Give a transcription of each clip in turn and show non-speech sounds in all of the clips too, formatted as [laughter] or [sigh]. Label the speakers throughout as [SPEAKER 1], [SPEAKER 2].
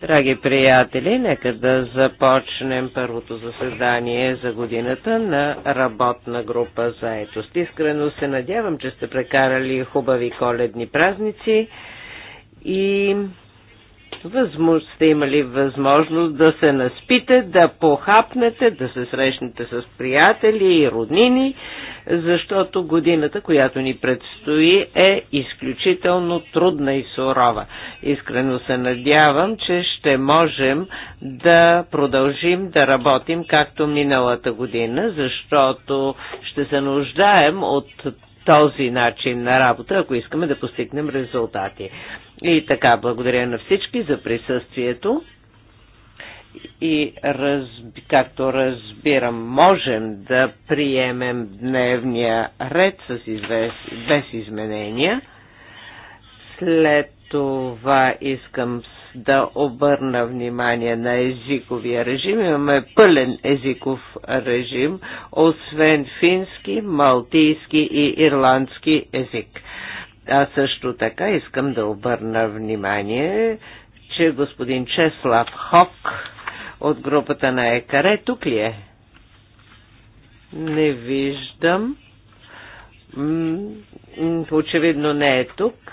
[SPEAKER 1] Драги приятели, нека да започнем първото заседание за годината на работна група за етост. Искрено се надявам, че сте прекарали хубави коледни празници и Възможността сте имали възможност да се наспите, да похапнете, да се срещнете с приятели и роднини, защото годината, която ни предстои, е изключително трудна и сурова. Искрено се надявам, че ще можем да продължим да работим както миналата година, защото ще се нуждаем от този начин на работа, ако искаме да постигнем резултати. И така, благодаря на всички за присъствието и раз, както разбирам, можем да приемем дневния ред с извес, без изменения. След това искам да обърна внимание на езиковия режим. Имаме пълен езиков режим, освен фински, малтийски и ирландски език. А също така искам да обърна внимание, че господин Чеслав Хок от групата на ЕКАРЕ тук ли е? Не виждам. Очевидно не е тук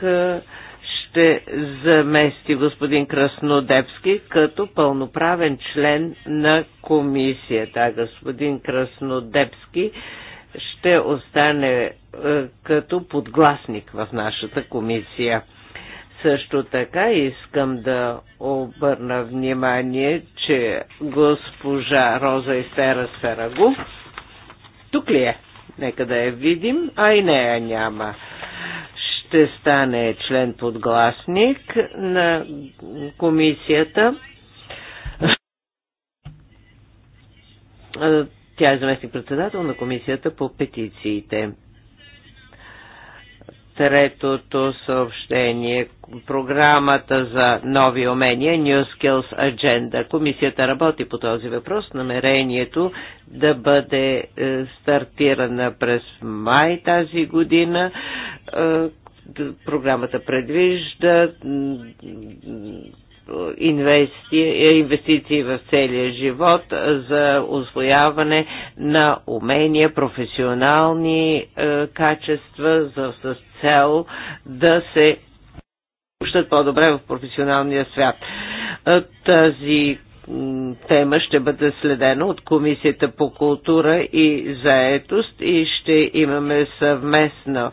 [SPEAKER 1] ще замести господин Краснодепски като пълноправен член на комисията. Господин Краснодепски ще остане е, като подгласник в нашата комисия. Също така искам да обърна внимание, че госпожа Роза Истера Сарагу тук ли е? Нека да я видим, а и нея няма ще стане член подгласник на комисията. Тя е заместник председател на комисията по петициите. Третото съобщение програмата за нови умения New Skills Agenda. Комисията работи по този въпрос. Намерението да бъде е, стартирана през май тази година е, Програмата предвижда инвестиции в целия живот за освояване на умения, професионални е, качества за, с цел да се общат по-добре в професионалния свят. Е, тази тема ще бъде следена от Комисията по култура и заетост и ще имаме съвместно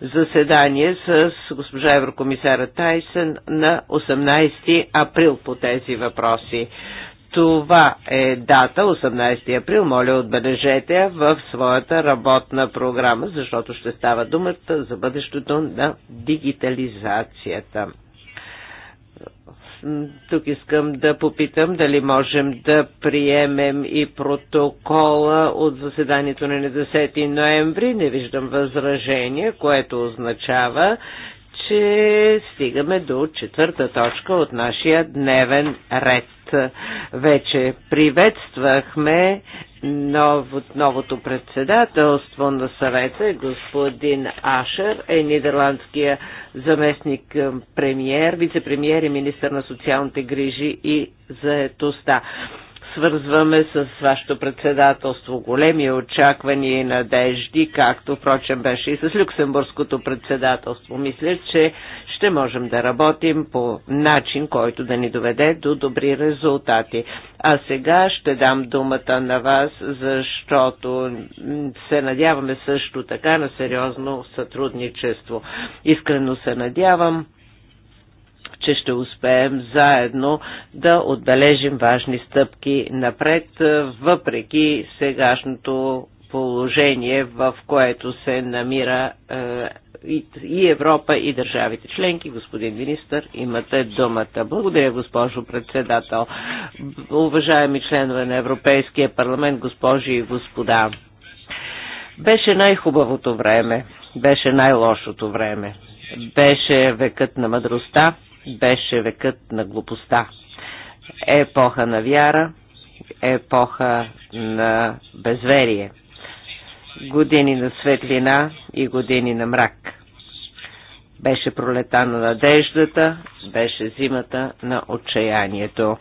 [SPEAKER 1] заседание с госпожа Еврокомисара Тайсън на 18 април по тези въпроси. Това е дата, 18 април, моля отбележете я в своята работна програма, защото ще става думата за бъдещето на дигитализацията тук искам да попитам дали можем да приемем и протокола от заседанието на 10 ноември. Не виждам възражение, което означава, че стигаме до четвърта точка от нашия дневен ред. Вече приветствахме ново, новото председателство на съвета, господин Ашер, е нидерландския заместник е, премьер, вице-премьер и министър на социалните грижи и заетостта свързваме с вашето председателство големи очаквания и надежди, както впрочем беше и с Люксембургското председателство. Мисля, че ще можем да работим по начин, който да ни доведе до добри резултати. А сега ще дам думата на вас, защото се надяваме също така на сериозно сътрудничество. Искрено се надявам че ще успеем заедно да отбележим важни стъпки напред, въпреки сегашното положение, в което се намира и Европа, и държавите членки. Господин министр, имате думата. Благодаря, госпожо председател. Уважаеми членове на Европейския парламент, госпожи и господа. Беше най-хубавото време, беше най-лошото време, беше векът на мъдростта, беше векът на глупостта, епоха на вяра, епоха на безверие, години на светлина и години на мрак – беше пролета на надеждата, беше зимата на отчаянието.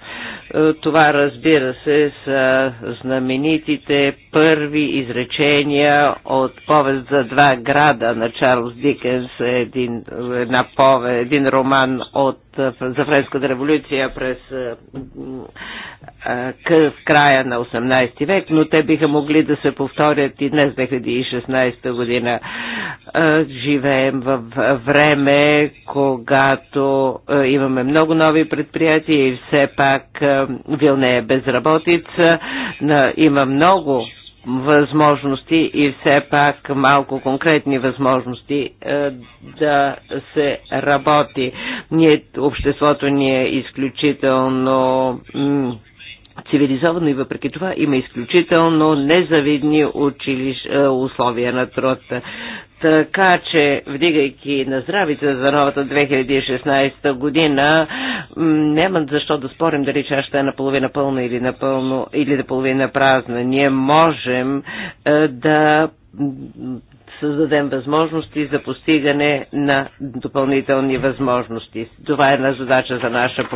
[SPEAKER 1] Е, това, разбира се, са знаменитите първи изречения от повест за два града на Чарлз Дикенс, един, една пове, един роман от, за Френската революция през е, е, в края на 18 век, но те биха могли да се повторят и днес, 2016 година. Живеем в време време, когато е, имаме много нови предприятия и все пак е, вилне е безработица, има много възможности и все пак малко конкретни възможности е, да се работи. Ние, обществото ни е изключително цивилизовано и въпреки това има изключително незавидни училищ, е, условия на труд. Така че, вдигайки на здравите за новата 2016 година, няма защо да спорим дали чашата е наполовина пълна или, или наполовина празна. Ние можем е, да създадем възможности за постигане на допълнителни възможности. Това е една задача за наша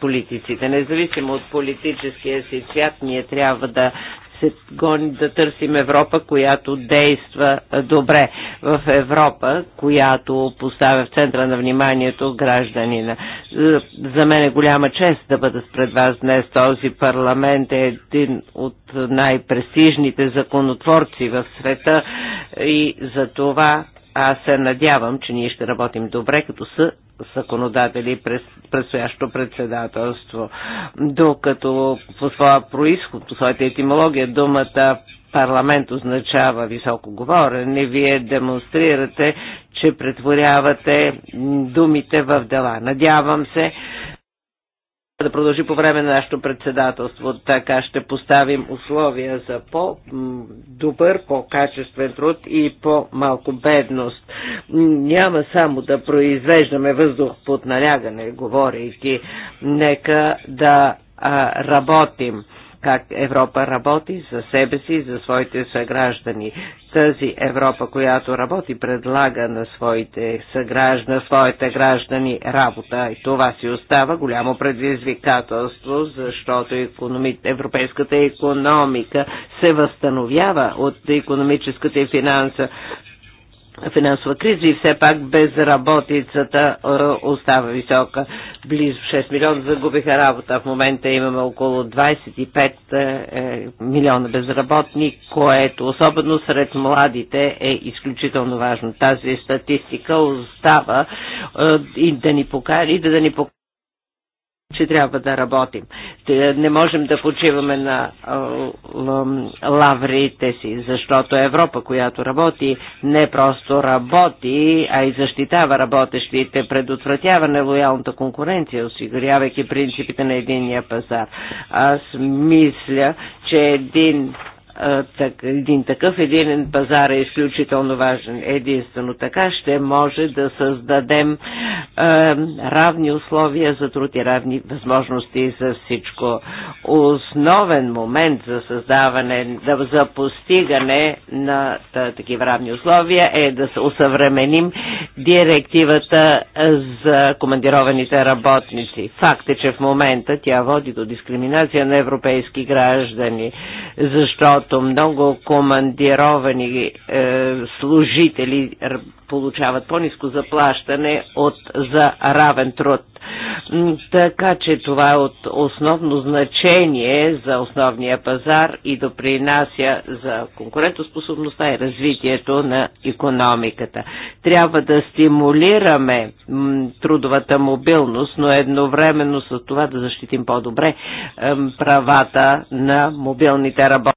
[SPEAKER 1] политиците. Независимо от политическия си свят, ние трябва да се гони да търсим Европа, която действа добре. В Европа, която поставя в центъра на вниманието гражданина. За мен е голяма чест да бъда пред вас днес. Този парламент е един от най-престижните законотворци в света и за това аз се надявам, че ние ще работим добре като са законодатели през предстоящо председателство. Докато по своя происход, по своята етимология, думата парламент означава високо говорене, вие демонстрирате, че претворявате думите в дела. Надявам се, да продължи по време на нашето председателство. Така ще поставим условия за
[SPEAKER 2] по-добър,
[SPEAKER 1] по-качествен труд и по-малко бедност. Няма само да произвеждаме въздух под налягане, говорейки. Нека да а, работим как Европа работи за себе си и за своите съграждани. Тази Европа, която работи, предлага на своите съграждани, своите граждани работа. И това си остава голямо предизвикателство, защото економи... европейската економика се възстановява от економическата и финанса финансова криза и все пак безработицата е, остава висока. Близо 6 милиона загубиха работа. В момента имаме около 25 е, е, милиона безработни, което особено сред младите е изключително важно. Тази статистика остава и да ни покаже, и да, да ни покаже че трябва да работим. Не можем да почиваме на лаврите си, защото Европа, която работи, не просто работи, а и защитава работещите, предотвратява нелоялната конкуренция, осигурявайки принципите на единния пазар. Аз мисля, че един так, един такъв единен пазар е изключително важен. Единствено така ще може да създадем е, равни условия за труд и равни възможности за всичко. Основен момент за създаване, за постигане на такива равни условия е да усъвременим директивата за командированите работници. Факт е, че в момента тя води до дискриминация на европейски граждани, защото защото много командировани е, служители получават по-низко заплащане от, за равен труд. Така че това е от основно значение за основния пазар и допринася за конкурентоспособността и развитието на економиката. Трябва да стимулираме трудовата мобилност, но едновременно с това да защитим по-добре правата на мобилните работи.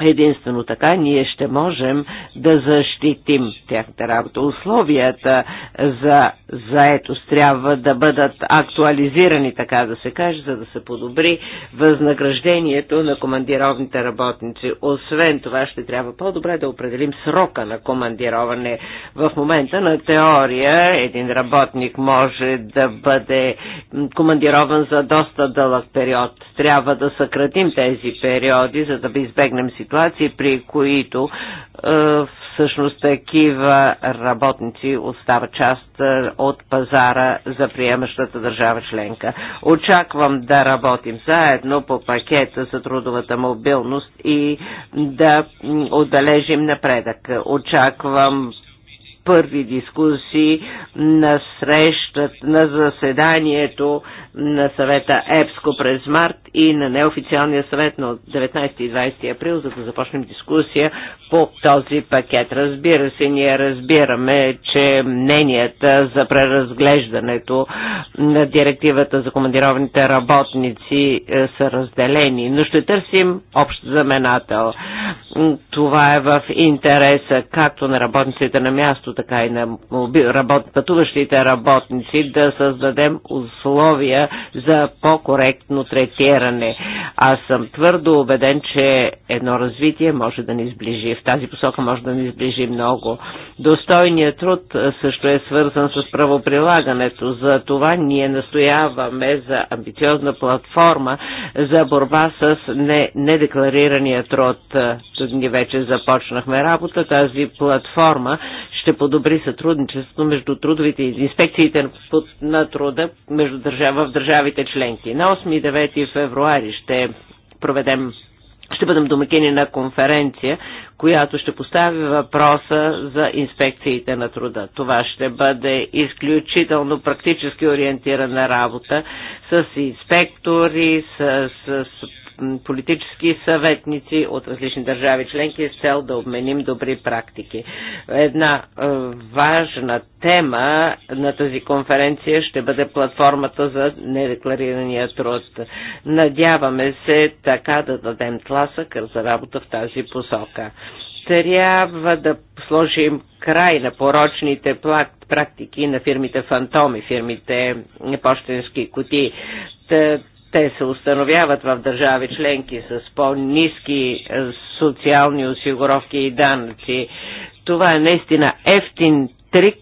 [SPEAKER 1] Единствено така ние ще можем да защитим тяхната работа. Условията за заетост трябва да бъдат актуализирани, така да се каже, за да се подобри възнаграждението на командировните работници. Освен това ще трябва по-добре да определим срока на командироване. В момента на теория един работник може да бъде командирован за доста дълъг период. Трябва да съкратим тези периоди, за да избегнем си ситуации, при които е, всъщност такива работници остават част е, от пазара за приемащата държава членка. Очаквам да работим заедно по пакета за трудовата мобилност и да отбележим напредък. Очаквам първи дискусии на срещат на заседанието на съвета ЕПСКО през март и на неофициалния съвет на 19 и 20 април, за да започнем дискусия по този пакет. Разбира се, ние разбираме, че мненията за преразглеждането на директивата за командированите работници е, са разделени, но ще търсим общ заменател. Това е в интереса както на работниците на място, също така и на работ, пътуващите работници, да създадем условия за по-коректно третиране. Аз съм твърдо убеден, че едно развитие може да ни сближи. В тази посока може да ни сближи много. Достойният труд също е свързан с правоприлагането. За това ние настояваме за амбициозна платформа за борба с не, недекларирания труд. Тук ни вече започнахме работа. Тази платформа ще подобри сътрудничеството между трудовите инспекциите на труда между държав, в държавите членки. На 8 и 9 февруари ще проведем ще бъдем домакини на конференция, която ще постави въпроса за инспекциите на труда. Това ще бъде изключително практически ориентирана работа с инспектори, с, с политически съветници от различни държави членки с цел да обменим добри практики. Една е, важна тема на тази конференция ще бъде платформата за недекларирания труд. Надяваме се така да дадем тласък за работа в тази посока трябва да сложим край на порочните практики на фирмите фантоми, фирмите почтенски кутии те се установяват в държави членки с по-низки е, социални осигуровки и данъци. Това е наистина ефтин трик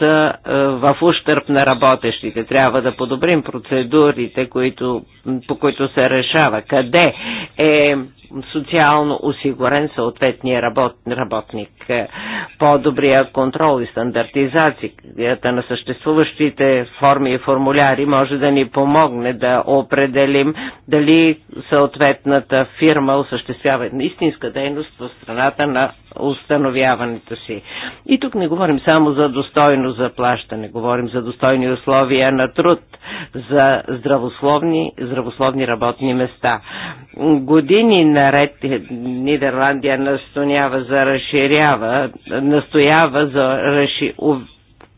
[SPEAKER 1] за, е, в ущърп на работещите. Трябва да подобрим процедурите, които, по които се решава. Къде е социално осигурен съответния работ, работник. Е, по-добрия контрол и стандартизацията на съществуващите форми и формуляри може да ни помогне да определим дали съответната фирма осъществява истинска дейност в страната на установяването си. И тук не говорим само за достойно заплащане, говорим за достойни условия на труд, за здравословни, здравословни работни места. Години на ред Нидерландия настоява за разширява, настоява за разши,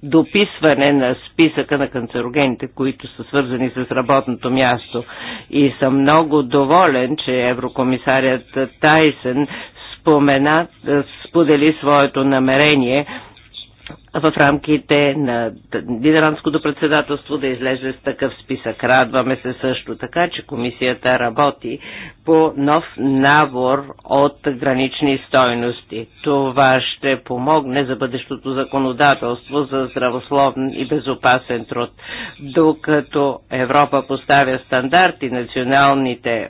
[SPEAKER 1] дописване на списъка на канцерогените, които са свързани с работното място. И съм много доволен, че еврокомисарят Тайсен спомена, сподели своето намерение в рамките на Нидерландското председателство да излезе с такъв списък. Радваме се също така, че комисията работи по нов набор от гранични стойности. Това ще помогне за бъдещото законодателство за здравословен и безопасен труд. Докато Европа поставя стандарти, националните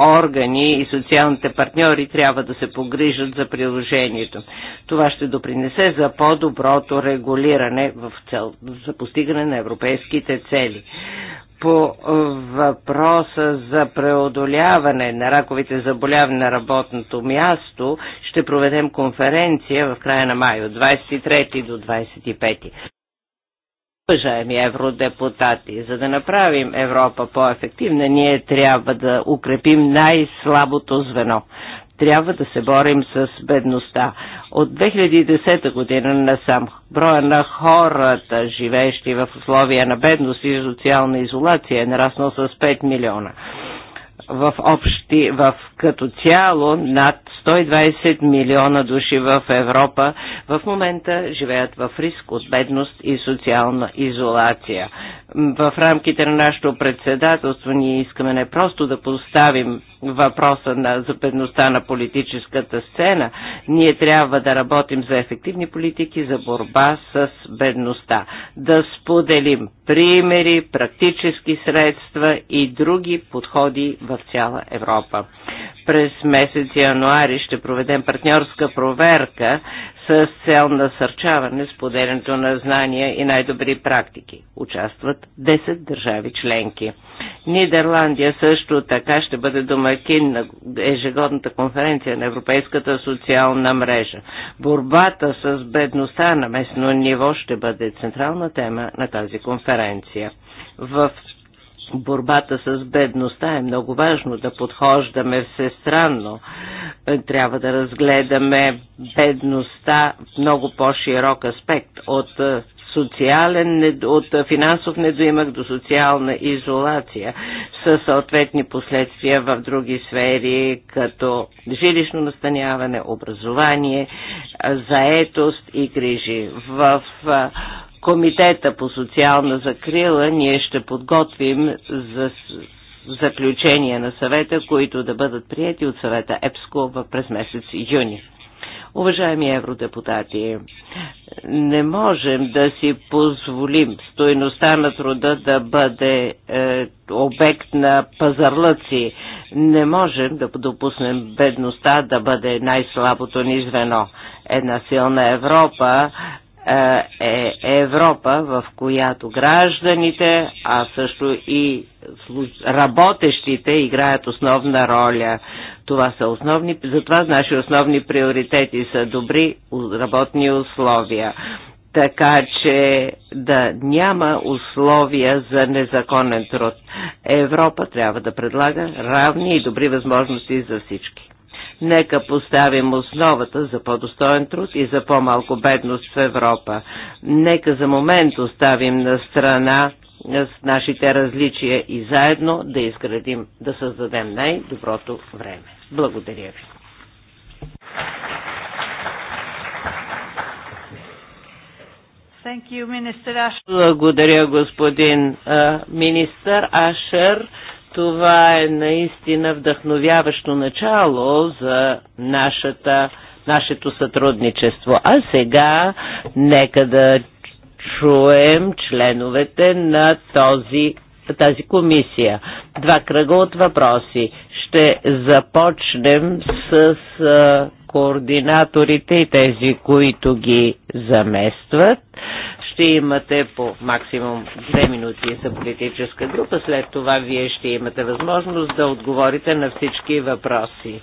[SPEAKER 1] органи и социалните партньори трябва да се погрижат за приложението. Това ще допринесе за по-доброто регулиране в цел, за постигане на европейските цели по е, въпроса за преодоляване на раковите заболявания на работното място ще проведем конференция в края на май от 23 до 25. Уважаеми евродепутати, за да направим Европа по-ефективна, ние трябва да укрепим най-слабото звено. Трябва да се борим с бедността. От 2010 година насам броя на хората, живеещи в условия на бедност и социална изолация, е нараснал с 5 милиона в общи, в като цяло над 120 милиона души в Европа в момента живеят в риск от бедност и социална изолация. В рамките на нашето председателство ние искаме не просто да поставим въпроса на запедността на политическата сцена, ние трябва да работим за ефективни политики за борба с бедността. Да споделим примери, практически средства и други подходи в цяла Европа. През месец януари ще проведем партньорска проверка с цел насърчаване споделянето на знания и най-добри практики. Участват 10 държави членки. Нидерландия също така ще бъде домакин на ежегодната конференция на Европейската социална мрежа. Борбата с бедността на местно ниво ще бъде централна тема на тази конференция. В борбата с бедността е много важно да подхождаме всестранно. Трябва да разгледаме бедността в много по-широк аспект от е, социален, от финансов недоимък до социална изолация с съответни последствия в други сфери, като жилищно настаняване, образование, заетост и грижи. В Комитета по социална закрила ние ще подготвим за заключения на съвета, които да бъдат прияти от съвета ЕПСКО през месец юни. Уважаеми евродепутати, не можем да си позволим стоеността на труда да бъде е, обект на пазарлъци. Не можем да допуснем бедността да бъде най-слабото ни звено. Една силна Европа е, е Европа, в която гражданите, а също и работещите играят основна роля. Това са основни, затова наши основни приоритети са добри работни условия така че да няма условия за незаконен труд. Европа трябва да предлага равни и добри възможности за всички. Нека поставим основата за по-достоен труд и за по-малко бедност в Европа. Нека за момент оставим на страна с нашите различия и заедно да изградим, да създадем най-доброто време. Благодаря ви. Благодаря, господин министър Ашер. Това е наистина вдъхновяващо начало за нашата, нашето сътрудничество. А сега нека да чуем членовете на този, тази комисия. Два кръга от въпроси. Ще започнем с координаторите и тези, които ги заместват ще имате по максимум 2 минути за политическа група. След това вие ще имате възможност да отговорите на всички въпроси.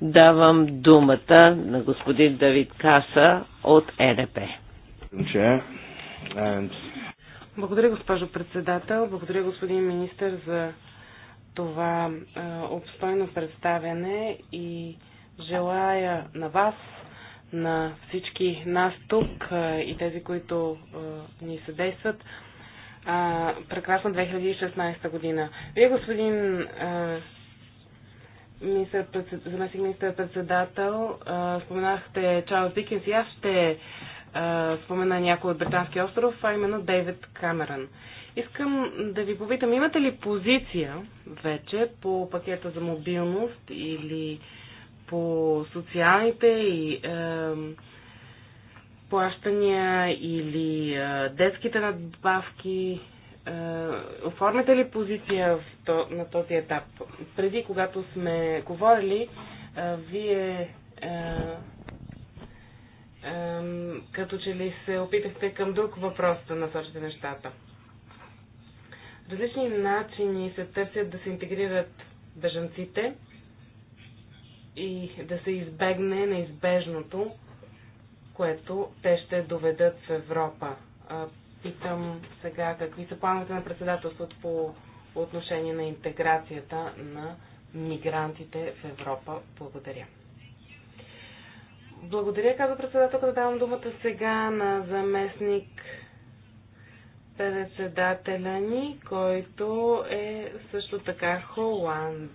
[SPEAKER 1] Давам думата на господин Давид Каса от НП.
[SPEAKER 3] Благодаря, госпожо председател. Благодаря, господин министр, за това обстойно представяне и желая на вас, на всички нас тук и тези, които ни съдействат. Прекрасна 2016 година. Вие, господин заместник министър-председател, споменахте Чарлз Дикенс и аз ще спомена някой от Британския остров, а именно Дейвид Камерън. Искам да ви попитам, имате ли позиция вече по пакета за мобилност или по социалните и е, плащания или е, детските надбавки. Е, оформяте ли позиция в то, на този етап? Преди, когато сме говорили, е, вие е, е, като че ли се опитахте към друг въпрос да насочите нещата. Различни начини се търсят да се интегрират бежанците – и да се избегне неизбежното, което те ще доведат в Европа. Питам сега какви са плановете на председателството по отношение на интеграцията на мигрантите в Европа. Благодаря. Благодаря, каза председателката. Да давам думата сега на заместник председателя ни, който е също така холанд,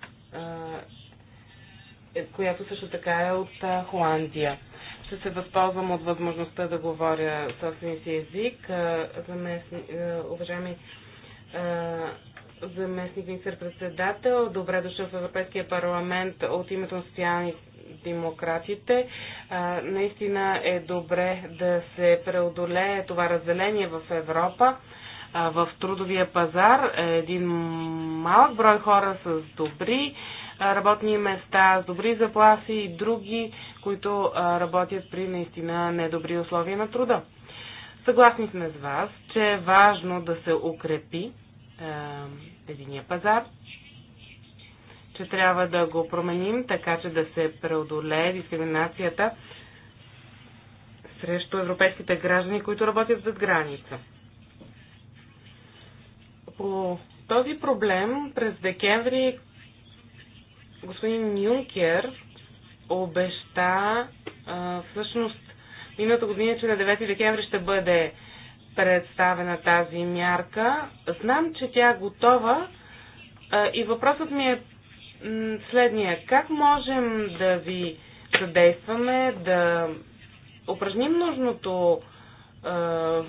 [SPEAKER 3] която също така е от Холандия. Ще се възползвам от възможността да говоря собствения си език. уважаеми заместник министър-председател, добре дошъл в Европейския парламент от името на социални демократите. Наистина е добре да се преодолее това разделение в Европа в трудовия пазар. Един малък брой хора с добри работни места, с добри заплати и други, които работят при наистина недобри условия на труда. Съгласни сме с вас, че е важно да се укрепи единия пазар, че трябва да го променим, така че да се преодолее дискриминацията срещу европейските граждани, които работят зад граница. По този проблем през декември господин Юнкер обеща а, всъщност миналата година, че на 9 декември ще бъде представена тази мярка. Знам, че тя е готова а, и въпросът ми е следния. Как можем да ви съдействаме да упражним нужното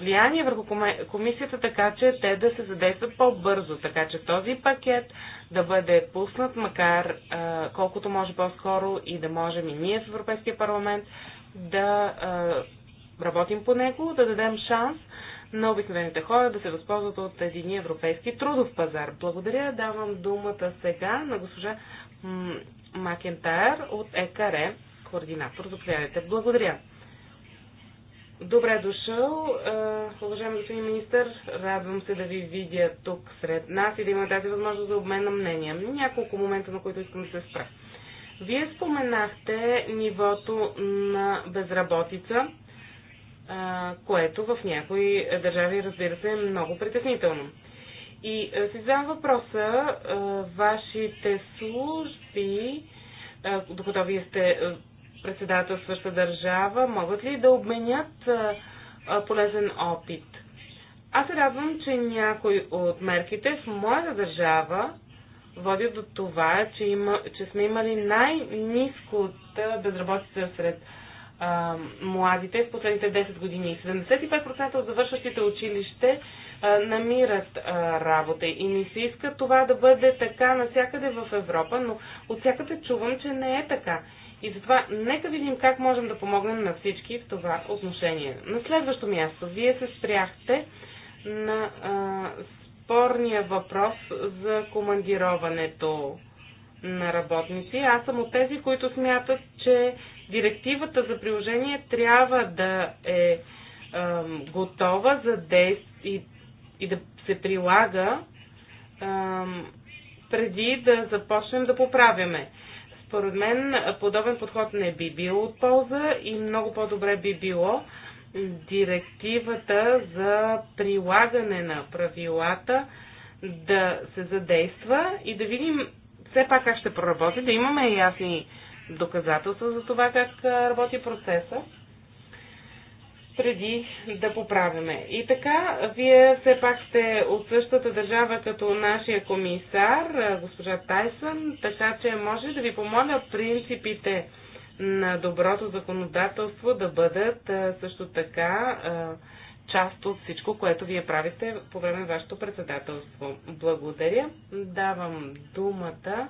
[SPEAKER 3] влияние върху комисията, така че те да се задействат по-бързо, така че този пакет да бъде пуснат, макар колкото може по-скоро и да можем и ние в Европейския парламент да работим по него, да дадем шанс на обикновените хора да се възползват от един европейски трудов пазар. Благодаря. Давам думата сега на госпожа Макентайр от ЕКАРЕ, е, координатор. Заповядайте. Благодаря. Добре дошъл, е, уважаеми господин министър, Радвам се да ви видя тук сред нас и да имаме тази възможност за обмен на мнения. Няколко момента, на които искам да се спра. Вие споменахте нивото на безработица, е, което в някои държави, разбира се, е много притеснително. И е, си задам въпроса, вашите служби, докато вие сте председателстваща държава могат ли да обменят полезен опит? Аз се радвам, че някои от мерките в моята държава водят до това, че, има, че сме имали най от безработица сред а, младите в последните 10 години. 75% от завършващите училище а, намират а, работа и ми се иска това да бъде така навсякъде в Европа, но отсякъде чувам, че не е така. И затова нека видим как можем да помогнем на всички в това отношение. На следващо място, вие се спряхте на а, спорния въпрос за командироването на работници. Аз съм от тези, които смятат, че директивата за приложение трябва да е а, готова за действие и, и да се прилага а, преди да започнем да поправяме. Според мен подобен подход не би бил от полза и много по-добре би било директивата за прилагане на правилата да се задейства и да видим все пак как ще проработи, да имаме ясни доказателства за това как работи процеса преди да поправяме. И така, вие все пак сте от същата държава като нашия комисар, госпожа Тайсън, така че може да ви помоля принципите на доброто законодателство да бъдат също така част от всичко, което вие правите по време на вашето председателство. Благодаря. Давам думата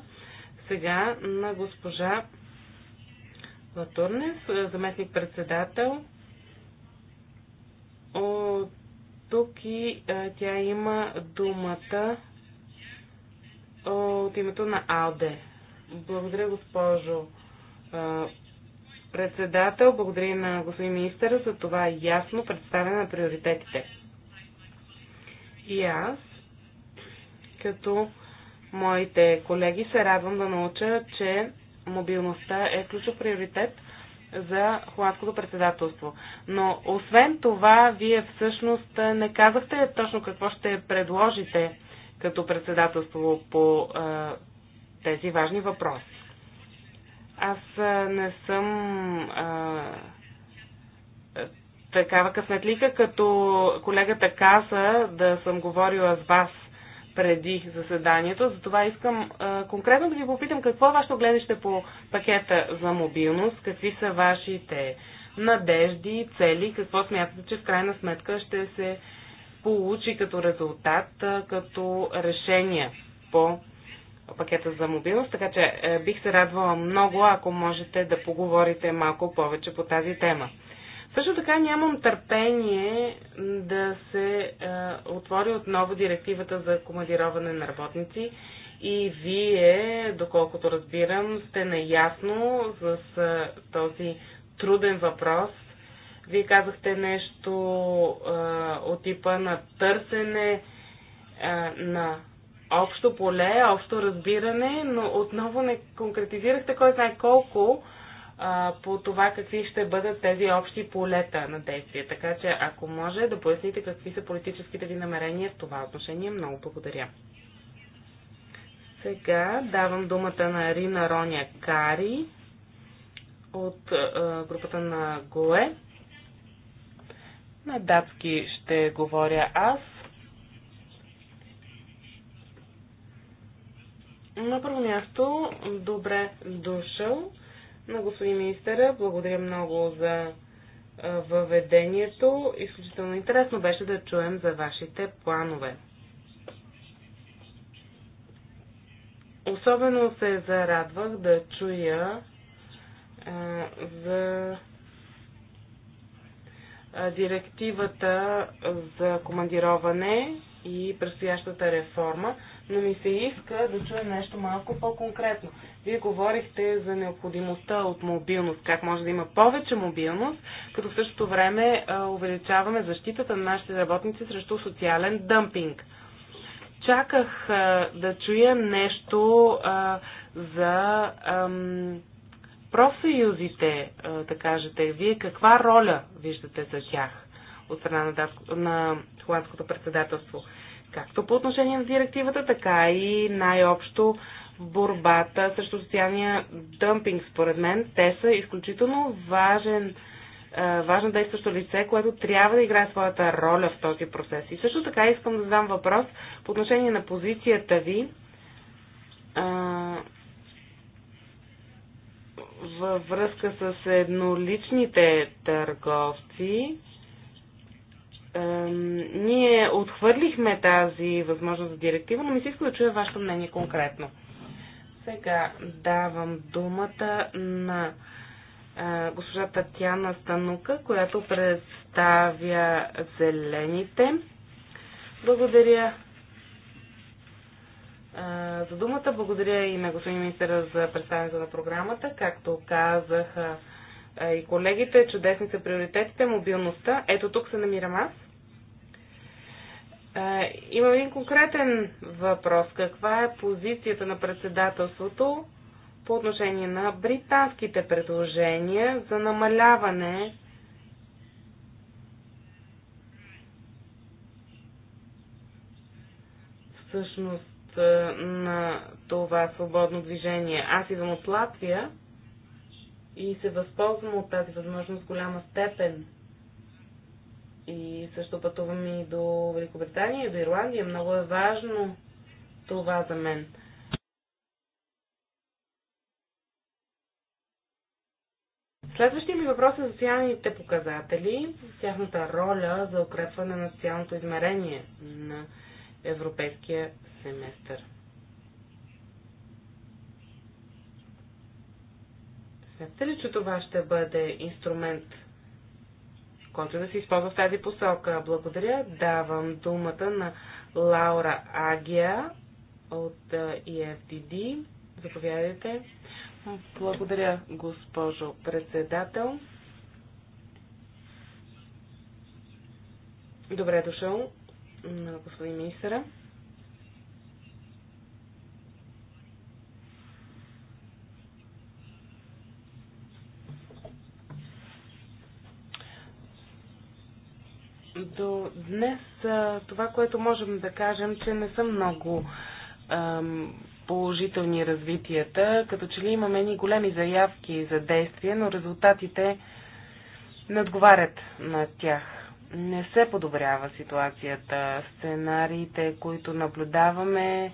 [SPEAKER 3] сега на госпожа Латурнес, заместник-председател от тук и а, тя има думата от името на Алде. Благодаря, госпожо а, председател. Благодаря на господин министър за това ясно представяне на приоритетите. И аз, като моите колеги, се радвам да науча, че мобилността е ключов приоритет – за холандското председателство. Но освен това, вие всъщност не казахте точно какво ще предложите като председателство по а, тези важни въпроси. Аз а, не съм а, такава късметлика, като колегата каза да съм говорила с вас преди заседанието. Затова искам а, конкретно да ви попитам какво е вашето гледаще по пакета за мобилност, какви са вашите надежди, цели, какво смятате, че в крайна сметка ще се получи като резултат, а, като решение по пакета за мобилност, така че а, е, бих се радвала много, ако можете да поговорите малко повече по тази тема. Също така нямам търпение да се е, отвори отново директивата за командироване на работници и вие, доколкото разбирам, сте наясно с е, този труден въпрос. Вие казахте нещо е, от типа на търсене е, на общо поле, общо разбиране, но отново не конкретизирахте кой знае колко по това какви ще бъдат тези общи полета на действие. Така че, ако може да поясните какви са политическите ви намерения в това отношение, много благодаря. Сега давам думата на Рина Роня Кари от а, групата на ГОЕ. На датски ще говоря аз. На първо място, добре дошъл но, господин министъра. Благодаря много за въведението. Изключително интересно беше да чуем за вашите планове. Особено се зарадвах да чуя за директивата за командироване и предстоящата реформа, но ми се иска да чуя нещо малко по-конкретно. Вие говорихте за необходимостта от мобилност, как може да има повече мобилност, като в същото време увеличаваме защитата на нашите работници срещу социален дъмпинг. Чаках да чуя нещо за профсъюзите, да кажете. Вие каква роля виждате за тях от страна на, на холандското председателство? Както по отношение на директивата, така и най-общо борбата срещу социалния дъмпинг, според мен. Те са изключително важен, е, важно действащо лице, което трябва да играе своята роля в този процес. И също така искам да задам въпрос по отношение на позицията ви е, във връзка с едноличните търговци ние отхвърлихме тази възможност за директива, но ми се иска да чуя вашето мнение конкретно. Сега давам думата на а, госпожа Татьяна Станука, която представя зелените. Благодаря а, за думата. Благодаря и на господин министъра за представянето на програмата. Както казах и колегите, чудесни са приоритетите, мобилността. Ето тук се намирам аз. Е, имам един конкретен въпрос. Каква е позицията на председателството по отношение на британските предложения за намаляване всъщност е, на това свободно движение. Аз идвам от Латвия и се възползвам от тази възможност в голяма степен. И също пътувам и до Великобритания, и до Ирландия. Много е важно това за мен. Следващия ми въпрос е за социалните показатели, тяхната роля за укрепване на социалното измерение на европейския семестър. Смятате ли, че това ще бъде инструмент който да се използва в тази посока. Благодаря. Давам думата на Лаура Агия от EFDD. Заповядайте.
[SPEAKER 4] Благодаря,
[SPEAKER 3] госпожо председател. Добре дошъл на господин министъра. До днес това, което можем да кажем, че не са много положителни развитията, като че ли имаме ни големи заявки за действие, но резултатите не отговарят на тях. Не се подобрява ситуацията. Сценариите, които наблюдаваме, е,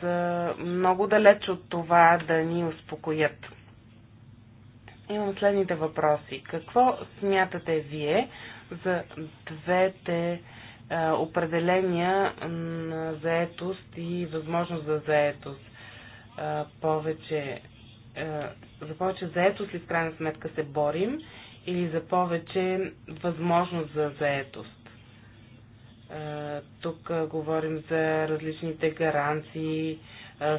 [SPEAKER 3] са много далеч от това да ни успокоят. Имам следните въпроси. Какво смятате вие за двете е, определения на заетост и възможност за заетост. Е, повече, е, за повече заетост ли в крайна сметка се борим или за повече възможност за заетост? Тук говорим за различните гаранции,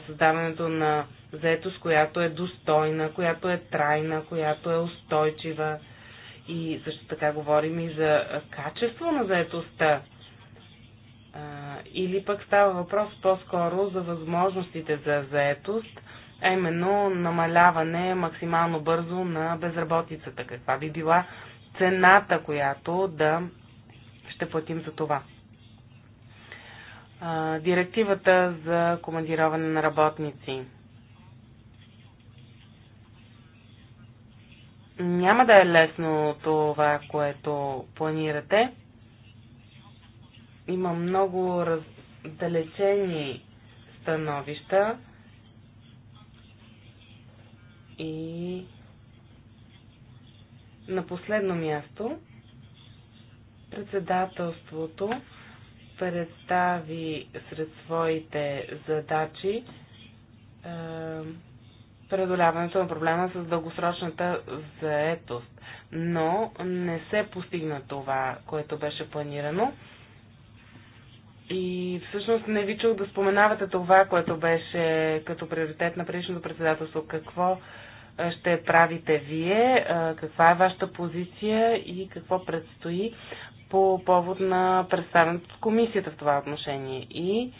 [SPEAKER 3] създаването на заетост, която е достойна, която е трайна, която е устойчива. И също така говорим и за качество на заетостта. Или пък става въпрос по-скоро за възможностите за заетост, а именно намаляване максимално бързо на безработицата. Каква би била цената, която да ще платим за това? Директивата за командироване на работници – Няма да е лесно това, което планирате. Има много раздалечени становища и на последно място председателството представи сред своите задачи е, преодоляването на проблема с дългосрочната заетост. Но не се постигна това, което беше планирано. И всъщност не ви чух да споменавате това, което беше като приоритет на предишното председателство. Какво ще правите вие, каква е вашата позиция и какво предстои по повод на представенето от комисията в това отношение. И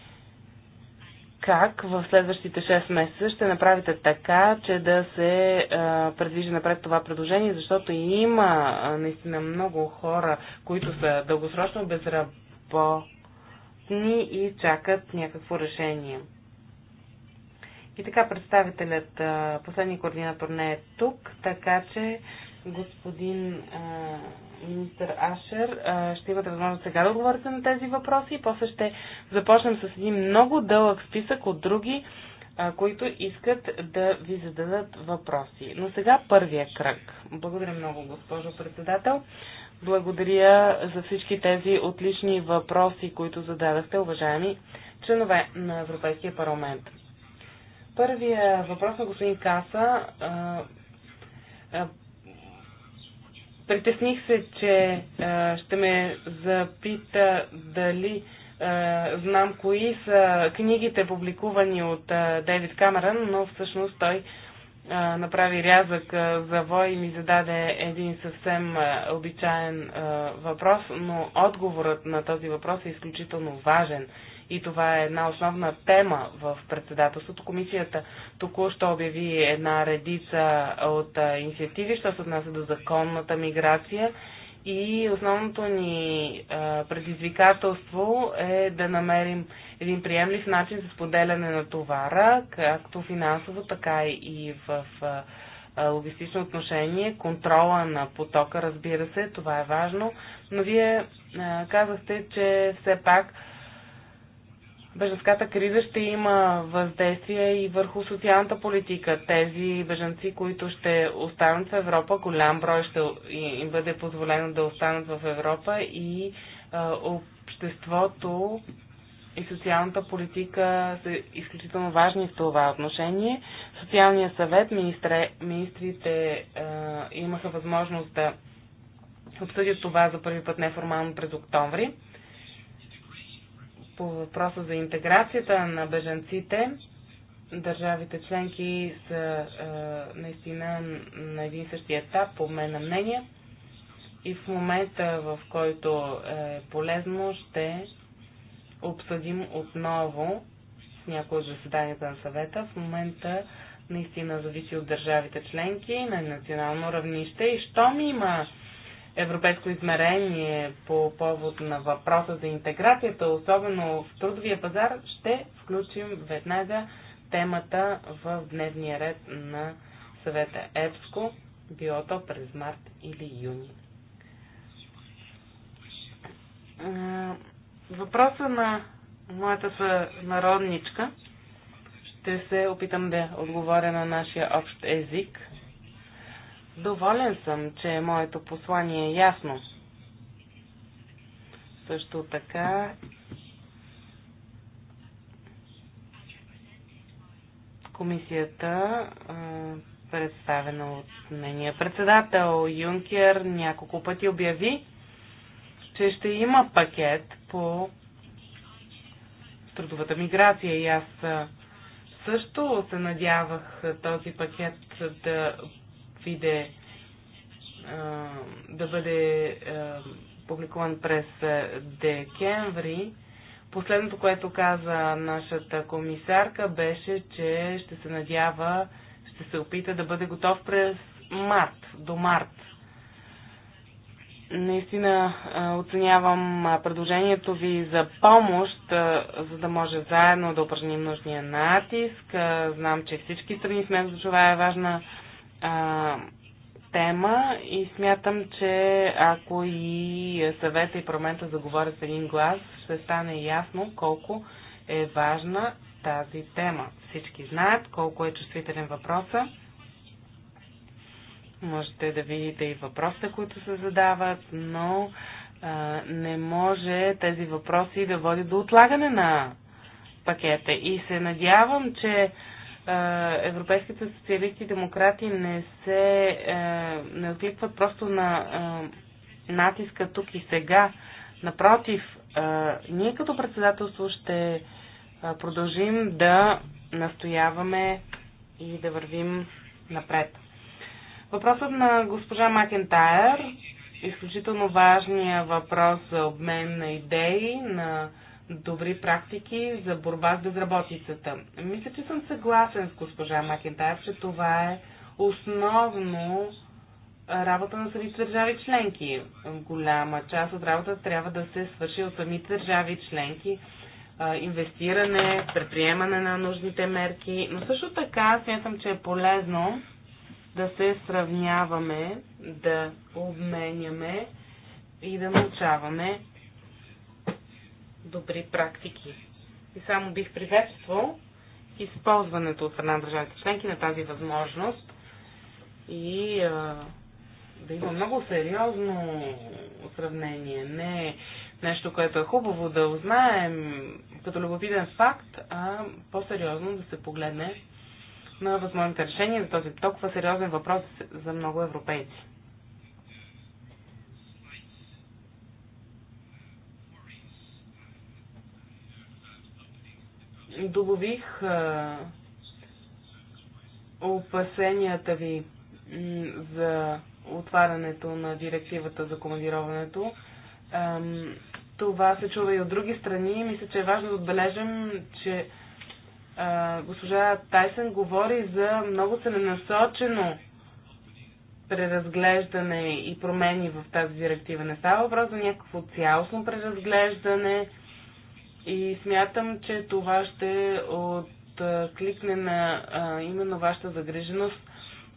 [SPEAKER 3] как в следващите 6 месеца ще направите така, че да се а, предвижи напред това предложение, защото има а, наистина много хора, които са дългосрочно безработни и чакат някакво решение. И така представителят, а, последния координатор не е тук, така че господин а, министър Ашер. Ще имате възможност сега да отговорите на тези въпроси и после ще започнем с един много дълъг списък от други, които искат да ви зададат въпроси. Но сега първия кръг. Благодаря много, госпожо председател. Благодаря за всички тези отлични въпроси, които зададахте, уважаеми членове на Европейския парламент. Първия въпрос на господин Каса Притесних се, че а, ще ме запита дали а, знам кои са книгите, публикувани от а, Дейвид Камерън, но всъщност той а, направи рязък а, за вой и ми зададе един съвсем а, обичаен а, въпрос, но отговорът на този въпрос е изключително важен и това е една основна тема в председателството. Комисията току-що обяви една редица от инициативи, що се отнася до законната миграция и основното ни предизвикателство е да намерим един приемлив начин за споделяне на товара, както финансово, така и в логистично отношение, контрола на потока, разбира се, това е важно, но вие казахте, че все пак бежанската криза ще има въздействие и върху социалната политика. Тези бежанци, които ще останат в Европа, голям брой ще им бъде позволено да останат в Европа и а, обществото и социалната политика са изключително важни в това отношение. Социалният съвет, министре, министрите а, имаха възможност да обсъдят това за първи път неформално през октомври. По въпроса за интеграцията на бежанците, държавите членки са е, наистина на един същия етап, по мен на мнение. И в момента, в който е полезно, ще обсъдим отново с някои от заседанията на съвета. В момента наистина зависи от държавите членки на национално равнище. И щом има европейско измерение по повод на въпроса за интеграцията, особено в трудовия пазар, ще включим веднага темата в дневния ред на съвета ЕПСКО, било то през март или юни. Въпроса на моята народничка ще се опитам да отговоря на нашия общ език. Доволен съм, че моето послание е ясно. Също така комисията, представена от нения председател Юнкер, няколко пъти обяви, че ще има пакет по трудовата миграция и аз също се надявах този пакет да де да бъде публикуван през декември. Последното, което каза нашата комисарка, беше, че ще се надява, ще се опита да бъде готов през март, до март. Наистина оценявам предложението ви за помощ, за да може заедно да упражним нужния натиск. Знам, че всички страни сме за това е важна а, тема и смятам, че ако и съвета и промента заговорят с един глас, ще стане ясно колко е важна тази тема. Всички знаят колко е чувствителен въпроса. Можете да видите и въпросите, които се задават, но а, не може тези въпроси да води до отлагане на пакета. И се надявам, че европейските социалисти и демократи не се не откликват просто на натиска тук и сега. Напротив, ние като председателство ще продължим да настояваме и да вървим напред. Въпросът на госпожа Макентайр, изключително важния въпрос за обмен на идеи, на добри практики за борба с безработицата. Мисля, че съм съгласен с госпожа Макентайр, че това е основно работа на самите държави членки. Голяма част от работата трябва да се свърши от самите държави членки. Инвестиране, предприемане на нужните мерки, но също така смятам, че е полезно да се сравняваме, да обменяме и да научаваме добри практики. И само бих приветствал използването от страна на държавите членки на тази възможност и а, да има много сериозно сравнение. Не нещо, което е хубаво да узнаем като любопитен факт, а по-сериозно да се погледне на възможните решения за този толкова сериозен въпрос за много европейци. долових опасенията ви за отварянето на директивата за командироването. Това се чува и от други страни. Мисля, че е важно да отбележим, че госпожа Тайсън говори за много целенасочено преразглеждане и промени в тази директива. Не става въпрос за някакво цялостно преразглеждане и смятам, че това ще откликне на а, именно вашата загриженост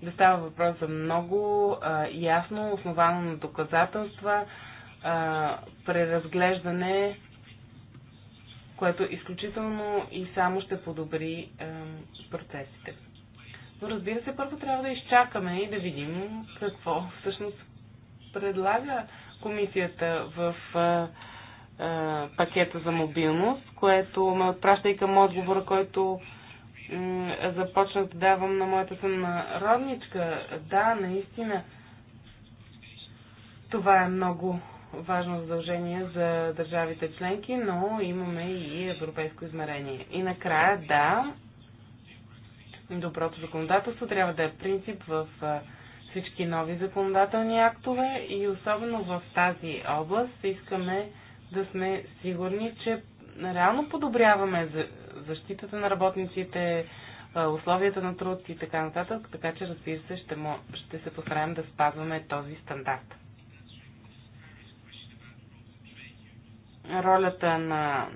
[SPEAKER 3] да става въпрос за много а, ясно, основано на доказателства, а, преразглеждане, което изключително и само ще подобри а, процесите. Но разбира се, първо трябва да изчакаме и да видим какво всъщност предлага комисията в а, е, пакета за мобилност, което ме отпраща и към отговора, който започнах да давам на моята сънародничка. Да, наистина, това е много важно задължение за държавите членки, но имаме и европейско измерение. И накрая, да, доброто законодателство трябва да е принцип в е, всички нови законодателни актове и особено в тази област искаме да сме сигурни, че реално подобряваме защитата на работниците, условията на труд и така нататък, така че разбира се ще, мо, ще се постараем да спазваме този стандарт. Ролята на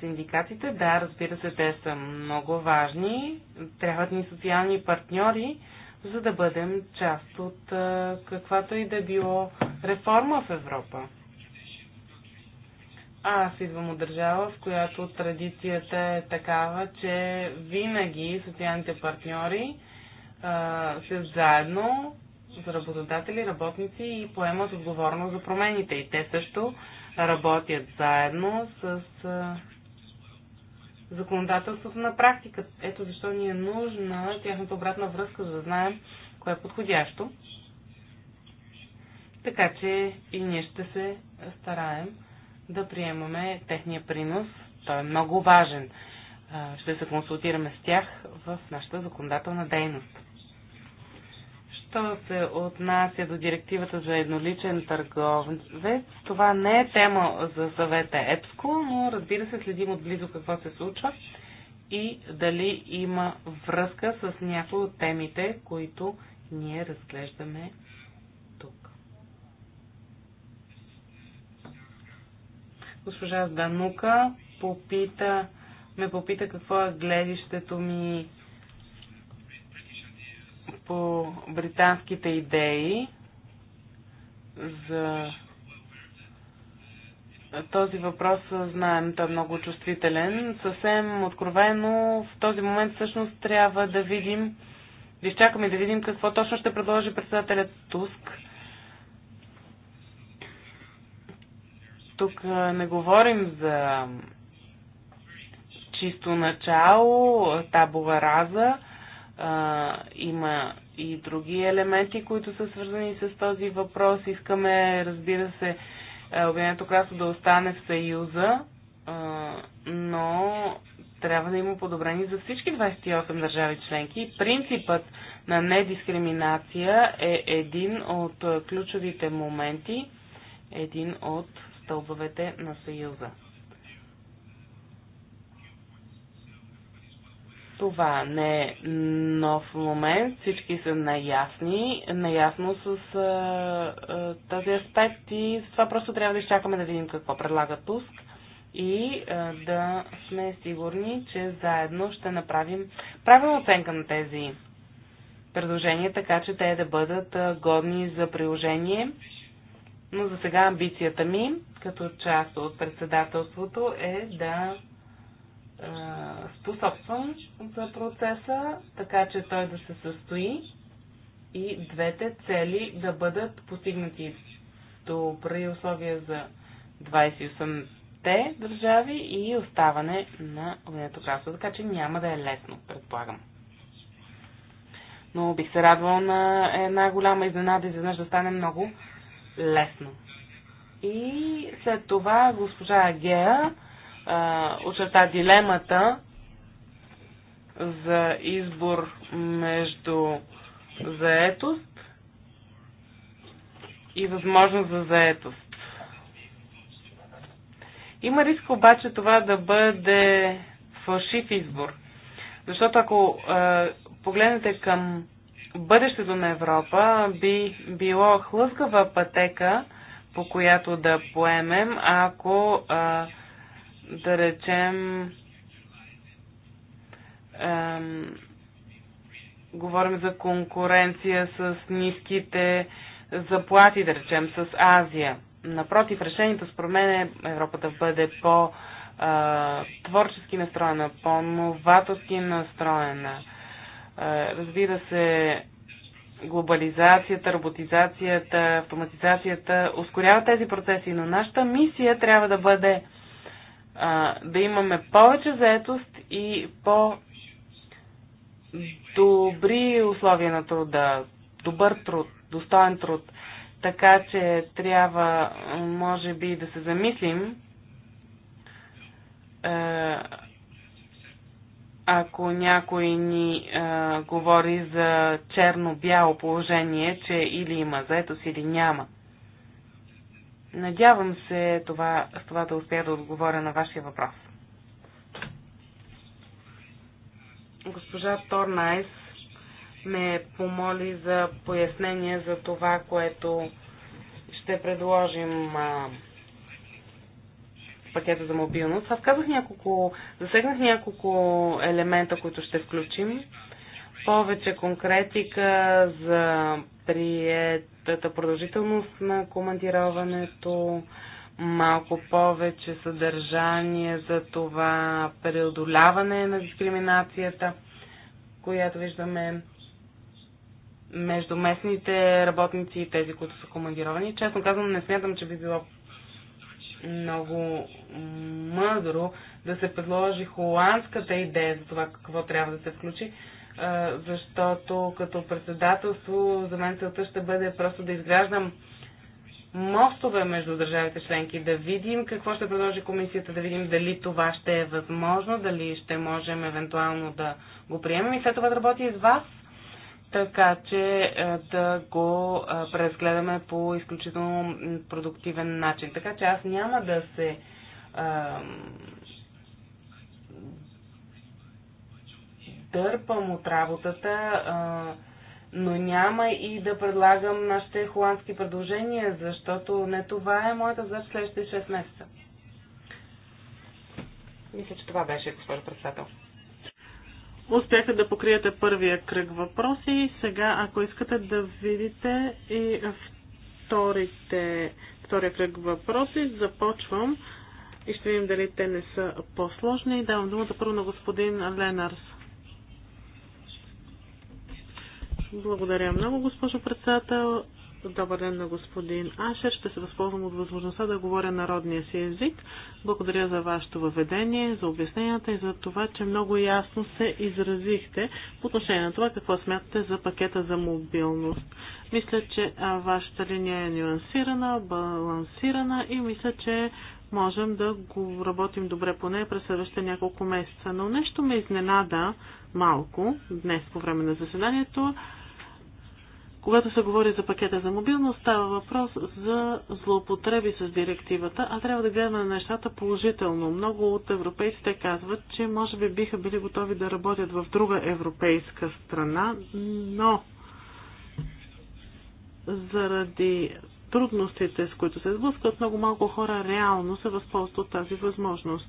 [SPEAKER 3] синдикатите, да, разбира се, те са много важни. Трябват ни социални партньори, за да бъдем част от каквато и да било реформа в Европа. Аз идвам от държава, в която традицията е такава, че винаги социалните партньори а, са заедно за работодатели, работници и поемат отговорност за промените. И те също работят заедно с а, законодателството на практика. Ето защо ни е нужна тяхната обратна връзка, за да знаем кое е подходящо. Така че и ние ще се стараем да приемаме техния принос. Той е много важен. Ще се консултираме с тях в нашата законодателна дейност. Що се отнася до директивата за едноличен търговец, това не е тема за съвета ЕПСКО, но разбира се следим отблизо какво се случва и дали има връзка с някои от темите, които ние разглеждаме Госпожа Данука попита, ме попита какво е гледището ми по британските идеи за този въпрос знаем, той е много чувствителен. Съвсем откровено в този момент всъщност трябва да видим, да изчакаме да видим какво точно ще предложи председателят Туск Тук не говорим за чисто начало, табова раза. А, има и други елементи, които са свързани с този въпрос. Искаме, разбира се, Обединеното кралство да остане в Съюза, а, но трябва да има подобрени за всички 28 държави членки. Принципът на недискриминация е един от ключовите моменти, един от стълбовете на Съюза. Това не е нов момент, всички са наясни, наясно с а, а, този аспект и с това просто трябва да изчакаме да видим какво предлага Туск и а, да сме сигурни, че заедно ще направим правилна оценка на тези предложения, така че те да бъдат годни за приложение. Но за сега амбицията ми като част от председателството е да е, способствам за процеса, така че той да се състои и двете цели да бъдат постигнати добри условия за 28-те държави и оставане на Обединеното кралство. Така че няма да е лесно, предполагам. Но бих се радвала на една голяма изненада изведнъж да стане много лесно. И след това госпожа Агея очерта дилемата за избор между заетост и възможност за заетост. Има риск обаче това да бъде фалшив избор. Защото ако е, погледнете към бъдещето на Европа, би било хлъзгава пътека по която да поемем, ако а, да речем а, говорим за конкуренция с ниските заплати, да речем, с Азия. Напротив, решението според мен е Европа да бъде по- а, творчески настроена, по-новаторски настроена. А, разбира се, глобализацията, роботизацията, автоматизацията ускорява тези процеси, но нашата мисия трябва да бъде а, да имаме повече заетост и по добри условия на труда, добър труд, достоен труд. Така че трябва, може би, да се замислим ако някой ни а, говори за черно-бяло положение, че или има заетост, или няма. Надявам се това, с това да успея да отговоря на вашия въпрос. Госпожа Торнайс ме помоли за пояснение за това, което ще предложим а, пакета за мобилност. Аз казах няколко, засегнах няколко елемента, които ще включим. Повече конкретика за приетата продължителност на командироването, малко повече съдържание за това преодоляване на дискриминацията, която виждаме между местните работници и тези, които са командировани. Честно казвам, не смятам, че би било много мъдро да се предложи холандската идея за това какво трябва да се включи, защото като председателство за мен целта ще бъде просто да изграждам мостове между държавите членки, да видим какво ще предложи комисията, да видим дали това ще е възможно, дали ще можем евентуално да го приемем и след това да работи и с вас така че е, да го е, преразгледаме по изключително продуктивен начин. Така че аз няма да се дърпам от работата, но няма и да предлагам нашите холандски предложения, защото не това е моята задача следващите 6 месеца.
[SPEAKER 5] Мисля, че това беше, госпожо председател. Успяха да покриете първия кръг въпроси. Сега, ако искате да видите и вторите, втория кръг въпроси, започвам и ще видим дали те не са по-сложни. Давам думата първо на господин Ленарс. Благодаря много, госпожо председател. Добър ден на господин Ашер. Ще се възползвам от възможността да говоря народния си език. Благодаря за вашето въведение, за обясненията и за това, че много ясно се изразихте по отношение на това какво смятате за пакета за мобилност. Мисля, че вашата линия е нюансирана, балансирана и мисля, че можем да го работим добре поне през следващите няколко месеца. Но нещо ме изненада малко днес по време на заседанието когато се говори за пакета за мобилност, става въпрос за злоупотреби с директивата, а трябва да гледаме на нещата положително. Много от европейците казват, че може би биха били готови да работят в друга европейска страна, но заради трудностите, с които се сблъскват, много малко хора реално се възползват от тази възможност.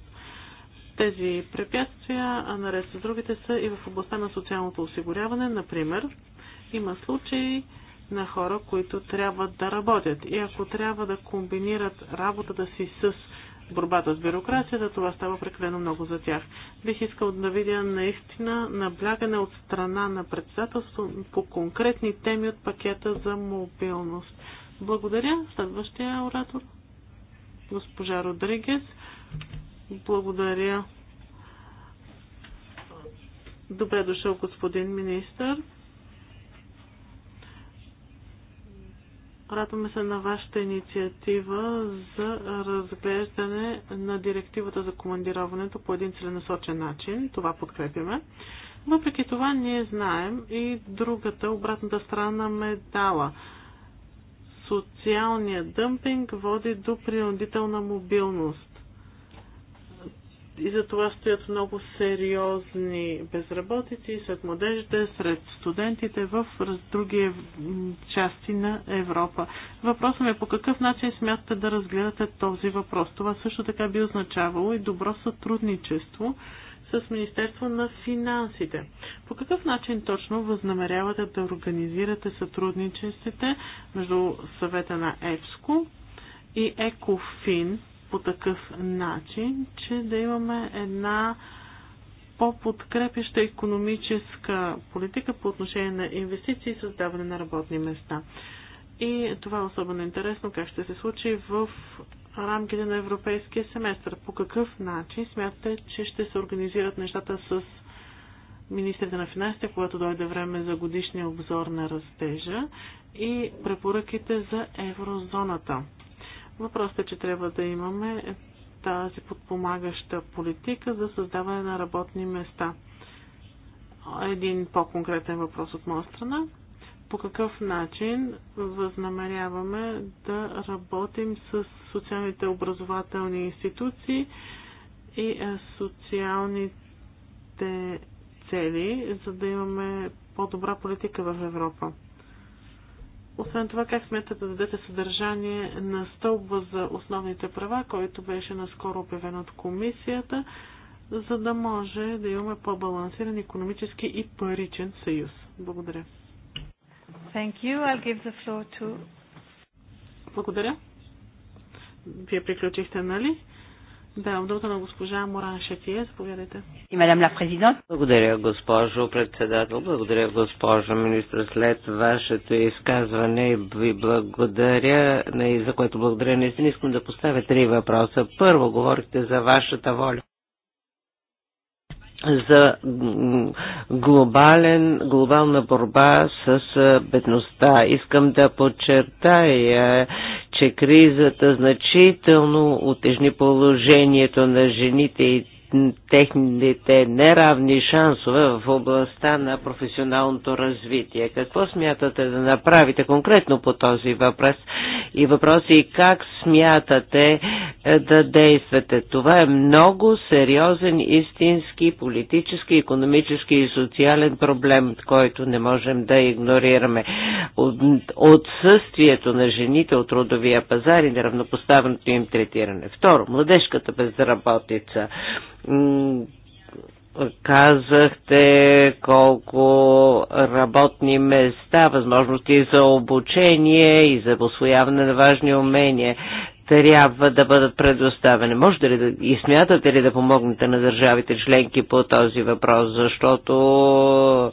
[SPEAKER 5] Тези препятствия, а наред с другите, са и в областта на социалното осигуряване, например, има случаи на хора, които трябва да работят. И ако трябва да комбинират работата си с борбата с бюрокрацията, това става прекалено много за тях. Бих искал да видя наистина наблягане от страна на председателство по конкретни теми от пакета за мобилност. Благодаря. Следващия оратор. Госпожа Родригес. Благодаря. Добре дошъл, господин министър. Радваме се на вашата инициатива за разглеждане на директивата за командироването по един целенасочен начин. Това подкрепяме. Въпреки това ние знаем и другата, обратната страна медала. Социалният дъмпинг води до принудителна мобилност и за това стоят много сериозни безработици сред младежите, сред студентите в други части на Европа. Въпросът ми е по какъв начин смятате да разгледате този въпрос. Това също така би означавало и добро сътрудничество с Министерство на финансите. По какъв начин точно възнамерявате да организирате сътрудничеството между съвета на ЕФСКО и ЕКОФИН, по такъв начин, че да имаме една по-подкрепяща економическа политика по отношение на инвестиции и създаване на работни места. И това е особено интересно как ще се случи в рамките на европейския семестър. По какъв начин смятате, че ще се организират нещата с министрите на финансите, когато дойде време за годишния обзор на растежа и препоръките за еврозоната? Въпросът е, че трябва да имаме тази подпомагаща политика за създаване на работни места. Един по-конкретен въпрос от моя страна. По какъв начин възнамеряваме да работим с социалните образователни институции и е, социалните цели, за да имаме по-добра политика в Европа? Освен това, как смятате да дадете съдържание на стълба за основните права, който беше наскоро обявен от комисията, за да може да имаме по-балансиран економически и паричен съюз? Благодаря. Thank you. I'll give the floor to... Благодаря. Вие приключихте, нали? Да, думата на госпожа
[SPEAKER 6] И мадам ла
[SPEAKER 1] президент. Благодаря, госпожо председател, благодаря, госпожо министр. След вашето изказване ви благодаря, за което благодаря. Наистина искам да поставя три въпроса. Първо, говорихте за вашата воля за глобален, глобална борба с бедността. Искам да подчертая, че кризата значително отежни положението на жените и техните неравни шансове в областта на професионалното развитие. Какво смятате да направите конкретно по този въпрос и въпроси е, как смятате е, да действате. Това е много сериозен, истински, политически, економически и социален проблем, който не можем да игнорираме. Отсъствието на жените от трудовия пазар и неравнопоставеното им третиране. Второ, младежката безработица казахте колко работни места, възможности за обучение и за освояване на важни умения трябва да бъдат предоставени. Можете ли да, и смятате ли да помогнете на държавите членки по този въпрос, защото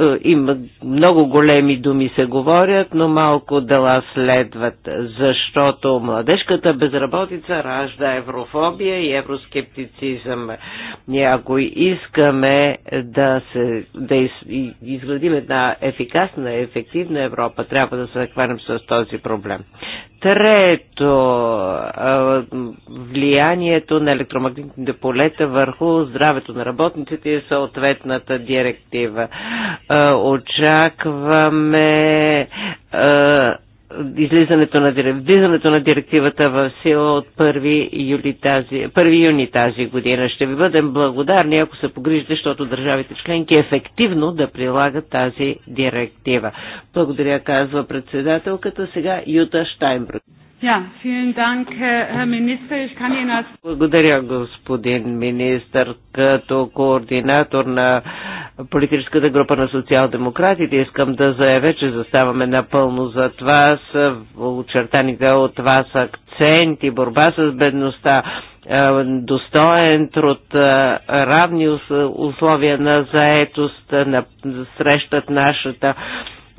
[SPEAKER 1] е, има много големи думи се говорят, но малко дела следват, защото младежката безработица ражда еврофобия и евроскептицизъм. Ние ако искаме да, се, да из, изградим една ефикасна, ефективна Европа, трябва да се захванем с този проблем. Трето, влиянието на електромагнитните полета върху здравето на работниците и съответната директива. Очакваме излизането на, влизането на директивата в сила от 1 юли тази, 1 юни тази година. Ще ви бъдем благодарни, ако се погрижите, защото държавите членки ефективно да прилагат тази директива. Благодаря, казва председателката. Сега Юта Штайнбрук.
[SPEAKER 3] Ja, vielen Dank, äh, Herr Minister. Ich kann Ihnen als
[SPEAKER 1] Благодаря, господин министр. Като координатор на политическата група на социал-демократите искам да заявя, че заставаме напълно за това с очертаните от вас акценти, борба с бедността, е, достоен труд, е, равни условия на заетост, на, срещат нашата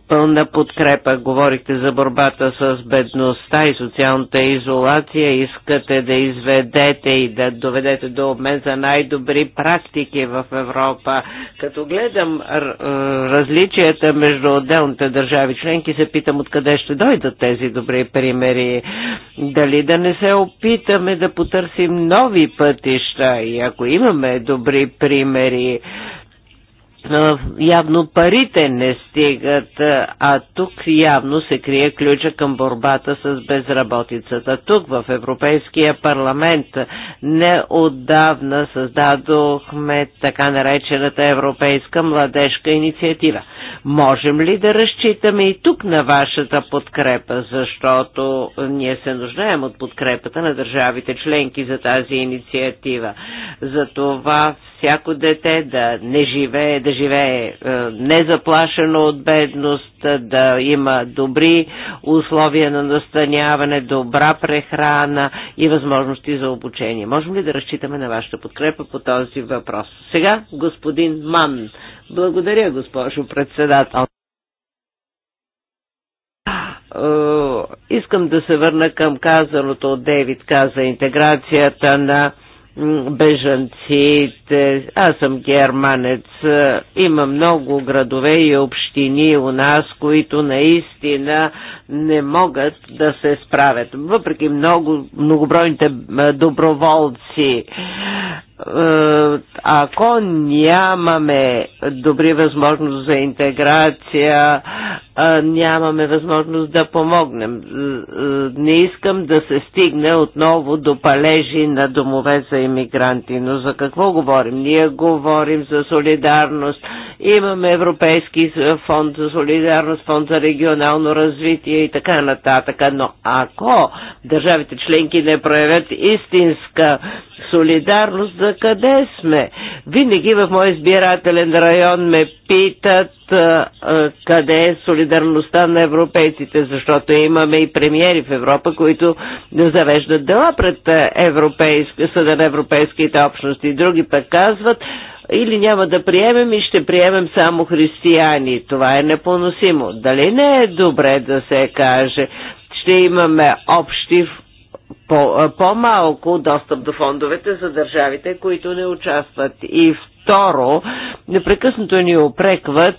[SPEAKER 1] пълна подкрепа. Говорихте за борбата с бедността и социалната изолация. Искате да изведете и да доведете до обмен за най-добри практики в Европа. Като гледам е, различията между отделните държави членки, се питам откъде ще дойдат тези добри примери. Дали да не се опитаме да потърсим нови пътища и ако имаме добри примери, явно парите не стигат, а тук явно се крие ключа към борбата с безработицата. Тук в Европейския парламент неодавна създадохме така наречената Европейска младежка инициатива. Можем ли да разчитаме и тук на вашата подкрепа, защото ние се нуждаем от подкрепата на държавите членки за тази инициатива. За това всяко дете да не живее, да живее е, незаплашено от бедност, да има добри условия на настаняване, добра прехрана и възможности за обучение. Можем ли да разчитаме на вашата подкрепа по този въпрос? Сега господин Ман благодаря, госпожо председател. Е, искам да се върна към казаното от Дейвид каза интеграцията на бежанците. Аз съм германец. Е, има много градове и общини у нас, които наистина не могат да се справят. Въпреки много, многобройните е, доброволци. Е, ако нямаме добри възможности за интеграция, е, нямаме възможност да помогнем. Е, не искам да се стигне отново до палежи на домове за иммигранти, но за какво говорим? Ние говорим за солидарност, Имаме Европейски е, фонд за солидарност, фонд за регионално развитие и така нататък. Но ако държавите членки не проявят истинска солидарност, за къде сме? Винаги в мой избирателен район ме питат е, е, къде е солидарността на европейците, защото имаме и премиери в Европа, които завеждат дела пред европейски, съда на европейските общности. Други пък казват, или няма да приемем и ще приемем само християни. Това е непоносимо. Дали не е добре да се каже, ще имаме общи по-малко по достъп до фондовете за държавите, които не участват. И второ, непрекъснато ни опрекват,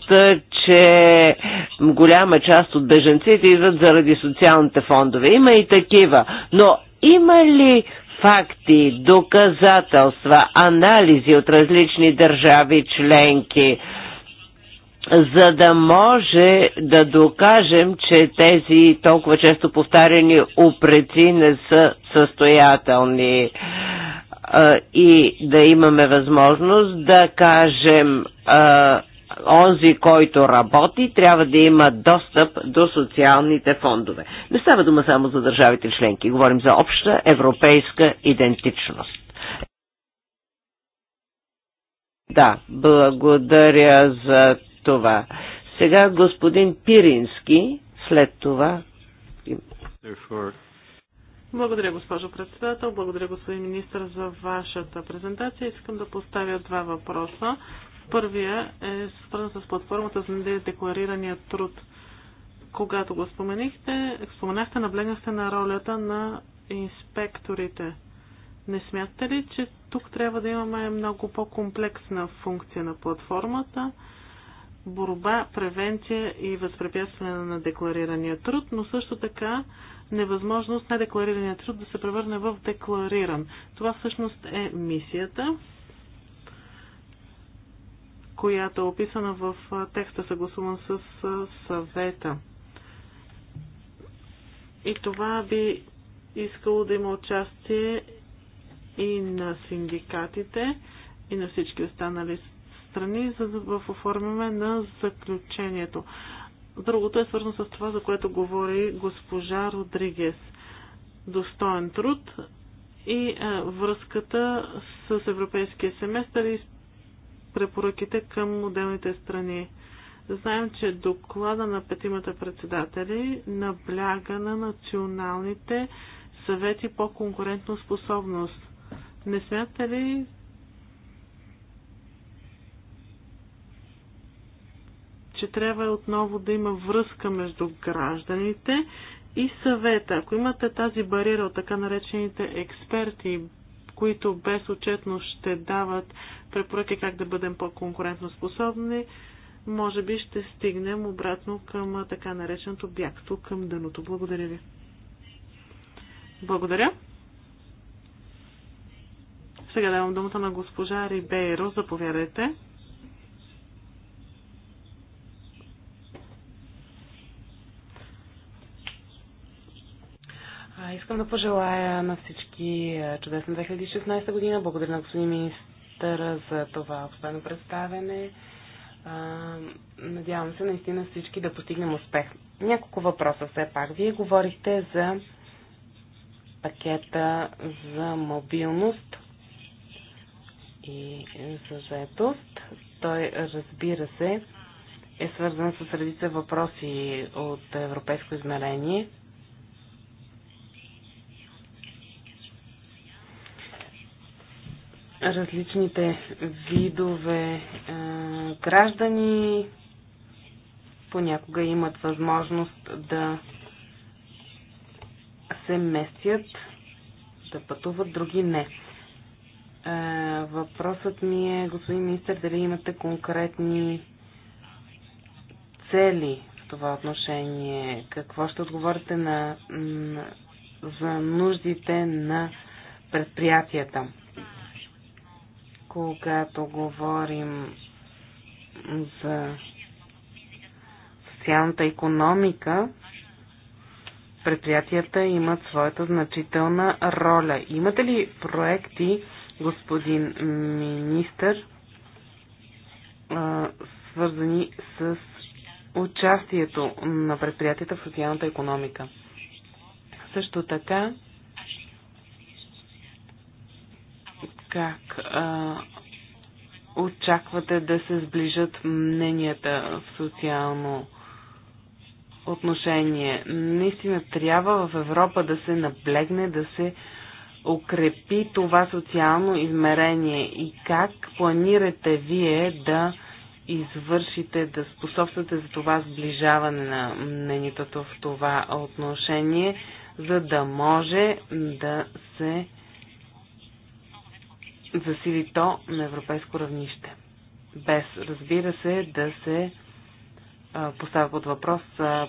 [SPEAKER 1] че голяма част от беженците идват заради социалните фондове. Има и такива, но има ли факти, доказателства, анализи от различни държави членки, за да може да докажем, че тези толкова често повтаряни упреци не са състоятелни и да имаме възможност да кажем онзи, който работи, трябва да има достъп до социалните фондове. Не става дума само за държавите членки, говорим за обща европейска идентичност. Да, благодаря за това. Сега господин Пирински, след това.
[SPEAKER 5] Благодаря, госпожо председател. Благодаря, господин министр, за вашата презентация. Искам да поставя два въпроса. Първия е свързан с платформата за недекларирания труд. Когато го споменихте, споменахте, наблегнахте на ролята на инспекторите. Не смятате ли, че тук трябва да имаме много по-комплексна функция на платформата? борба, превенция и възпрепятстване на декларирания труд, но също така невъзможност на декларирания труд да се превърне в деклариран. Това всъщност е мисията която е описана в текста, съгласуван с съвета. И това би искало да има участие и на синдикатите, и на всички останали страни за да в оформяме на заключението. Другото е свързано с това, за което говори госпожа Родригес. Достоен труд и е, връзката с европейския семестър и препоръките към отделните страни. Знаем, че доклада на петимата председатели набляга на националните съвети по конкурентно способност. Не смятате ли, че трябва отново да има връзка между гражданите и съвета? Ако имате тази бариера от така наречените експерти, които без отчетно ще дават препоръки как да бъдем по-конкурентно способни, може би ще стигнем обратно към така нареченото бягство към дъното. Благодаря ви. Благодаря. Сега давам думата на госпожа Рибейро. Заповядайте.
[SPEAKER 3] А, искам да пожелая на всички чудесна 2016 година. Благодаря на господин министър за това обстойно представене. А, надявам се наистина всички да постигнем успех. Няколко въпроса все пак. Вие говорихте за пакета за мобилност и за заетост. Той, разбира се, е свързан с редица въпроси от европейско измерение – различните видове а, е, граждани понякога имат възможност да се местят, да пътуват, други не. А, е, въпросът ми е, господин министр, дали имате конкретни цели в това отношение? Какво ще отговорите на, на за нуждите на предприятията? когато говорим за социалната економика, предприятията имат своята значителна роля. Имате ли проекти, господин министър, свързани с участието на предприятията в социалната економика? Също така, Как а, очаквате да се сближат мненията в социално отношение? Наистина трябва в Европа да се наблегне, да се укрепи това социално измерение и как планирате вие да извършите, да способствате за това сближаване на мнението в това отношение, за да може да се засили то на европейско равнище. Без, разбира се, да се поставя под въпрос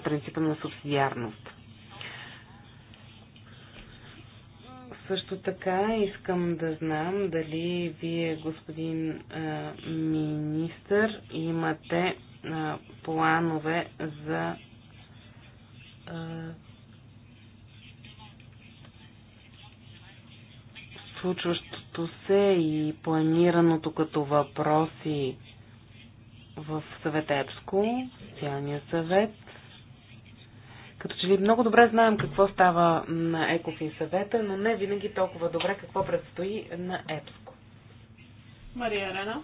[SPEAKER 3] принципа на субсидиарност. Също така искам да знам дали вие, господин министър, имате планове за случващото се и планираното като въпроси в съветепско, социалния съвет. Като че ли много добре знаем какво става на Екофин съвета, но не винаги толкова добре какво предстои на ЕПСКО.
[SPEAKER 5] Мария Рена.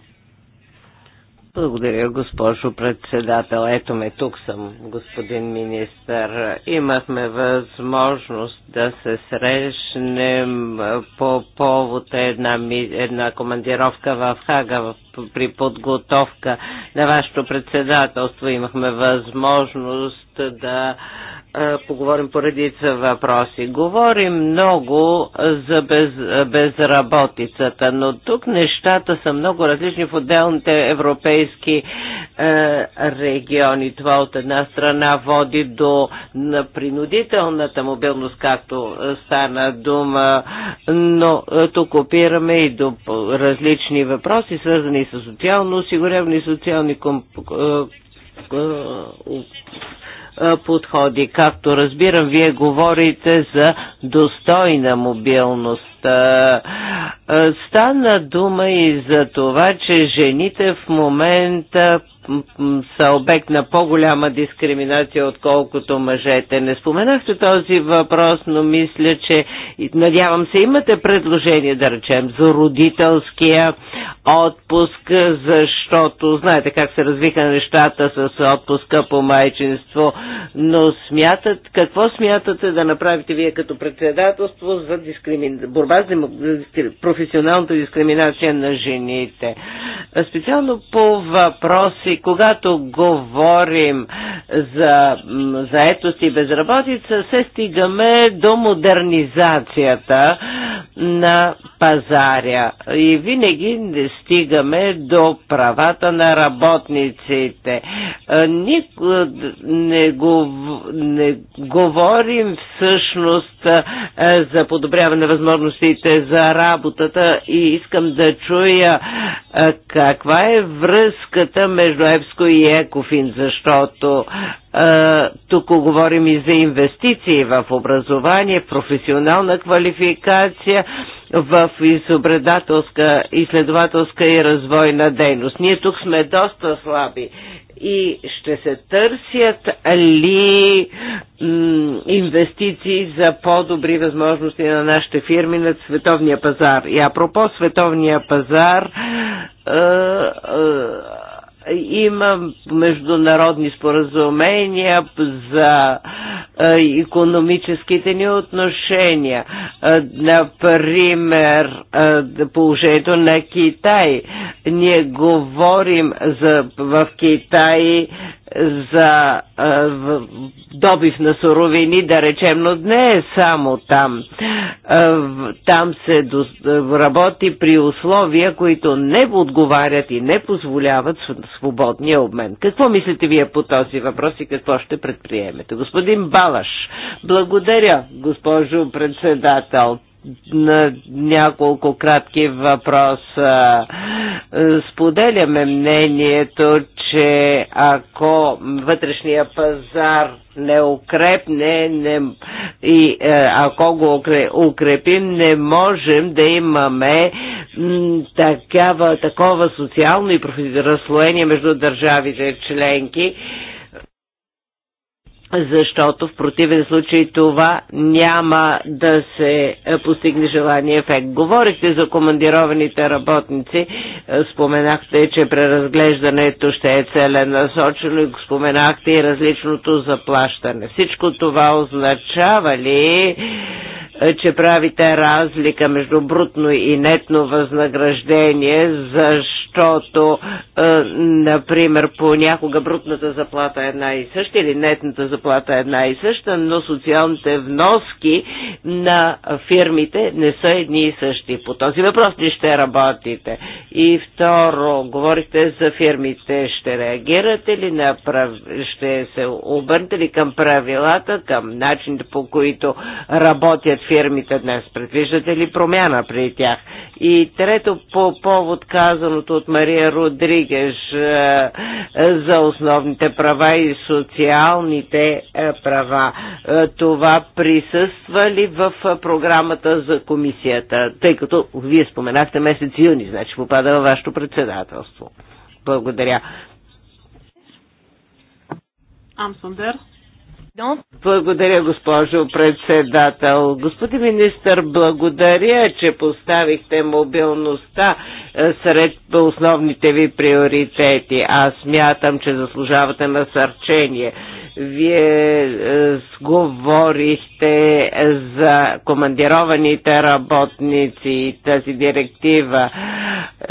[SPEAKER 1] Благодаря, госпожо председател. Ето ме, тук съм, господин министър. Имахме възможност да се срещнем по повод една, една командировка в Хага в при подготовка на вашето председателство имахме възможност да поговорим по редица въпроси. Говорим много за без, безработицата, но тук нещата са много различни в отделните европейски е, региони. Това от една страна води до на принудителната мобилност, както стана дума, но тук опираме и до различни въпроси, свързани са социално осигурявани, и социални комп... Е, е, е, подходи. Както разбирам, вие говорите за достойна мобилност е, е, стана дума и за това, че жените в момента са обект на по-голяма дискриминация, отколкото мъжете. Не споменахте този въпрос, но мисля, че надявам се имате предложение, да речем, за родителския отпуск, защото знаете как се развиха нещата с отпуска по майчинство, но смятат, какво смятате да направите вие като председателство за дискримин борба с професионалната дискриминация на жените. Специално по въпроси, когато говорим за заетост и безработица, се стигаме до модернизацията на пазаря и винаги не стигаме до правата на работниците. Никога не, го, не говорим всъщност за подобряване на въпросите за работата и искам да чуя каква е връзката между ЕПСКО и ЕКОФИН, защото тук говорим и за инвестиции в образование, професионална квалификация, в изобредателска, изследователска и развойна дейност. Ние тук сме доста слаби и ще се търсят ли инвестиции за по-добри възможности на нашите фирми на световния пазар. И апропо световния пазар, е, е, има международни споразумения за економическите ни отношения. Например, положението на Китай. Ние говорим за, в Китай за добив на суровини, да речем, но не е само там. Там се работи при условия, които не отговарят и не позволяват свободния обмен. Какво мислите вие по този въпрос и какво ще предприемете? Господин Балаш, благодаря, госпожо председател на няколко кратки въпроса. Споделяме мнението, че ако вътрешния пазар не укрепне не, и е, ако го укрепим, не можем да имаме такава, такова социално и профи... разслоение между държавите членки защото в противен случай това няма да се е, постигне желания ефект. Говорихте за командированите работници, е, споменахте, че преразглеждането ще е целенасочено и споменахте и различното заплащане. Всичко това означава ли че правите разлика между брутно и нетно възнаграждение, защото, е, например, понякога брутната заплата е една и съща или нетната заплата е една и съща, но социалните вноски на фирмите не са едни и същи. По този въпрос ли ще работите? И второ, говорихте за фирмите. Ще реагирате ли на прав... ще се обърнете ли към правилата, към начините по които работят фирмите днес? Предвиждате ли промяна при тях? И трето, по повод казаното от Мария Родригеш е, е, за основните права и социалните е, права, това присъства ли в програмата за комисията? Тъй като вие споменахте месец юни, значи попада във вашето председателство. Благодаря. Амсундер. Благодаря, госпожо председател. Господин министр, благодаря, че поставихте мобилността е, сред основните ви приоритети. Аз мятам, че заслужавате насърчение вие е, говорихте за командированите работници, тази директива.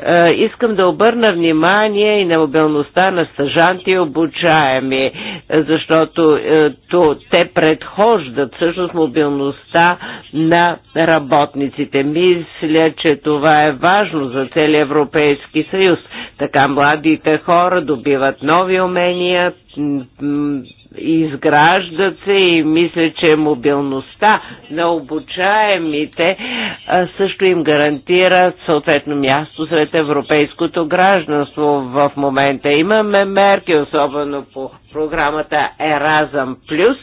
[SPEAKER 1] Е, искам да обърна внимание и на мобилността на стъжанти обучаеми, защото е, то, те предхождат всъщност мобилността на работниците. Мисля, че това е важно за целия Европейски съюз. Така младите хора добиват нови умения, изграждат се и мисля, че мобилността на обучаемите също им гарантира съответно място сред европейското гражданство в момента. Имаме мерки, особено по програмата Еразъм Плюс,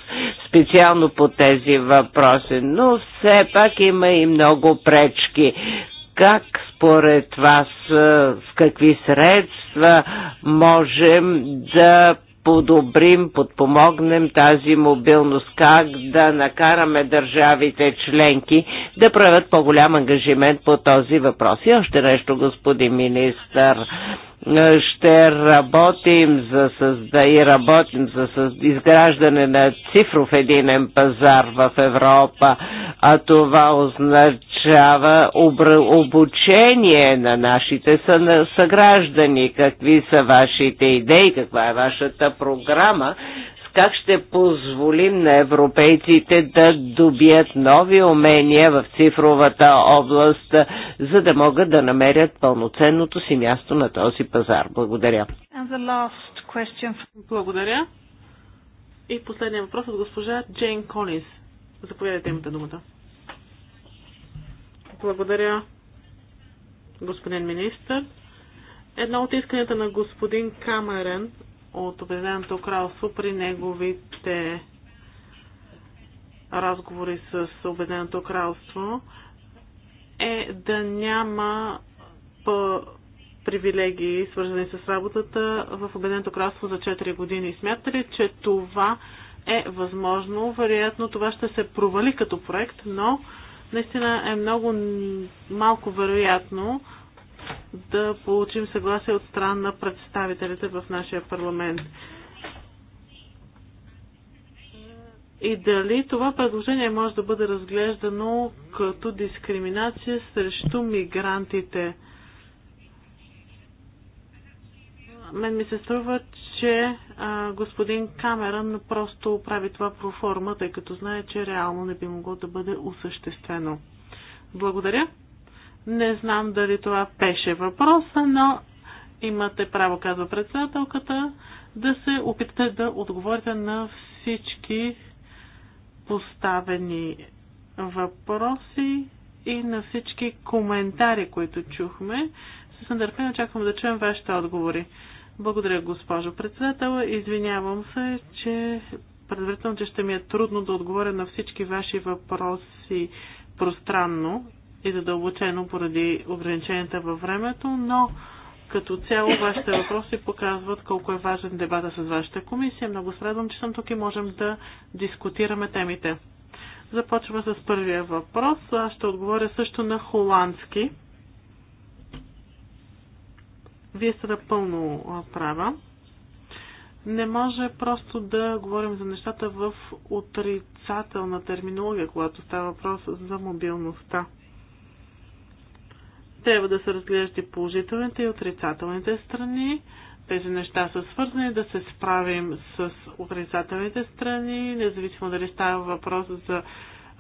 [SPEAKER 1] специално по тези въпроси, но все пак има и много пречки как според вас, с какви средства можем да подобрим, подпомогнем тази мобилност, как да накараме държавите членки да правят по-голям ангажимент по този въпрос. И още нещо, господин министър ще работим за създа... и работим за съз... изграждане на цифров единен пазар в Европа, а това означава обр... обучение на нашите съ... съграждани, какви са вашите идеи, каква е вашата програма как ще позволим на европейците да добият нови умения в цифровата област, за да могат да намерят пълноценното си място на този пазар? Благодаря.
[SPEAKER 6] Благодаря.
[SPEAKER 5] И последния въпрос от госпожа Джейн Колинс. Заповядайте имате думата. Благодаря, господин министр. Едно от исканията на господин Камерен от Обединеното кралство при неговите разговори с Обединеното кралство е да няма привилегии, свързани с работата в Обединеното кралство за 4 години. Смятате ли, че това е възможно? Вероятно това ще се провали като проект, но наистина е много малко вероятно да получим съгласие от страна на представителите в нашия парламент. И дали това предложение може да бъде разглеждано като дискриминация срещу мигрантите? Мен ми се струва, че а, господин Камерън просто прави това про форма, тъй като знае, че реално не би могло да бъде осъществено. Благодаря. Не знам дали това беше въпроса, но имате право, казва председателката, да се опитате да отговорите на всички поставени въпроси и на всички коментари, които чухме. С нетърпение очаквам да чуем вашите отговори. Благодаря, госпожо председател. Извинявам се, че предварително, че ще ми е трудно да отговоря на всички ваши въпроси пространно и задълбочено поради ограниченията във времето, но като цяло вашите въпроси показват колко е важен дебата с вашата комисия. Много се радвам, че съм тук и можем да дискутираме темите. Започваме с първия въпрос. Аз ще отговоря също на холандски. Вие сте напълно права. Не може просто да говорим за нещата в отрицателна терминология, когато става въпрос за мобилността. Трябва да се разглеждат и положителните и отрицателните страни. Тези неща са свързани да се справим с отрицателните страни, независимо дали става въпрос за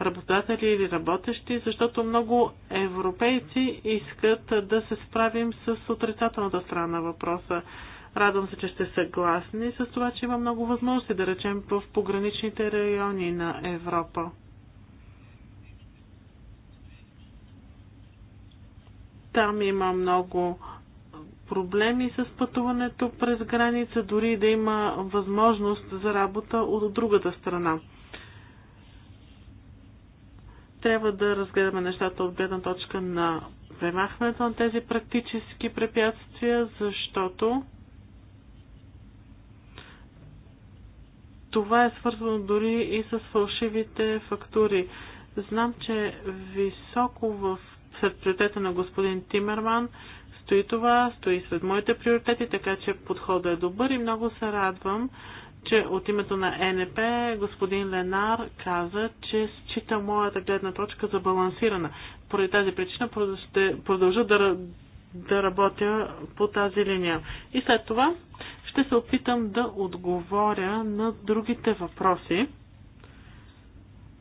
[SPEAKER 5] работодатели или работещи, защото много европейци искат да се справим с отрицателната страна на въпроса. Радвам се, че сте съгласни с това, че има много възможности, да речем, в пограничните райони на Европа. Там има много проблеми с пътуването през граница, дори да има възможност за работа от другата страна. Трябва да разгледаме нещата от гледна точка на премахването на тези практически препятствия, защото това е свързано дори и с фалшивите фактури. Знам, че високо в след приоритета на господин Тимерман стои това, стои сред моите приоритети, така че подходът е добър и много се радвам, че от името на НП господин Ленар каза, че счита моята гледна точка за балансирана. Поради тази причина ще продължа да, да работя по тази линия. И след това ще се опитам да отговоря на другите въпроси.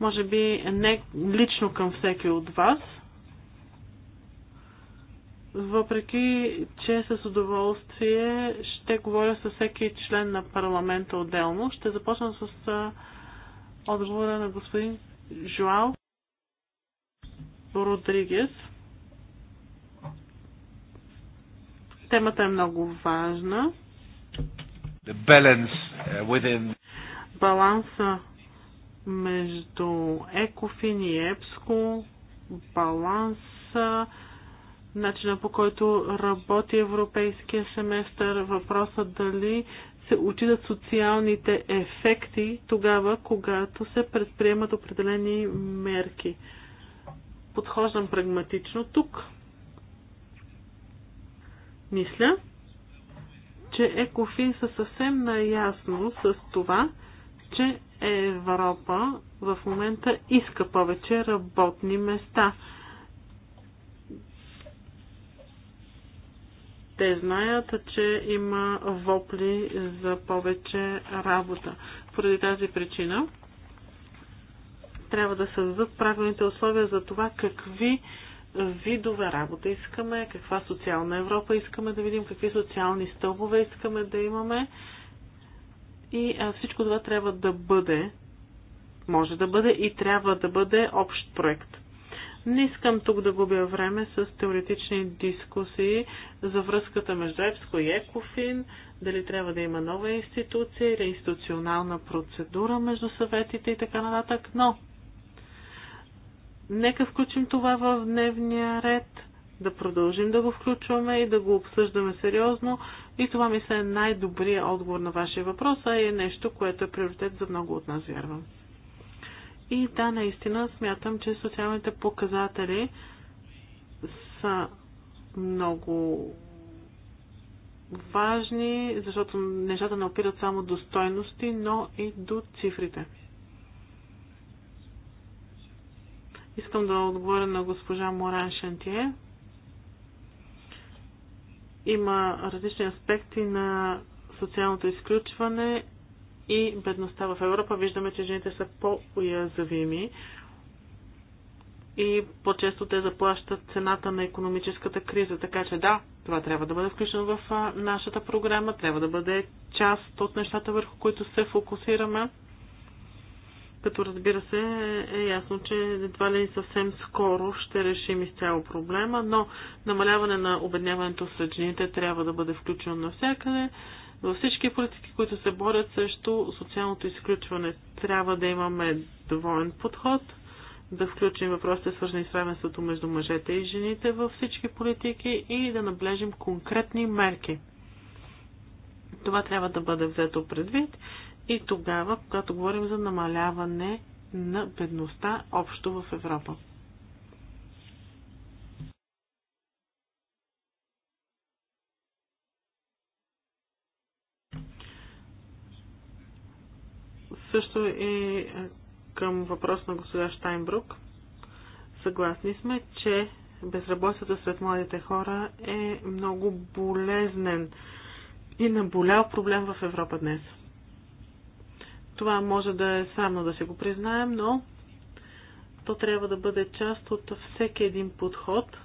[SPEAKER 5] Може би не лично към всеки от вас, въпреки че с удоволствие ще говоря с всеки член на парламента отделно. Ще започна с отговора на господин Жуал Родригес. Темата е много важна.
[SPEAKER 4] The balance uh, within...
[SPEAKER 5] Баланса между Екофин и Епско, баланса начина по който работи европейския семестър, въпроса дали се отчитат социалните ефекти тогава, когато се предприемат определени мерки. Подхождам прагматично тук. Мисля, че Екофин са съвсем наясно с това, че Европа в момента иска повече работни места. Те знаят, че има вопли за повече работа. Поради тази причина трябва да създадат правилните условия за това какви видове работа искаме, каква социална Европа искаме да видим, какви социални стълбове искаме да имаме. И всичко това трябва да бъде, може да бъде и трябва да бъде общ проект. Не искам тук да губя време с теоретични дискусии за връзката между ЕПСКО и ЕКОФИН, дали трябва да има нова институция или институционална процедура между съветите и така нататък, но нека включим това в дневния ред, да продължим да го включваме и да го обсъждаме сериозно и това мисля е най-добрият отговор на вашия въпрос, а е нещо, което е приоритет за много от нас, вярвам. И да, наистина смятам, че социалните показатели са много важни, защото нещата не опират само до стойности, но и до цифрите. Искам да отговоря на госпожа Моран Шантие. Има различни аспекти на социалното изключване и бедността в Европа, виждаме, че жените са по-уязвими и по-често те заплащат цената на економическата криза. Така че да, това трябва да бъде включено в нашата програма, трябва да бъде част от нещата, върху които се фокусираме. Като разбира се, е ясно, че едва ли съвсем скоро ще решим изцяло проблема, но намаляване на обедняването сред жените трябва да бъде включено навсякъде във всички политики, които се борят срещу социалното изключване. Трябва да имаме доволен подход, да включим въпросите свързани с равенството между мъжете и жените във всички политики и да наблежим конкретни мерки. Това трябва да бъде взето предвид и тогава, когато говорим за намаляване на бедността общо в Европа. също и е, към въпрос на госпожа Штайнбрук. Съгласни сме, че безработицата сред младите хора е много болезнен и наболял проблем в Европа днес. Това може да е срамно да се го признаем, но то трябва да бъде част от всеки един подход –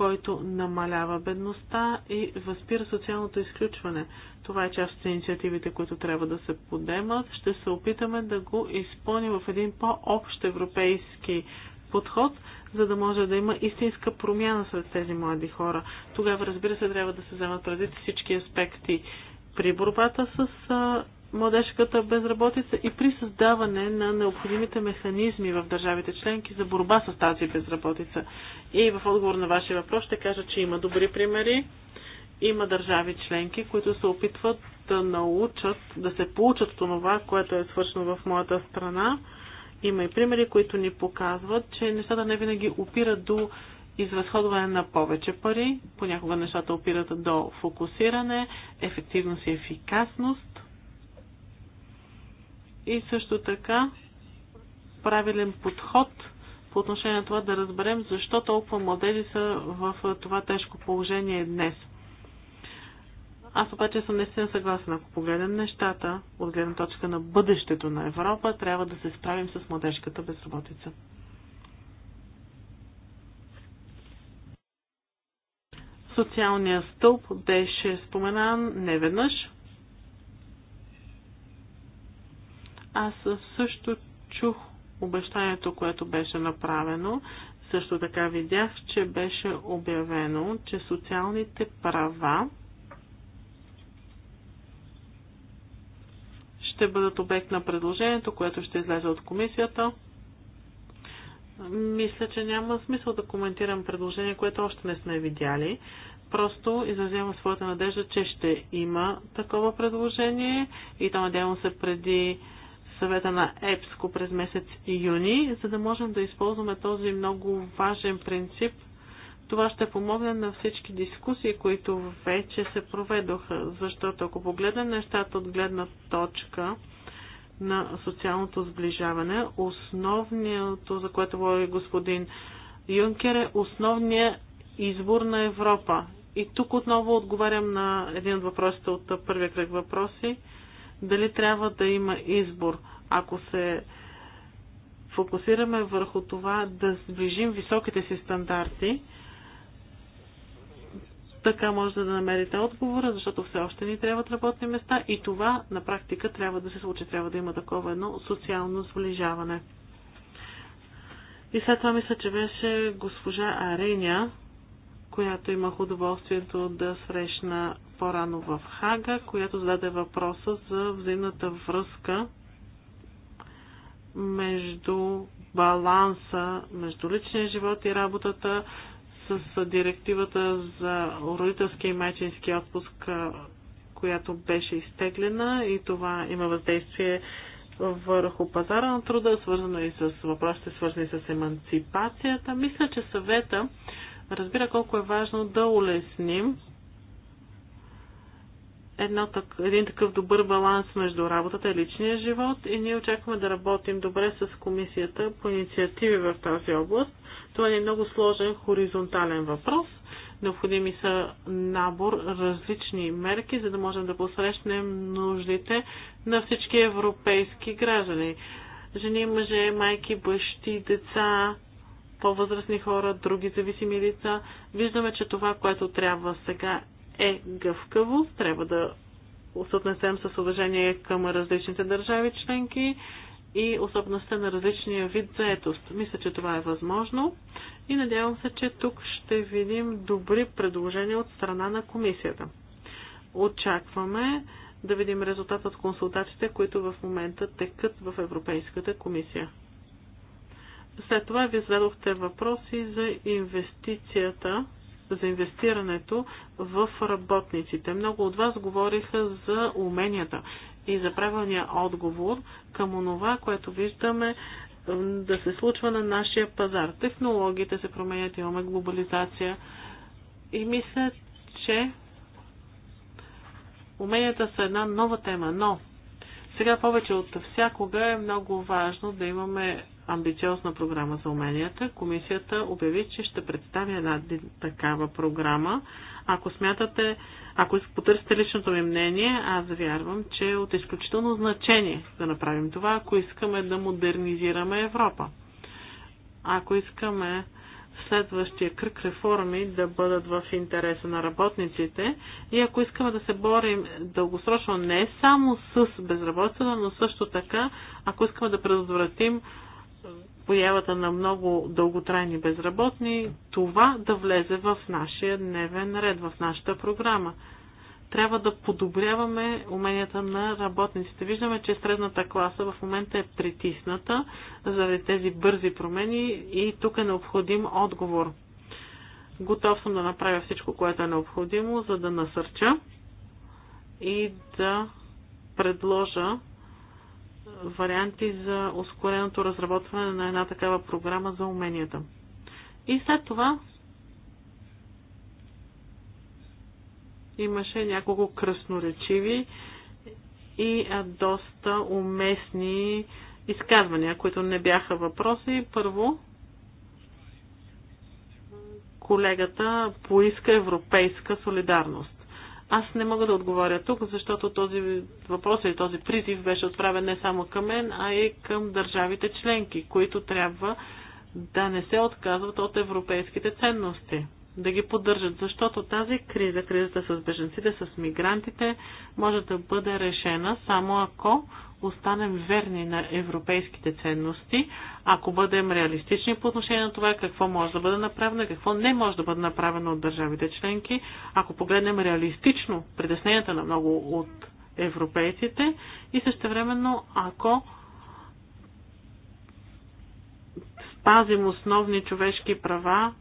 [SPEAKER 5] който намалява бедността и възпира социалното изключване. Това е част от инициативите, които трябва да се подемат. Ще се опитаме да го изпълним в един по-общ европейски подход, за да може да има истинска промяна сред тези млади хора. Тогава, разбира се, трябва да се вземат преди всички аспекти при борбата с младежката безработица и при създаване на необходимите механизми в държавите членки за борба с тази безработица. И в отговор на вашия въпрос ще кажа, че има добри примери. Има държави членки, които се опитват да научат, да се получат това, което е свършено в моята страна. Има и примери, които ни показват, че нещата не винаги опират до изразходване на повече пари, понякога нещата опират до фокусиране, ефективност и ефикасност и също така правилен подход по отношение на това да разберем защо толкова младежи са в това тежко положение днес. Аз обаче съм наистина съгласен, ако погледнем нещата от гледна точка на бъдещето на Европа, трябва да се справим с младежката безработица. Социалният стълб беше споменан неведнъж. Аз също чух обещанието, което беше направено. Също така видях, че беше обявено, че социалните права ще бъдат обект на предложението, което ще излезе от комисията. Мисля, че няма смисъл да коментирам предложение, което още не сме видяли. Просто изразявам своята надежда, че ще има такова предложение и то надявам се преди съвета на ЕПСКО през месец юни, за да можем да използваме този много важен принцип. Това ще помогне на всички дискусии, които вече се проведоха, защото ако погледнем нещата от гледна точка на социалното сближаване, основното, за което говори господин Юнкер, е основният избор на Европа. И тук отново отговарям на един от въпросите от първия кръг въпроси дали трябва да има избор. Ако се фокусираме върху това да движим високите си стандарти, така може да намерите отговора, защото все още ни трябват работни места и това на практика трябва да се случи. Трябва да има такова едно социално сближаване. И след това мисля, че беше госпожа Ареня, която имах удоволствието да срещна по-рано в Хага, която зададе въпроса за взаимната връзка между баланса между личния живот и работата с директивата за родителски и майчински отпуск, която беше изтеглена и това има въздействие върху пазара на труда, свързано и с въпросите, свързани с еманципацията. Мисля, че съвета разбира колко е важно да улесним едно, един такъв добър баланс между работата и личния живот и ние очакваме да работим добре с комисията по инициативи в тази област. Това е много сложен хоризонтален въпрос. Необходими са набор различни мерки, за да можем да посрещнем нуждите на всички европейски граждани. Жени, мъже, майки, бащи, деца, по-възрастни хора, други зависими лица. Виждаме, че това, което трябва сега е гъвкавост, трябва да съотнесем с уважение към различните държави членки и особеността на различния вид заетост. Мисля, че това е възможно и надявам се, че тук ще видим добри предложения от страна на комисията. Очакваме да видим резултат от консултациите, които в момента текат в Европейската комисия. След това ви зададохте въпроси за инвестицията за инвестирането в работниците. Много от вас говориха за уменията и за правилния отговор към онова, което виждаме да се случва на нашия пазар. Технологиите се променят, имаме глобализация и мисля, че уменията са една нова тема, но сега повече от всякога е много важно да имаме амбициозна програма за уменията, комисията обяви, че ще представи една такава програма. Ако смятате, ако потърсите личното ми мнение, аз вярвам, че е от изключително значение да направим това, ако искаме да модернизираме Европа. Ако искаме следващия кръг реформи да бъдат в интереса на работниците и ако искаме да се борим дългосрочно не само с безработицата, но също така, ако искаме да предотвратим появата на много дълготрайни безработни, това да влезе в нашия дневен ред, в нашата програма. Трябва да подобряваме уменията на работниците. Виждаме, че средната класа в момента е притисната заради тези бързи промени и тук е необходим отговор. Готов съм да направя всичко, което е необходимо, за да насърча и да предложа варианти за ускореното разработване на една такава програма за уменията. И след това имаше няколко красноречиви и доста уместни изказвания, които не бяха въпроси. Първо, колегата поиска европейска солидарност. Аз не мога да отговоря тук, защото този въпрос или този призив беше отправен не само към мен, а и към държавите членки, които трябва да не се отказват от европейските ценности да ги поддържат, защото тази криза, кризата с беженците, с мигрантите, може да бъде решена само ако останем верни на европейските ценности, ако бъдем реалистични по отношение на това какво може да бъде направено и какво не може да бъде направено от държавите членки, ако погледнем реалистично притесненията на много от европейците и същевременно ако спазим основни човешки права,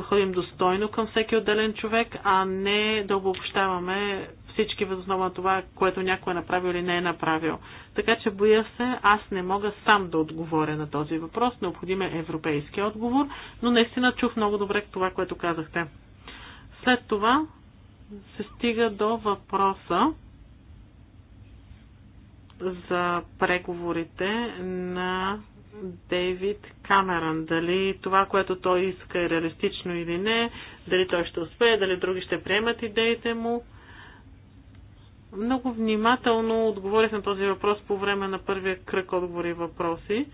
[SPEAKER 5] подходим достойно към всеки отделен човек, а не да обобщаваме всички възоснова на това, което някой е направил или не е направил. Така че боя се, аз не мога сам да отговоря на този въпрос. Необходим е европейски отговор, но наистина чух много добре това, което казахте. След това се стига до въпроса за преговорите на Дейвид Камерън. Дали това, което той иска е реалистично или не, дали той ще успее, дали други ще приемат идеите му. Много внимателно отговорих на този въпрос по време на първия кръг отговори въпроси,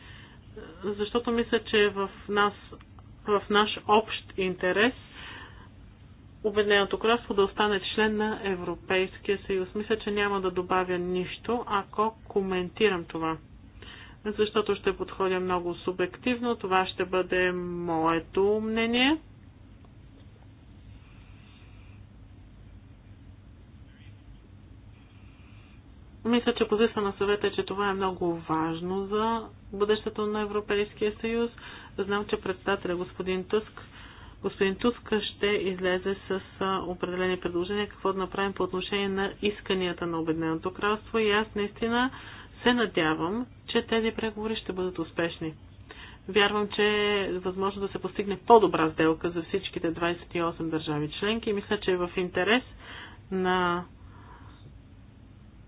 [SPEAKER 5] защото мисля, че е в, нас, в наш общ интерес Обединеното кралство да остане член на Европейския съюз. Мисля, че няма да добавя нищо, ако коментирам това защото ще подходя много субективно. Това ще бъде моето мнение. Мисля, че позиция на съвета е, че това е много важно за бъдещето на Европейския съюз. Знам, че председателя господин Тъск господин Туск ще излезе с определени предложения какво да направим по отношение на исканията на Обединеното кралство и аз наистина се надявам, че тези преговори ще бъдат успешни. Вярвам, че е възможно да се постигне по-добра сделка за всичките 28 държави членки и мисля, че е в интерес на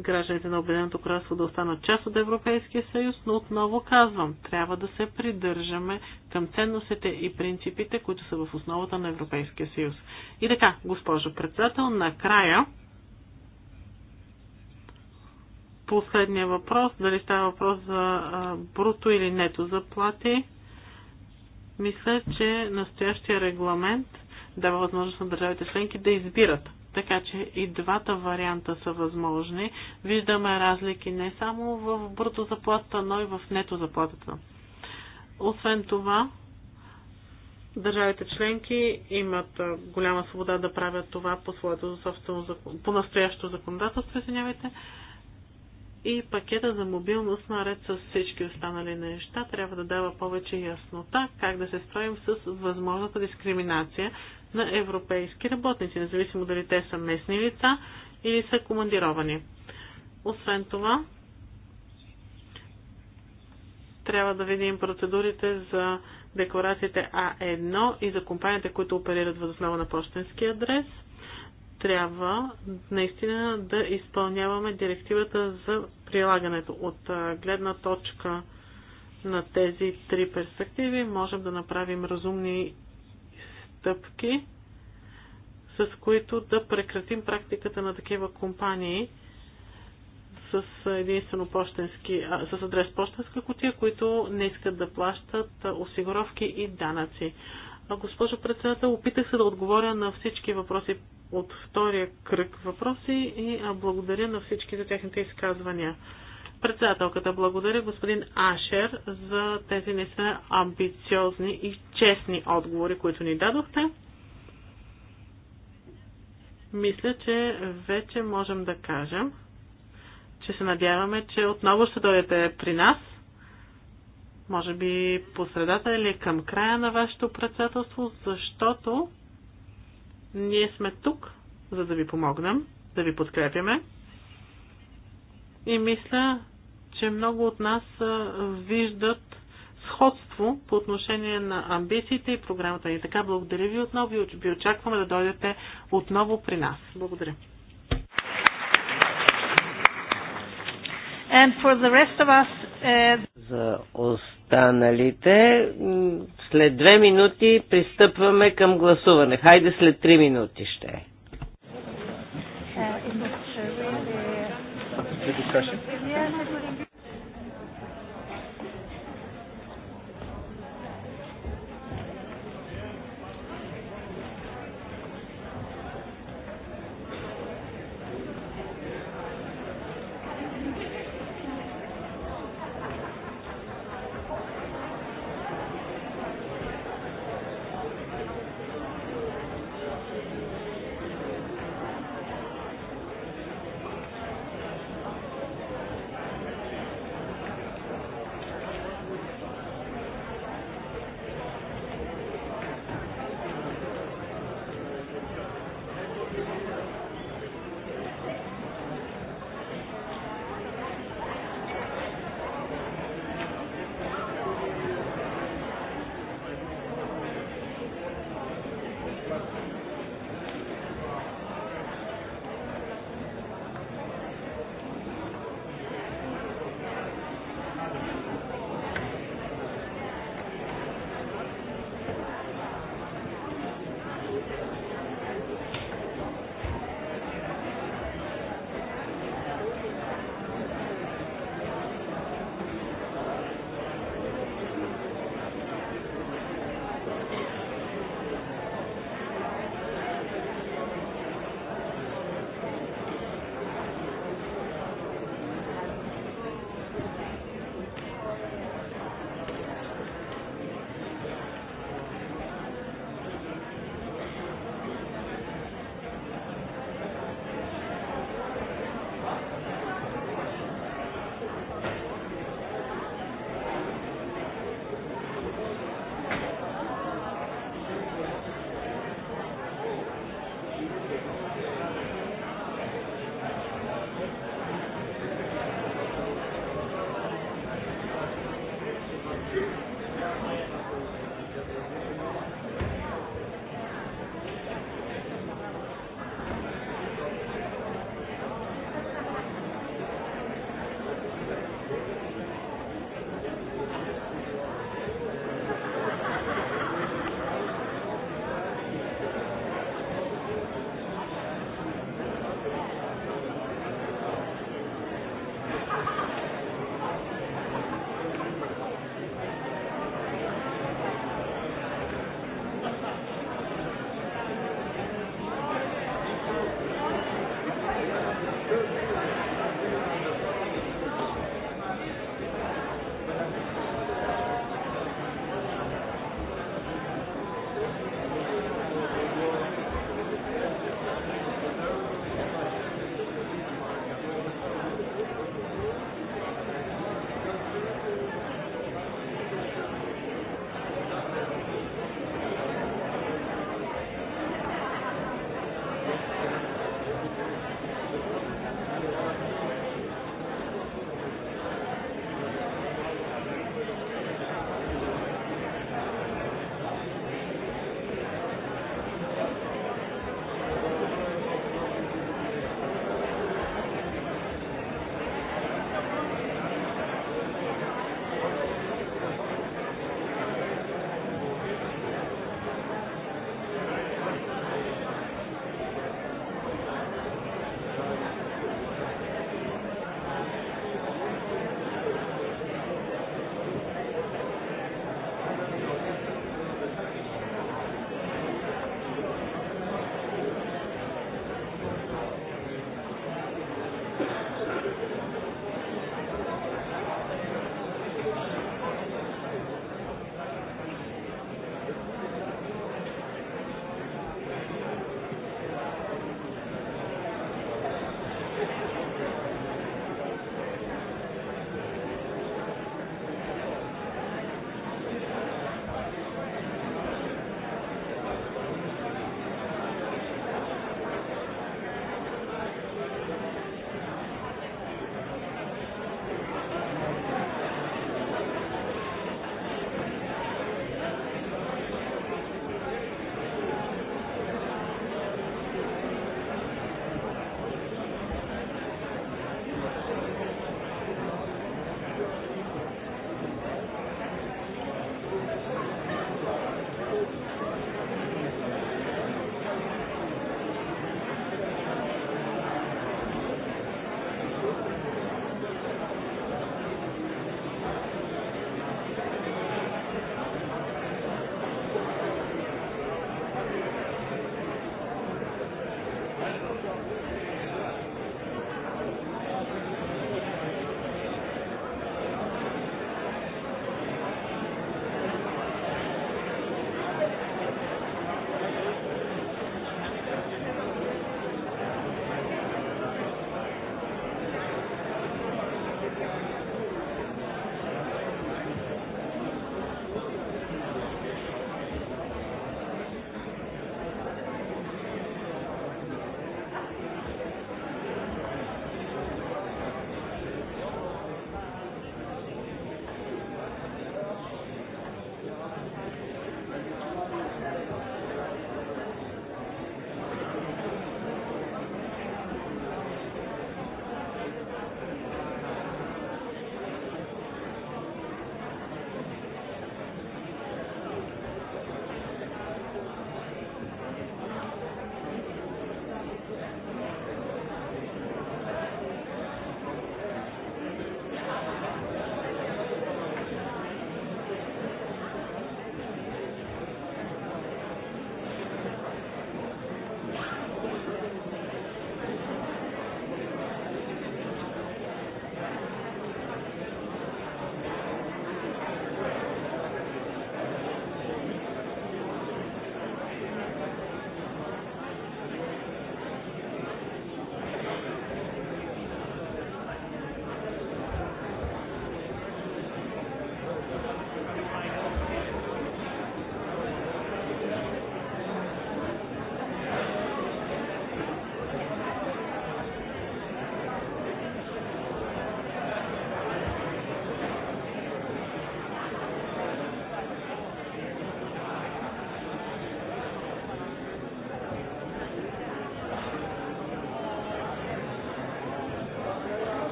[SPEAKER 5] гражданите на Обединеното кралство да останат част от Европейския съюз, но отново казвам, трябва да се придържаме към ценностите и принципите, които са в основата на Европейския съюз. И така, госпожо председател, накрая последния въпрос, дали става въпрос за бруто или нето заплати. Мисля, че настоящия регламент дава възможност на държавите членки да избират. Така че и двата варианта са възможни. Виждаме разлики не само в бруто заплатата, но и в нето заплатата. Освен това, държавите членки имат голяма свобода да правят това по, своето собствено, по настоящо законодателство, извинявайте, и пакета за мобилност, наред с всички останали неща, трябва да дава повече яснота как да се справим с възможната дискриминация на европейски работници, независимо дали те са местни лица или са командировани. Освен това, трябва да видим процедурите за декларациите А1 и за компаниите, които оперират възоснова на почтенски адрес – трябва наистина да изпълняваме директивата за прилагането. От гледна точка на тези три перспективи можем да направим разумни стъпки, с които да прекратим практиката на такива компании с единствено почтенски, а, с адрес почтенска котия, които не искат да плащат осигуровки и данъци. Госпожо председател, опитах се да отговоря на всички въпроси от втория кръг въпроси и благодаря на всички за техните изказвания. Председателката благодаря господин Ашер за тези наистина амбициозни и честни отговори, които ни дадохте. Мисля, че вече можем да кажем, че се надяваме, че отново ще дойдете при нас може би по средата или към края на вашето председателство, защото ние сме тук, за да ви помогнем, да ви подкрепяме. И мисля, че много от нас виждат сходство по отношение на амбициите и програмата ни. Така, благодаря ви отново и ви очакваме да дойдете отново при нас. Благодаря.
[SPEAKER 6] And for the rest of us, uh...
[SPEAKER 1] За останалите след две минути пристъпваме към гласуване. Хайде след три минути ще е.
[SPEAKER 6] Uh,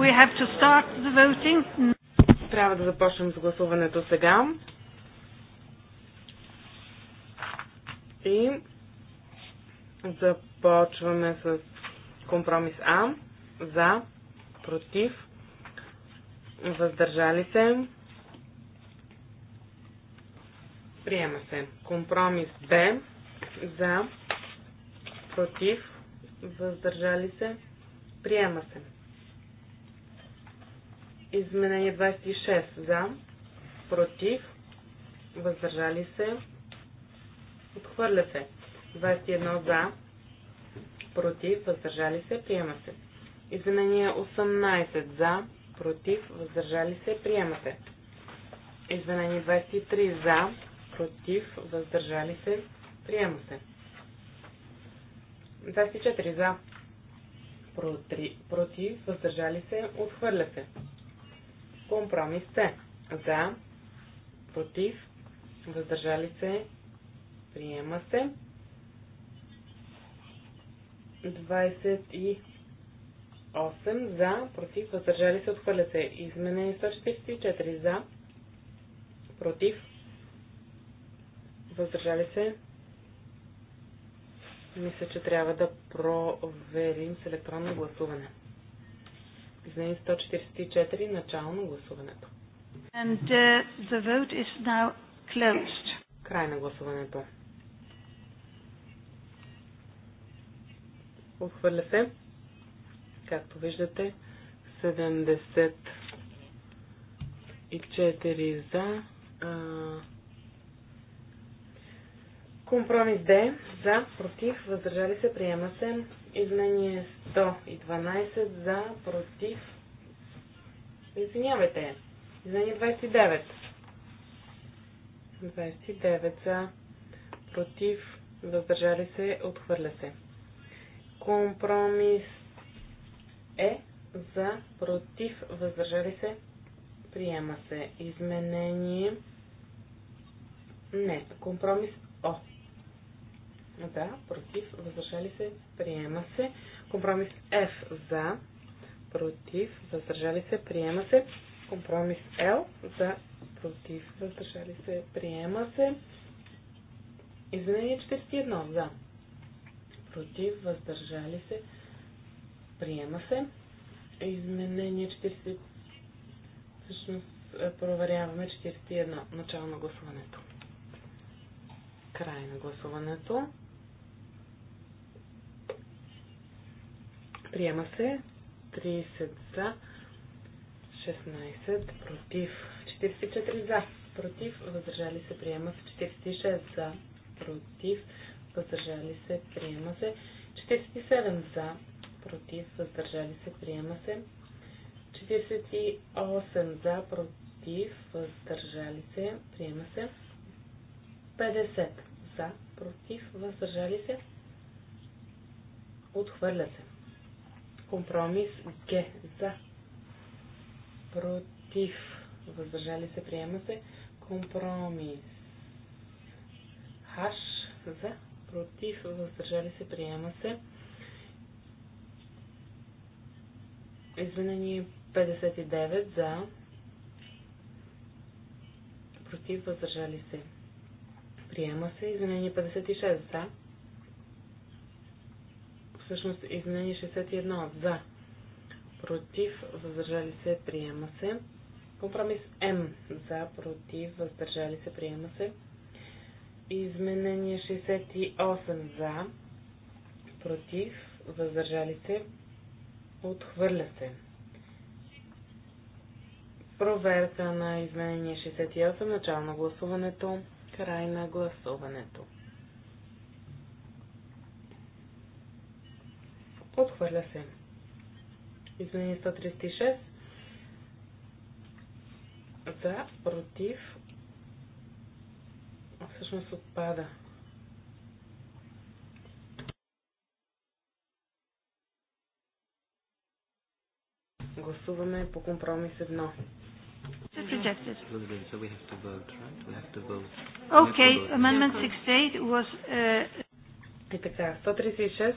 [SPEAKER 4] We have to start
[SPEAKER 6] the voting. Трябва да
[SPEAKER 3] започнем с гласуването сега. И започваме с компромис А. За, против, въздържали се. Приема се. Компромис Б. За, против, въздържали се. Приема се. Изменение 26 за, против, въздържали се, отхвърля се. 21 за, против, въздържали се, приема се. Изменение 18 за, против, въздържали се, приема се. Изменение 23 за, против, въздържали се, приема се. 24 за, против, въздържали се, отхвърля се. Компромис С. За, против, въздържали се, приема се. 28 за, против, въздържали се, отхвърля се. са 144 за, против, въздържали се. Мисля, че трябва да проверим с електронно гласуване. Изменение 144, начално гласуването.
[SPEAKER 6] And uh, the vote is now closed. Край на
[SPEAKER 3] гласуването.
[SPEAKER 6] Отхвърля се.
[SPEAKER 3] Както виждате, 74 за. Компромис Д. За, против, въздържали се, приема се. Изменение 112 за, против. Извинявайте. Изменение 29. 29 за, против, въздържали се, отхвърля се. Компромис е за, против, въздържали се, приема се. Изменение. Не, компромис О да, против, въздържали се, приема се. Компромис F за, против, въздържали се, приема се. Компромис L за, против, въздържали се, приема се. Изменение 41 за, против, въздържали се, приема се. Изменение 40. Всъщност е, проверяваме 41. Начало на гласуването край на гласуването. Приема се 30 за, 16 против, 44 за, против, въздържали се, приема се 46 за, против, въздържали се, приема се 47 за, против, въздържали се, приема се 48 за, против,
[SPEAKER 6] въздържали се, приема се 50 за, против, въздържали се, отхвърля се.
[SPEAKER 3] Компромис Г. За. Против. Въздържали се. Приема се. Компромис. Хаш. За. Против. Въздържали се. Приема се. Извинение 59 за. Против. Въздържали се. Приема се. Извинение 56 за всъщност изменение 61 за, против, въздържали се, приема се. Компромис М за, против, въздържали се, приема се. Изменение 68 за, против, въздържали се, отхвърля се. Проверка на изменение 68, начало на гласуването, край на гласуването. Отхвърля се. Извинение 136. За, против. Всъщност отпада. Гласуваме по компромис едно.
[SPEAKER 4] Окей, So Okay, amendment
[SPEAKER 6] 68 was... Uh... И така, 136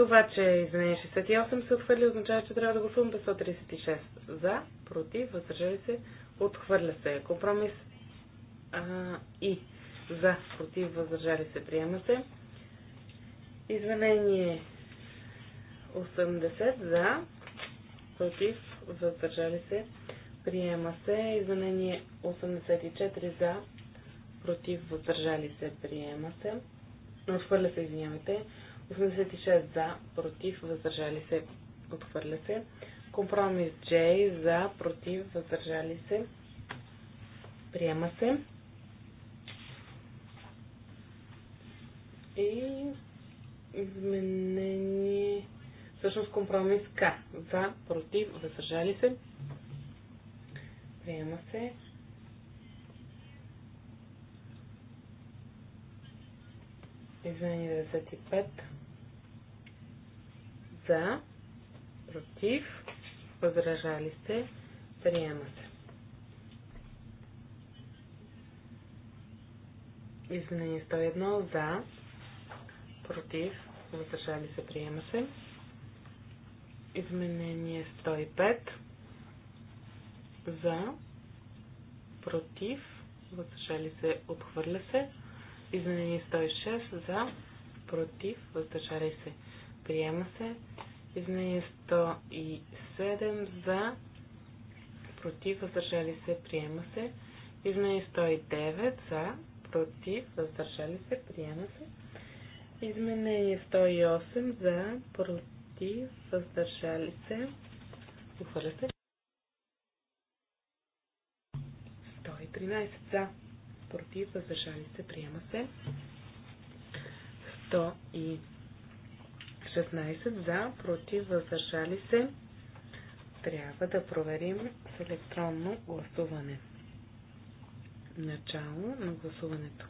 [SPEAKER 3] Това, че изменение 68 се отхвърли, означава, че трябва да гласувам 136. За, против, въздържали се, отхвърля се. Компромис а, и за, против, въздържали се, приема се. Изменение 80 за, против, въздържали се, приема се. Изменение 84 за, против, въздържали се, приема се. Отхвърля се, извинявайте. 86 за, против, въздържали се, отхвърля се. Компромис J за, против, въздържали се, приема се. И изменение, всъщност компромис К за, против, въздържали се, приема се. Извинение 95. За, против, възражали се, приема се. Изменение 101 за, против, въздържали се, приема се. Изменение 105 за, против, въздържали се, отхвърля се. Изменение 106 за, против, въздържали се, Приема се. Изменение 107 за. Против. Въздържали се. Приема се. Изменение 109 за. Против. Въздържали се. Приема се. Изменение 108 за. Против. Въздържали се. Ухвърля се. 113 за. Против. Въздържали се. Приема се. 16 за, против, въздържали се. Трябва да проверим с електронно гласуване. Начало на гласуването.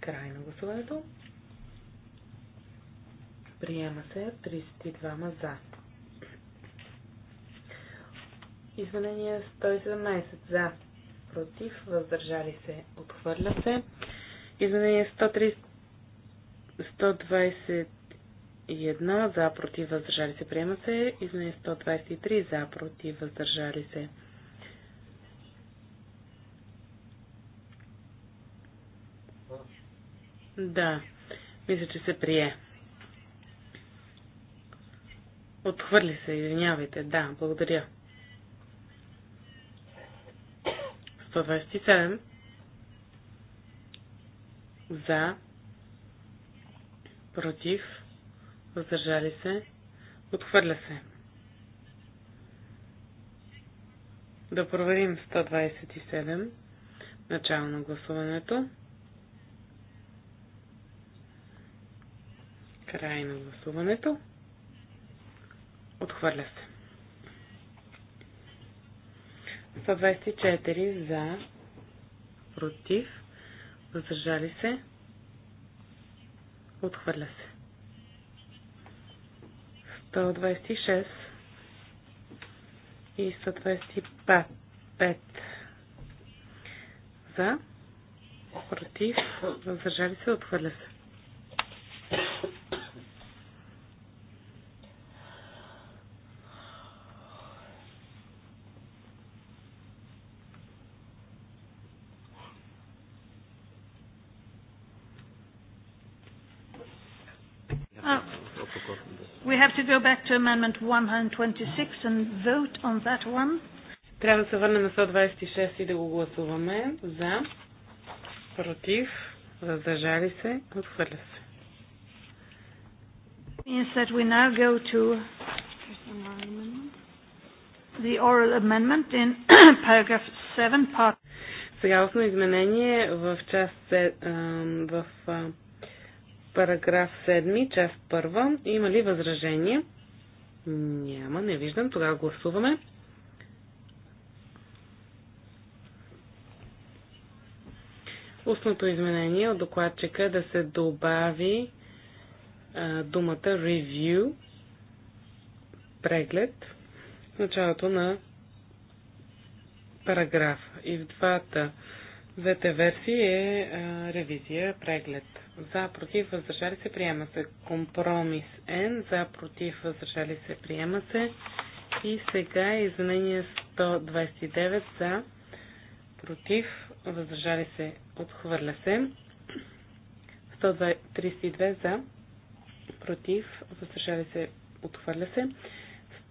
[SPEAKER 3] Край на гласуването. Приема се 32 за. Изменение 117 за. Против, въздържали се, отхвърля се. Изменение 130 121 за против въздържали се приема се. Извини 123 за против въздържали се. Да, мисля, че се прие. Отхвърли се, извинявайте. Да, благодаря. 127 за против, въздържали се, отхвърля се. Да проверим 127, начало на гласуването, край на гласуването, отхвърля се. 124 за, против, въздържали се, Отхвърля се. 126 и 125 за, против, въздържали се, отхвърля се.
[SPEAKER 4] go back to amendment
[SPEAKER 6] 126 and vote on that one?
[SPEAKER 3] Трябва да се върнем на 126 и да го гласуваме.
[SPEAKER 6] За, против, въздържали се, отхвърля се. Means that we now go to the oral amendment in [coughs] paragraph 7 part. Сега основно изменение в част в
[SPEAKER 3] Параграф 7, част 1. Има ли възражение? Няма, не виждам. Тогава гласуваме. Устното изменение от докладчика е да се добави а, думата review, преглед, в началото на параграф. И в двата, двете версии е а, ревизия, преглед за, против, въздържали се, приема се. Компромис Н, за, против, въздържали се, приема се. И сега е изменение 129 за, против, въздържали се, отхвърля се. 132 за, против, въздържали се, отхвърля се.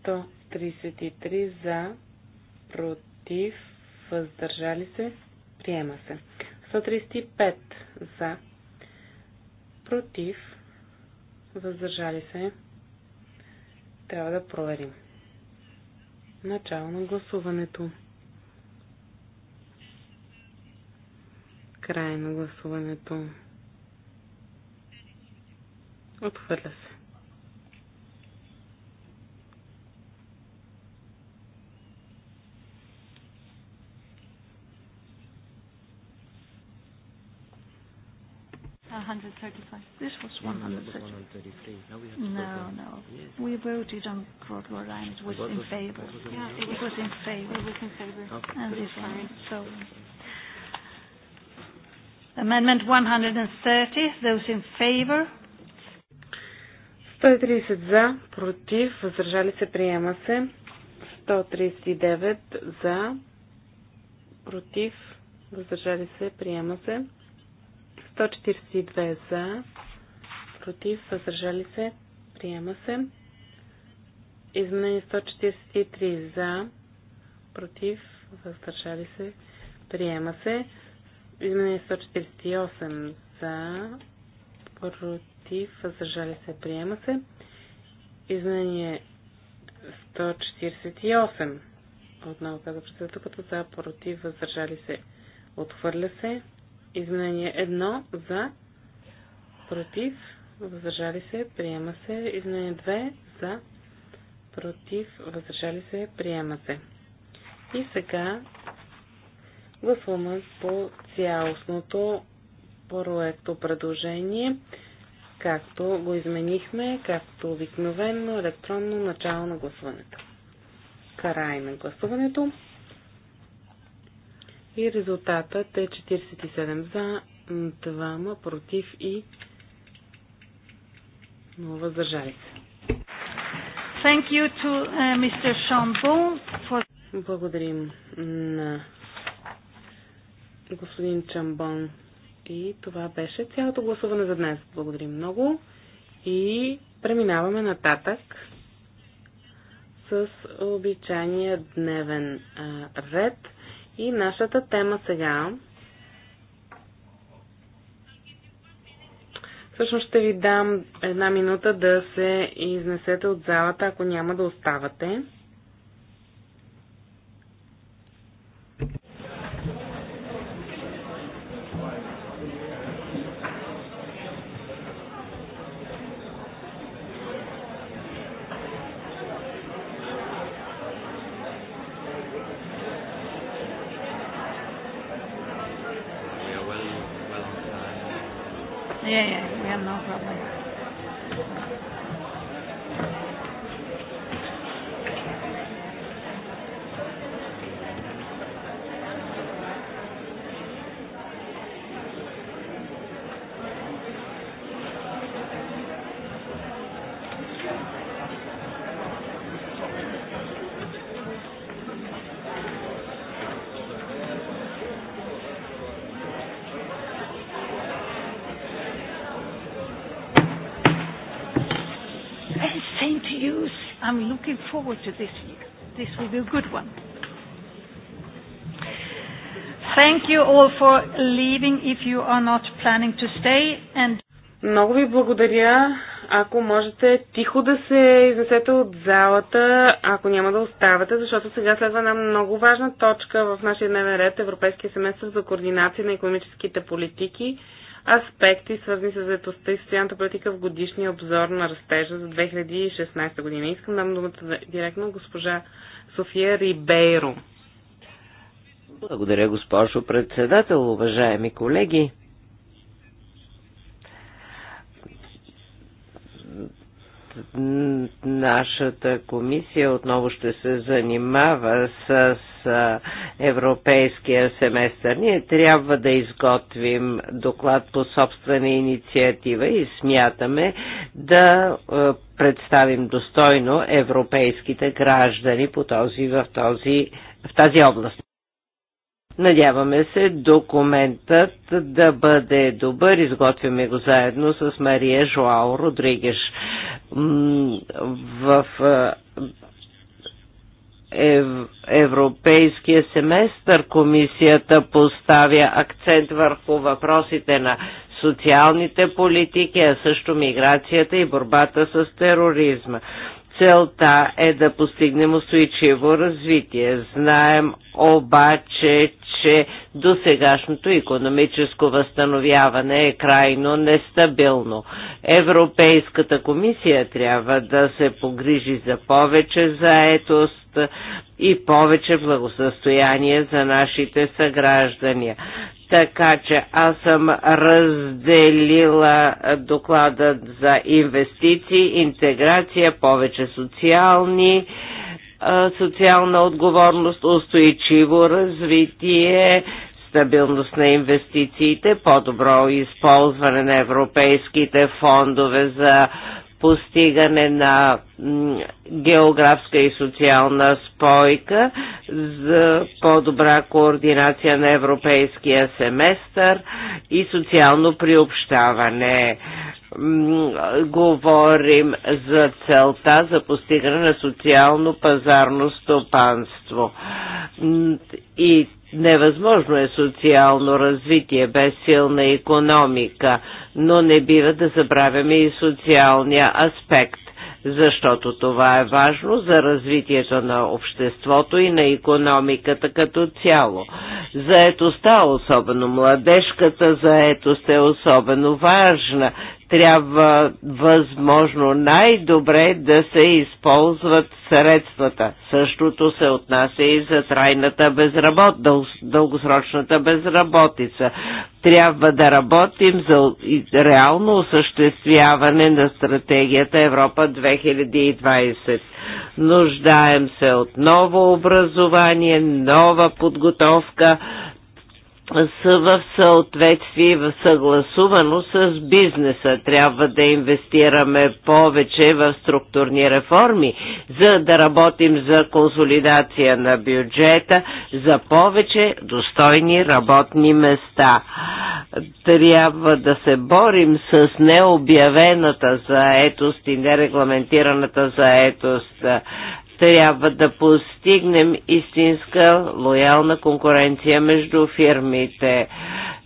[SPEAKER 3] 133 за, против, въздържали се, приема се. 135 за, против, въздържали се, трябва да проверим. Начало на гласуването. Край на гласуването. Отхвърля се.
[SPEAKER 6] 135. This was
[SPEAKER 1] 133. No, we have to no, no. Yes.
[SPEAKER 6] We voted on Crotwell Rhines. It was in favor. Yeah, it was in favor. It was in favor. Okay. And this one. So. Amendment 130. Those in favor.
[SPEAKER 3] 130 за, против, въздържали се, приема се. 139 за, против, въздържали се, приема се. 142 за, против, въздържали се, приема се. Изменение 143 за, против, въздържали се, приема се. Изменение 148 за, против, въздържали се, приема се. Изменение 148 отново казвам, че като за, против, въздържали се, отхвърля се. Изменение 1 за, против, въздържали се, приема се. Изменение 2 за, против, въздържали се, приема се. И сега гласуваме по цялостното проекто предложение, както го изменихме, както обикновено, електронно начало на гласуването. Край на гласуването. И резултатът е 47 за, 2 против и
[SPEAKER 6] 0 въздържали се. Thank you to uh, Mr. for... Благодарим на
[SPEAKER 3] господин Чамбон. И това беше цялото гласуване за днес. Благодарим много. И преминаваме нататък с обичайния дневен а, ред. И нашата тема сега Всъщност ще ви дам една минута да се изнесете от залата, ако няма да оставате.
[SPEAKER 6] yeah, yeah, we have no problem. forward to this year. This will be a good one. Thank you all for leaving if you are not planning to stay and много ви благодаря. Ако можете тихо да се изнесете от залата, ако
[SPEAKER 3] няма да оставате, защото сега следва една много важна точка в нашия дневен ред Европейския семестър за координация на економическите политики аспекти, свързани с заедостта и социалната политика в годишния обзор на растежа за 2016 година. Искам да дам думата директно госпожа София Рибейро.
[SPEAKER 1] Благодаря, госпожо председател, уважаеми колеги. Нашата комисия отново ще се занимава с европейския семестър. Ние трябва да изготвим доклад по собствена инициатива и смятаме да представим достойно европейските граждани по този, в, този, в тази област. Надяваме се документът да бъде добър. Изготвяме го заедно с Мария Жоао Родригеш в Европейския семестър комисията поставя акцент върху въпросите на социалните политики, а също миграцията и борбата с тероризма. Целта е да постигнем устойчиво развитие. Знаем обаче, че досегашното економическо възстановяване е крайно нестабилно. Европейската комисия трябва да се погрижи за повече заетост и повече благосъстояние за нашите съграждания. Така че аз съм разделила доклада за инвестиции, интеграция, повече социални социална отговорност, устойчиво развитие, стабилност на инвестициите, по-добро използване на европейските фондове за постигане на географска и социална спойка за по-добра координация на европейския семестър и социално приобщаване. Говорим за целта за постигане на социално пазарно стопанство. И Невъзможно е социално развитие без силна економика, но не бива да забравяме и социалния аспект, защото това е важно за развитието на обществото и на економиката като цяло. Заетостта, особено младежката заетост е особено важна трябва възможно най-добре да се използват средствата. Същото се отнася и за трайната безработ, дългосрочната безработица. Трябва да работим за реално осъществяване на стратегията Европа 2020. Нуждаем се от ново образование, нова подготовка са в съответствие и в съгласувано с бизнеса. Трябва да инвестираме повече в структурни реформи, за да работим за консолидация на бюджета, за повече достойни работни места. Трябва да се борим с необявената заетост и нерегламентираната заетост. Трябва да постигнем истинска лоялна конкуренция между фирмите,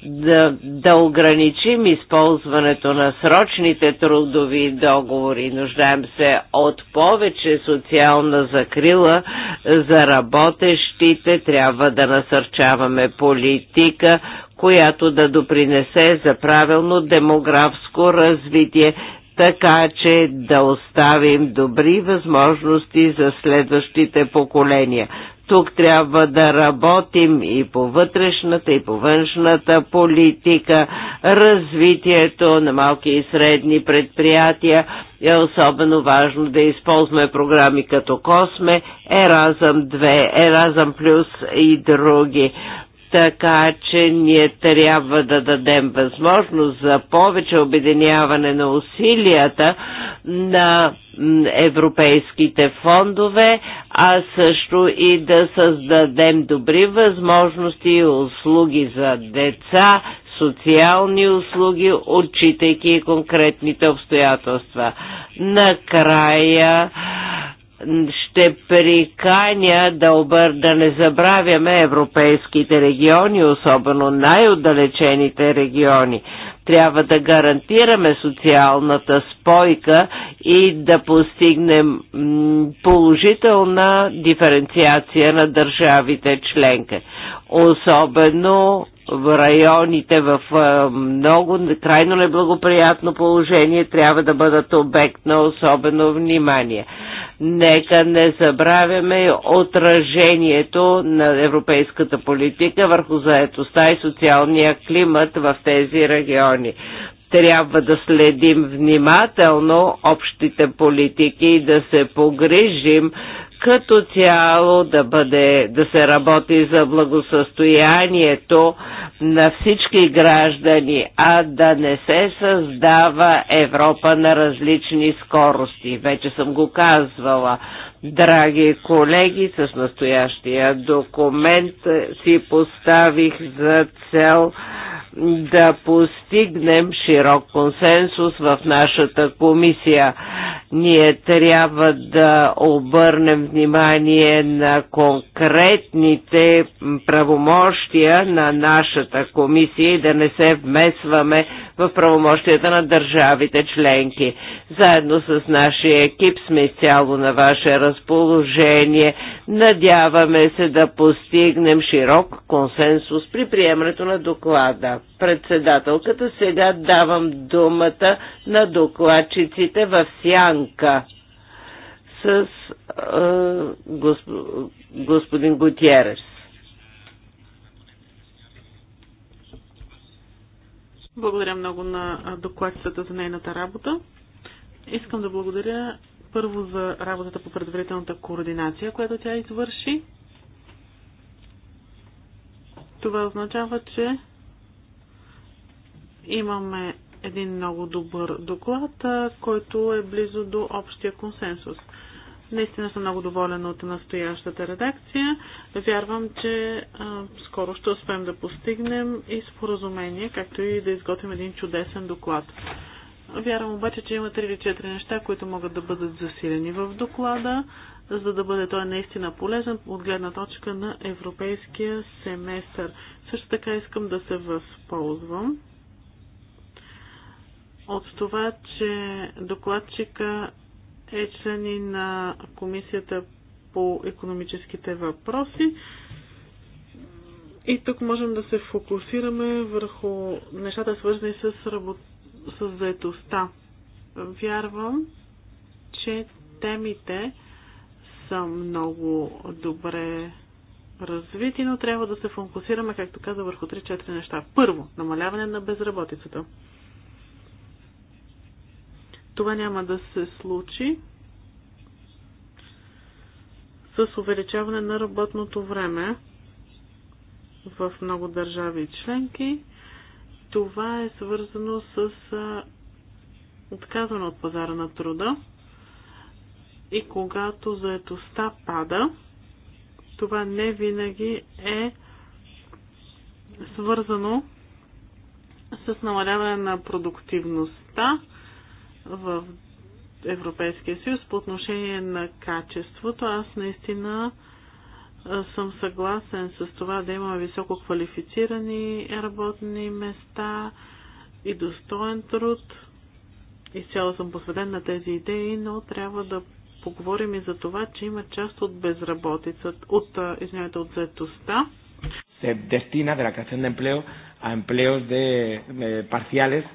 [SPEAKER 1] да, да ограничим използването на срочните трудови договори. Нуждаем се от повече социална закрила за работещите. Трябва да насърчаваме политика, която да допринесе за правилно демографско развитие така че да оставим добри възможности за следващите поколения. Тук трябва да работим и по вътрешната, и по външната политика, развитието на малки и средни предприятия. Е особено важно да използваме програми като Косме, Еразъм 2, Еразъм Плюс и други така че ние трябва да дадем възможност за повече обединяване на усилията на европейските фондове, а също и да създадем добри възможности и услуги за деца, социални услуги, отчитайки конкретните обстоятелства. Накрая ще приканя да, обър, да не забравяме европейските региони, особено най-отдалечените региони. Трябва да гарантираме социалната спойка и да постигнем положителна диференциация на държавите членка. Особено в районите в много крайно неблагоприятно положение трябва да бъдат обект на особено внимание. Нека не забравяме отражението на европейската политика върху заетостта и социалния климат в тези региони трябва да следим внимателно общите политики и да се погрижим като цяло да, бъде, да се работи за благосъстоянието на всички граждани, а да не се създава Европа на различни скорости. Вече съм го казвала. Драги колеги, с настоящия документ си поставих за цел да постигнем широк консенсус в нашата комисия. Ние трябва да обърнем внимание на конкретните правомощия на нашата комисия и да не се вмесваме в правомощията на държавите членки. Заедно с нашия екип сме цяло на ваше разположение. Надяваме се да постигнем широк консенсус при приемането на доклада. Председателката сега давам думата на докладчиците в сянка с е, госп, господин Гутиерес.
[SPEAKER 5] Благодаря много на докладчицата за нейната работа. Искам да благодаря първо за работата по предварителната координация, която тя извърши. Това означава, че имаме един много добър доклад, който е близо до общия консенсус. Наистина съм много доволен от настоящата редакция. Вярвам, че а, скоро ще успеем да постигнем и споразумение, както и да изготвим един чудесен доклад. Вярвам обаче, че има 3 или 4 неща, които могат да бъдат засилени в доклада, за да бъде той наистина полезен от гледна точка на европейския семестър. Също така искам да се възползвам от това, че докладчика е член и на Комисията по економическите въпроси. И тук можем да се фокусираме върху нещата, свързани с, работ... с заедостта. Вярвам, че темите са много добре развити, но трябва да се фокусираме, както каза, върху 3-4 неща. Първо, намаляване на безработицата това няма да се случи с увеличаване на работното време в много държави и членки. Това е свързано с отказване от пазара на труда и когато заетостта пада, това не винаги е свързано с намаляване на продуктивността в Европейския съюз по отношение на качеството. Аз наистина съм съгласен с това да имаме високо квалифицирани работни места и достоен труд. Изцяло съм посветен на тези идеи, но трябва да поговорим и за това, че има част от безработицата, от, извинявайте, от заетостта.
[SPEAKER 3] Се дестина да ракацен creación а empleo a empleos eh,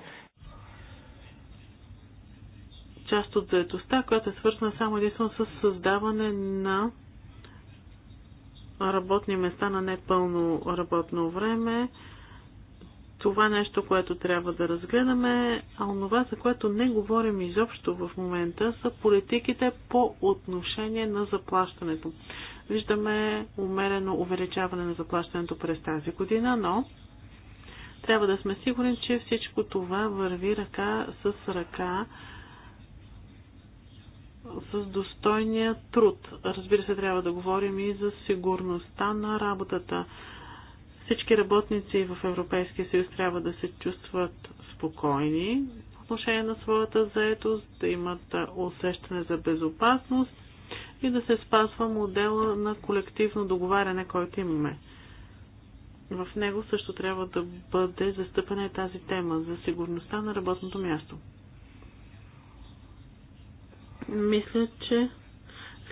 [SPEAKER 5] част от заедостта, която е свързана само единствено с създаване на работни места на непълно работно време. Това е нещо, което трябва да разгледаме, а онова, за което не говорим изобщо в момента, са политиките по отношение на заплащането. Виждаме умерено увеличаване на заплащането през тази година, но трябва да сме сигурни, че всичко това върви ръка с ръка с достойния труд. Разбира се, трябва да говорим и за сигурността на работата. Всички работници в Европейския съюз трябва да се чувстват спокойни в отношение на своята заетост, да имат усещане за безопасност и да се спазва модела на колективно договаряне, който имаме. В него също трябва да бъде застъпена и тази тема за сигурността на работното място. Мисля, че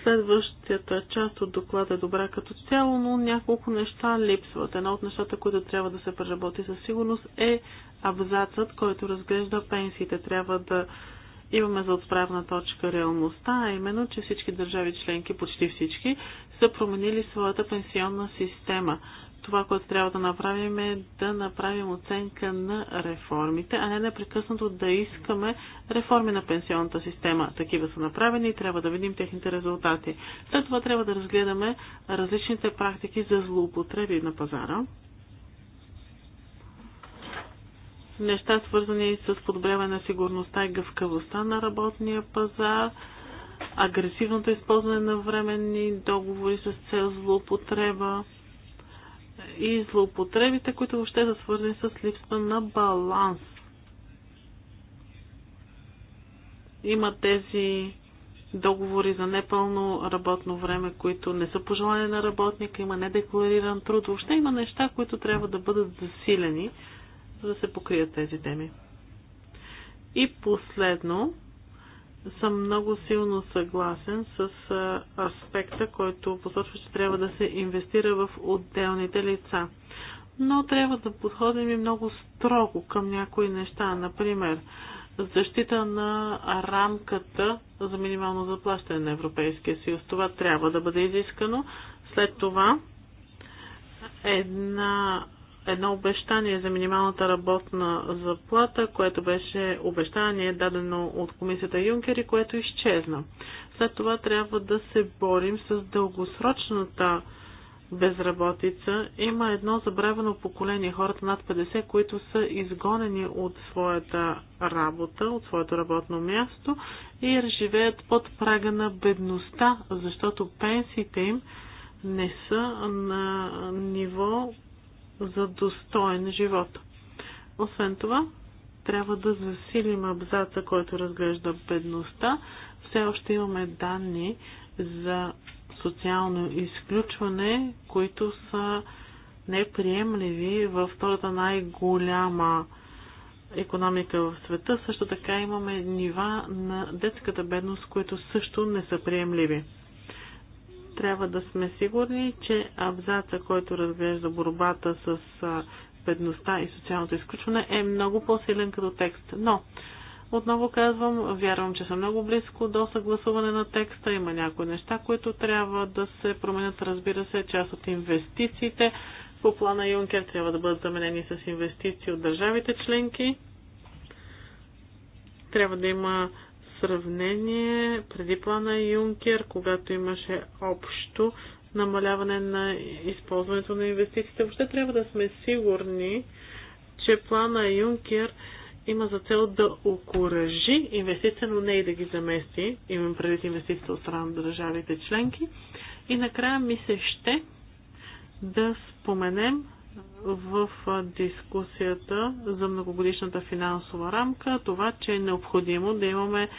[SPEAKER 5] следващата част от доклада е добра като цяло, но няколко неща липсват. Едно от нещата, които трябва да се преработи със сигурност е абзацът, който разглежда пенсиите. Трябва да имаме за отправна точка реалността, а именно, че всички държави членки, почти всички, са променили своята пенсионна система. Това, което трябва да направим е да направим оценка на реформите, а не непрекъснато да искаме реформи на пенсионната система. Такива са направени и трябва да видим техните резултати. След това трябва да разгледаме различните практики за злоупотреби на пазара. Неща свързани с подобряване на сигурността и гъвкавостта на работния пазар, агресивното използване на временни договори с цел злоупотреба, и злоупотребите, които въобще са свързани с липса на баланс. Има тези договори за непълно работно време, които не са пожелани на работника, има недеклариран труд. Въобще има неща, които трябва да бъдат засилени, за да се покрият тези теми. И последно, съм много силно съгласен с аспекта, който посочва, че трябва да се инвестира в отделните лица. Но трябва да подходим и много строго към някои неща. Например, защита на рамката за минимално заплащане на Европейския съюз. Това трябва да бъде изискано. След това една едно обещание за минималната работна заплата, което беше обещание дадено от комисията Юнкер и което изчезна. След това трябва да се борим с дългосрочната безработица. Има едно забравено поколение, хората над 50, които са изгонени от своята работа, от своето работно място и живеят под прага на бедността, защото пенсиите им не са на ниво, за достоен живот. Освен това, трябва да засилим абзаца, който разглежда бедността. Все още имаме данни за социално изключване, които са неприемливи във втората най-голяма економика в света. Също така имаме нива на детската бедност, които също не са приемливи трябва да сме сигурни, че абзаца, който разглежда борбата с бедността и социалното изключване е много по-силен като текст. Но, отново казвам, вярвам, че съм много близко до съгласуване на текста. Има някои неща, които трябва да се променят. Разбира се, част от инвестициите по плана Юнкер трябва да бъдат заменени с инвестиции от държавите членки. Трябва да има сравнение преди плана Юнкер, когато имаше общо намаляване на използването на инвестициите. Въобще трябва да сме сигурни, че плана Юнкер има за цел да окоръжи инвестиция, но не и да ги замести. Имам предвид инвестициите от страна на държавите членки. И накрая ми се ще да споменем в дискусията за многогодишната финансова рамка това, че е необходимо да имаме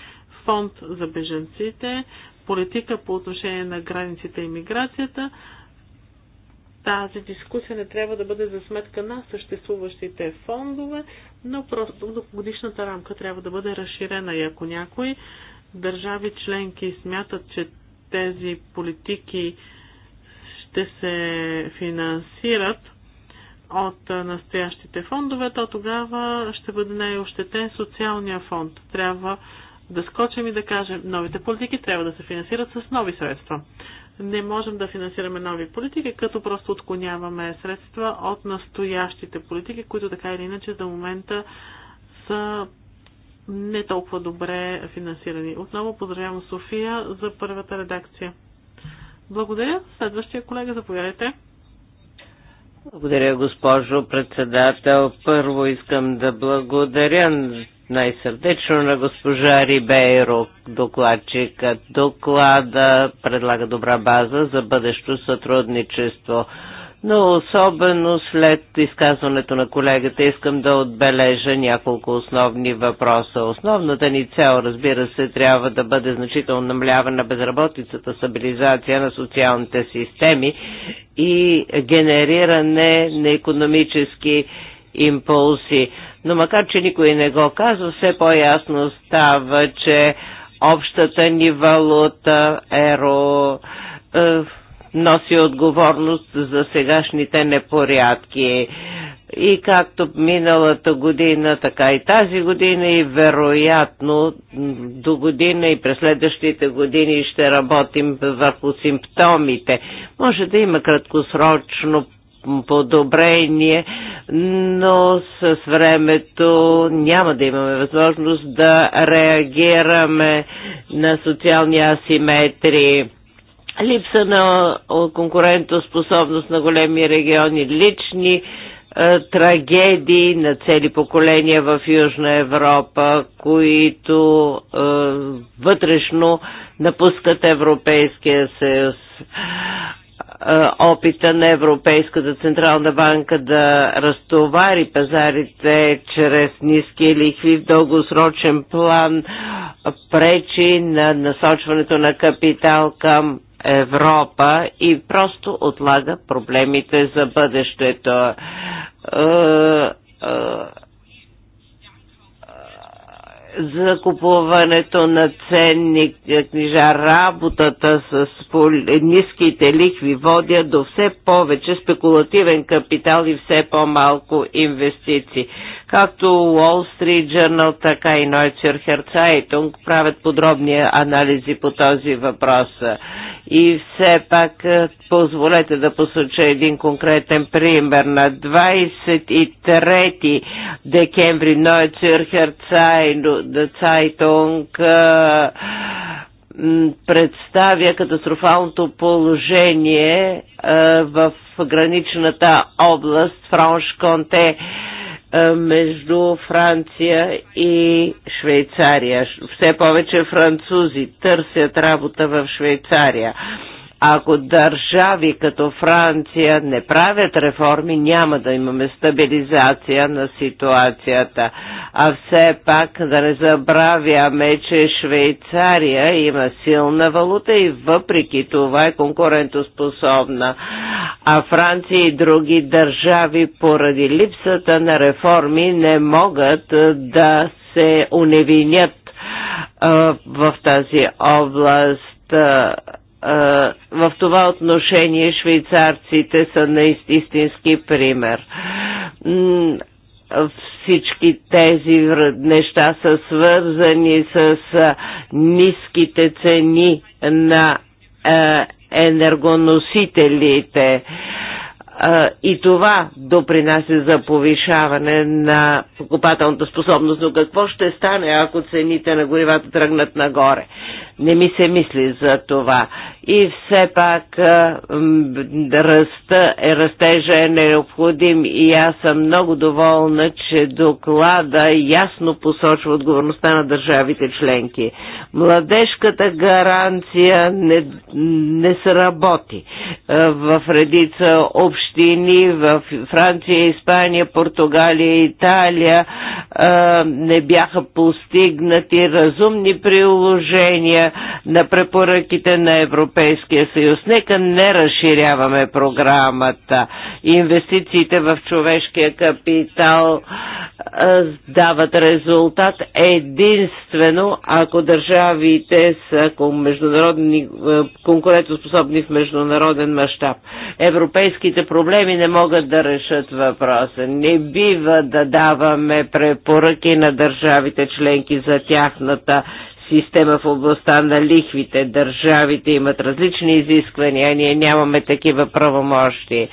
[SPEAKER 5] фонд за беженците, политика по отношение на границите и миграцията. Тази дискусия не трябва да бъде за сметка на съществуващите фондове, но просто многогодишната рамка трябва да бъде разширена и ако някои държави членки смятат, че тези политики ще се финансират от настоящите фондове, то тогава ще бъде най-ощетен социалния фонд. Трябва да скочим и да кажем, новите политики трябва да се финансират с нови средства. Не можем да финансираме нови политики, като просто отклоняваме средства от настоящите политики, които така или иначе за момента са не толкова добре финансирани. Отново поздравявам София за първата редакция. Благодаря. Следващия колега, заповядайте.
[SPEAKER 1] Благодаря, госпожо председател. Първо искам да благодаря най-сърдечно на госпожа Рибейро, докладчика. Доклада предлага добра база за бъдещо сътрудничество но особено след изказването на колегата искам да отбележа няколко основни въпроса. Основната ни цел, разбира се, трябва да бъде значително намаляване на безработицата, стабилизация на социалните системи и генериране на економически импулси. Но макар, че никой не го казва, все по-ясно става, че общата ни валута, еро, е, носи отговорност за сегашните непорядки. И както миналата година, така и тази година и вероятно до година и през следващите години ще работим върху симптомите. Може да има краткосрочно подобрение, но с времето няма да имаме възможност да реагираме на социални асиметрии липса на конкурентоспособност на големи региони, лични е, трагедии на цели поколения в Южна Европа, които е, вътрешно напускат Европейския съюз. Е, опита на Европейската Централна банка да разтовари пазарите чрез ниски лихви в дългосрочен план пречи на насочването на капитал към Европа и просто отлага проблемите за бъдещето. Е, е, е, за купуването на ценни книжа, работата с ниските ликви водя до все повече спекулативен капитал и все по-малко инвестиции. Както Wall Street Journal, така и Neutzer Herzeitung правят подробни анализи по този въпрос. И все пак е, позволете да посоча един конкретен пример. На 23 декември Neutzer Herzeitung е, представя катастрофалното положение е, в граничната област Франш Конте между Франция и Швейцария. Все повече французи търсят работа в Швейцария. Ако държави като Франция не правят реформи, няма да имаме стабилизация на ситуацията. А все пак да не забравяме, че Швейцария има силна валута и въпреки това е конкурентоспособна. А Франция и други държави поради липсата на реформи не могат да се уневинят в тази област в това отношение швейцарците са наистински пример. Всички тези неща са свързани с ниските цени на енергоносителите и това допринася за повишаване на покупателната способност. Но какво ще стане, ако цените на горивата тръгнат нагоре? Не ми се мисли за това. И все пак ръста, е, растежа е необходим и аз съм много доволна, че доклада ясно посочва отговорността на държавите членки. Младежката гаранция не, не сработи в редица общи общини в Франция, Испания, Португалия, Италия не бяха постигнати разумни приложения на препоръките на Европейския съюз. Нека не разширяваме програмата. Инвестициите в човешкия капитал дават резултат единствено, ако държавите са международни, конкурентоспособни в международен мащаб. Европейските проблеми не могат да решат въпроса. Не бива да даваме препоръки на държавите членки за тяхната система в областта на лихвите. Държавите имат различни изисквания, ние нямаме такива правомощи.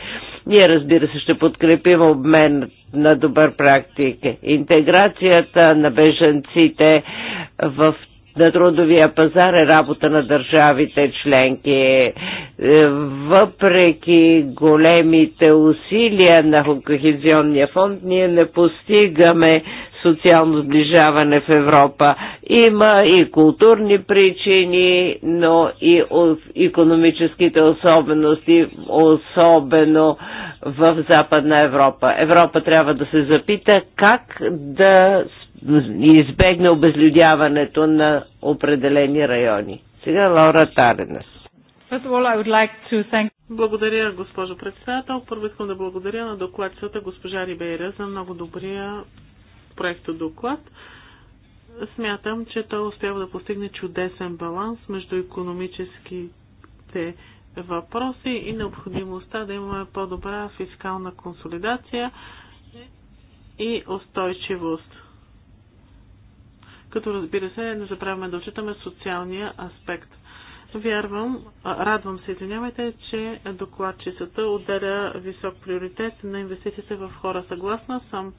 [SPEAKER 1] Ние, разбира се, ще подкрепим обмен на добър практик. Интеграцията на бежанците в на трудовия пазар е работа на държавите членки. Е, въпреки големите усилия на Кохезионния фонд, ние не постигаме социално сближаване в Европа. Има и културни причини, но и економическите особености, особено в Западна Европа. Европа трябва да се запита как да избегне обезлюдяването на определени райони. Сега Лаура Таренес.
[SPEAKER 5] Благодаря, госпожо председател. Първо искам да благодаря на докладчата госпожа Рибейра за много добрия проект доклад. Смятам, че той успява да постигне чудесен баланс между економическите въпроси и необходимостта да имаме по-добра фискална консолидация и устойчивост като разбира се не забравяме да отчитаме социалния аспект. Вярвам, радвам се, извинявайте, че докладчицата отделя висок приоритет на инвестициите в хора. Съгласна съм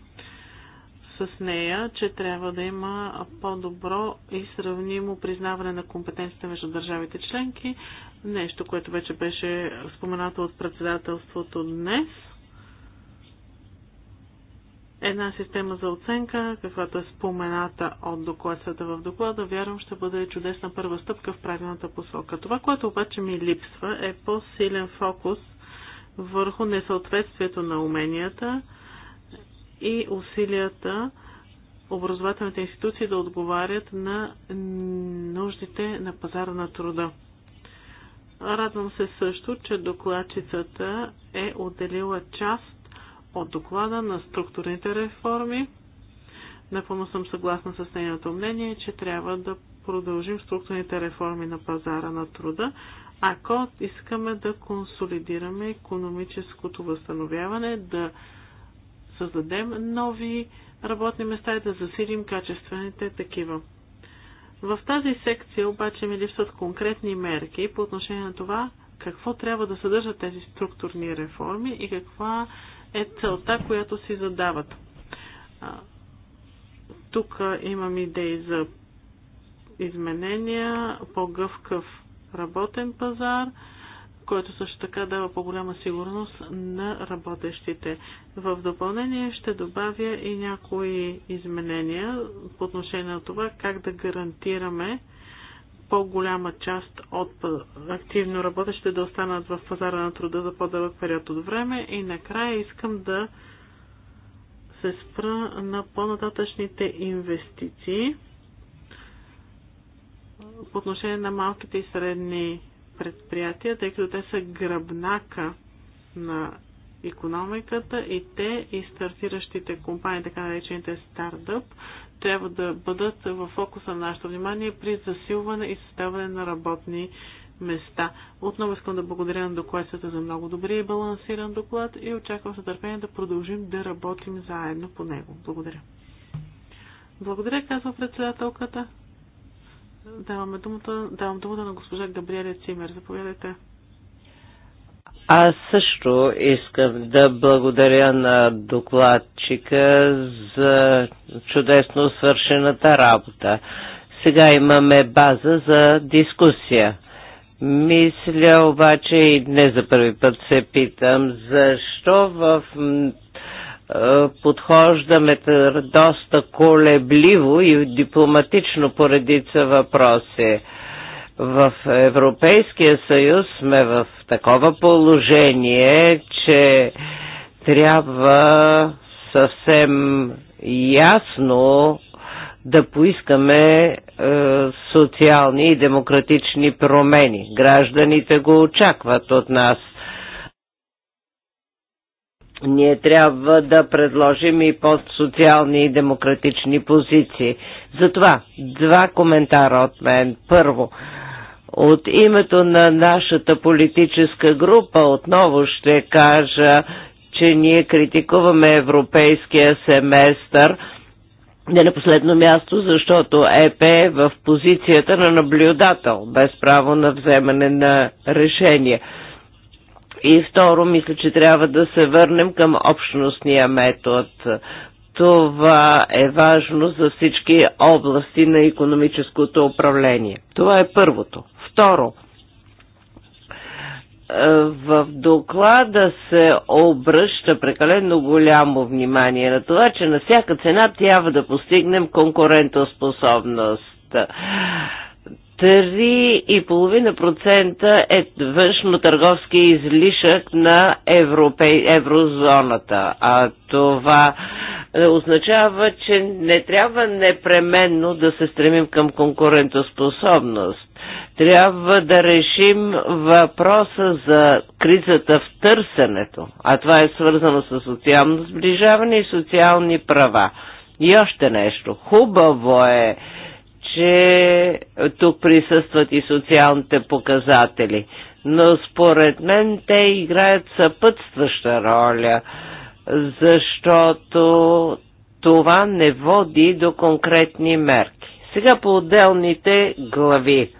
[SPEAKER 5] с нея, че трябва да има по-добро и сравнимо признаване на компетенциите между държавите членки. Нещо, което вече беше споменато от председателството днес – една система за оценка, каквато е спомената от докладцата в доклада, вярвам ще бъде чудесна първа стъпка в правилната посока. Това, което обаче ми липсва, е по-силен фокус върху несъответствието на уменията и усилията образователните институции да отговарят на нуждите на пазара на труда. Радвам се също, че докладчицата е отделила част от доклада на структурните реформи. Напълно съм съгласна с нейното мнение, че трябва да продължим структурните реформи на пазара на труда, ако искаме да консолидираме економическото възстановяване, да създадем нови работни места и да засилим качествените такива. В тази секция обаче ми липсват конкретни мерки по отношение на това какво трябва да съдържат тези структурни реформи и каква е целта, която си задават. Тук имам идеи за изменения, по-гъвкав работен пазар, който също така дава по-голяма сигурност на работещите. В допълнение ще добавя и някои изменения по отношение на това как да гарантираме по-голяма част от активно работещите да останат в пазара на труда за по-дълъг период от време. И накрая искам да се спра на по-нататъчните инвестиции по отношение на малките и средни предприятия, тъй като те са гръбнака на економиката и те и стартиращите компании, така наречените стартъп, трябва да бъдат в фокуса на нашето внимание при засилване и създаване на работни места. Отново искам да благодаря на докладчета за много добрия и балансиран доклад и очаквам с търпение да продължим да работим заедно по него. Благодаря. Благодаря, казва председателката. Даваме думата, давам думата на госпожа Габриеля Цимер. Заповядайте.
[SPEAKER 1] Аз също искам да благодаря на докладчика за чудесно свършената работа. Сега имаме база за дискусия. Мисля обаче и не за първи път се питам, защо в подхождаме доста колебливо и дипломатично поредица въпроси в Европейския съюз сме в такова положение, че трябва съвсем ясно да поискаме е, социални и демократични промени. Гражданите го очакват от нас. Ние трябва да предложим и по-социални и демократични позиции. Затова два коментара от мен. Първо, е, от името на нашата политическа група отново ще кажа, че ние критикуваме европейския семестър, не на последно място, защото ЕП е в позицията на наблюдател, без право на вземане на решение. И второ, мисля, че трябва да се върнем към общностния метод. Това е важно за всички области на економическото управление. Това е първото. Второ, е, в доклада се обръща прекалено голямо внимание на това, че на всяка цена трябва да постигнем конкурентоспособност 3,5% е външно-търговски излишък на Европе... еврозоната. А това е, означава, че не трябва непременно да се стремим към конкурентоспособност. Трябва да решим въпроса за кризата в търсенето, а това е свързано с социално сближаване и социални права. И още нещо. Хубаво е че тук присъстват и социалните показатели. Но според мен те играят съпътстваща роля, защото това не води до конкретни мерки. Сега по отделните глави.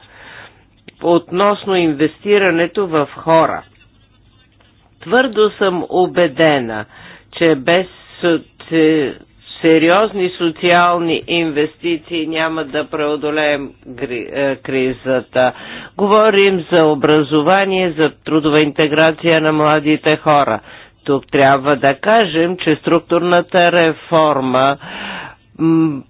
[SPEAKER 1] Относно инвестирането в хора. Твърдо съм убедена, че без сериозни социални инвестиции няма да преодолеем е, кризата. Говорим за образование, за трудова интеграция на младите хора. Тук трябва да кажем, че структурната реформа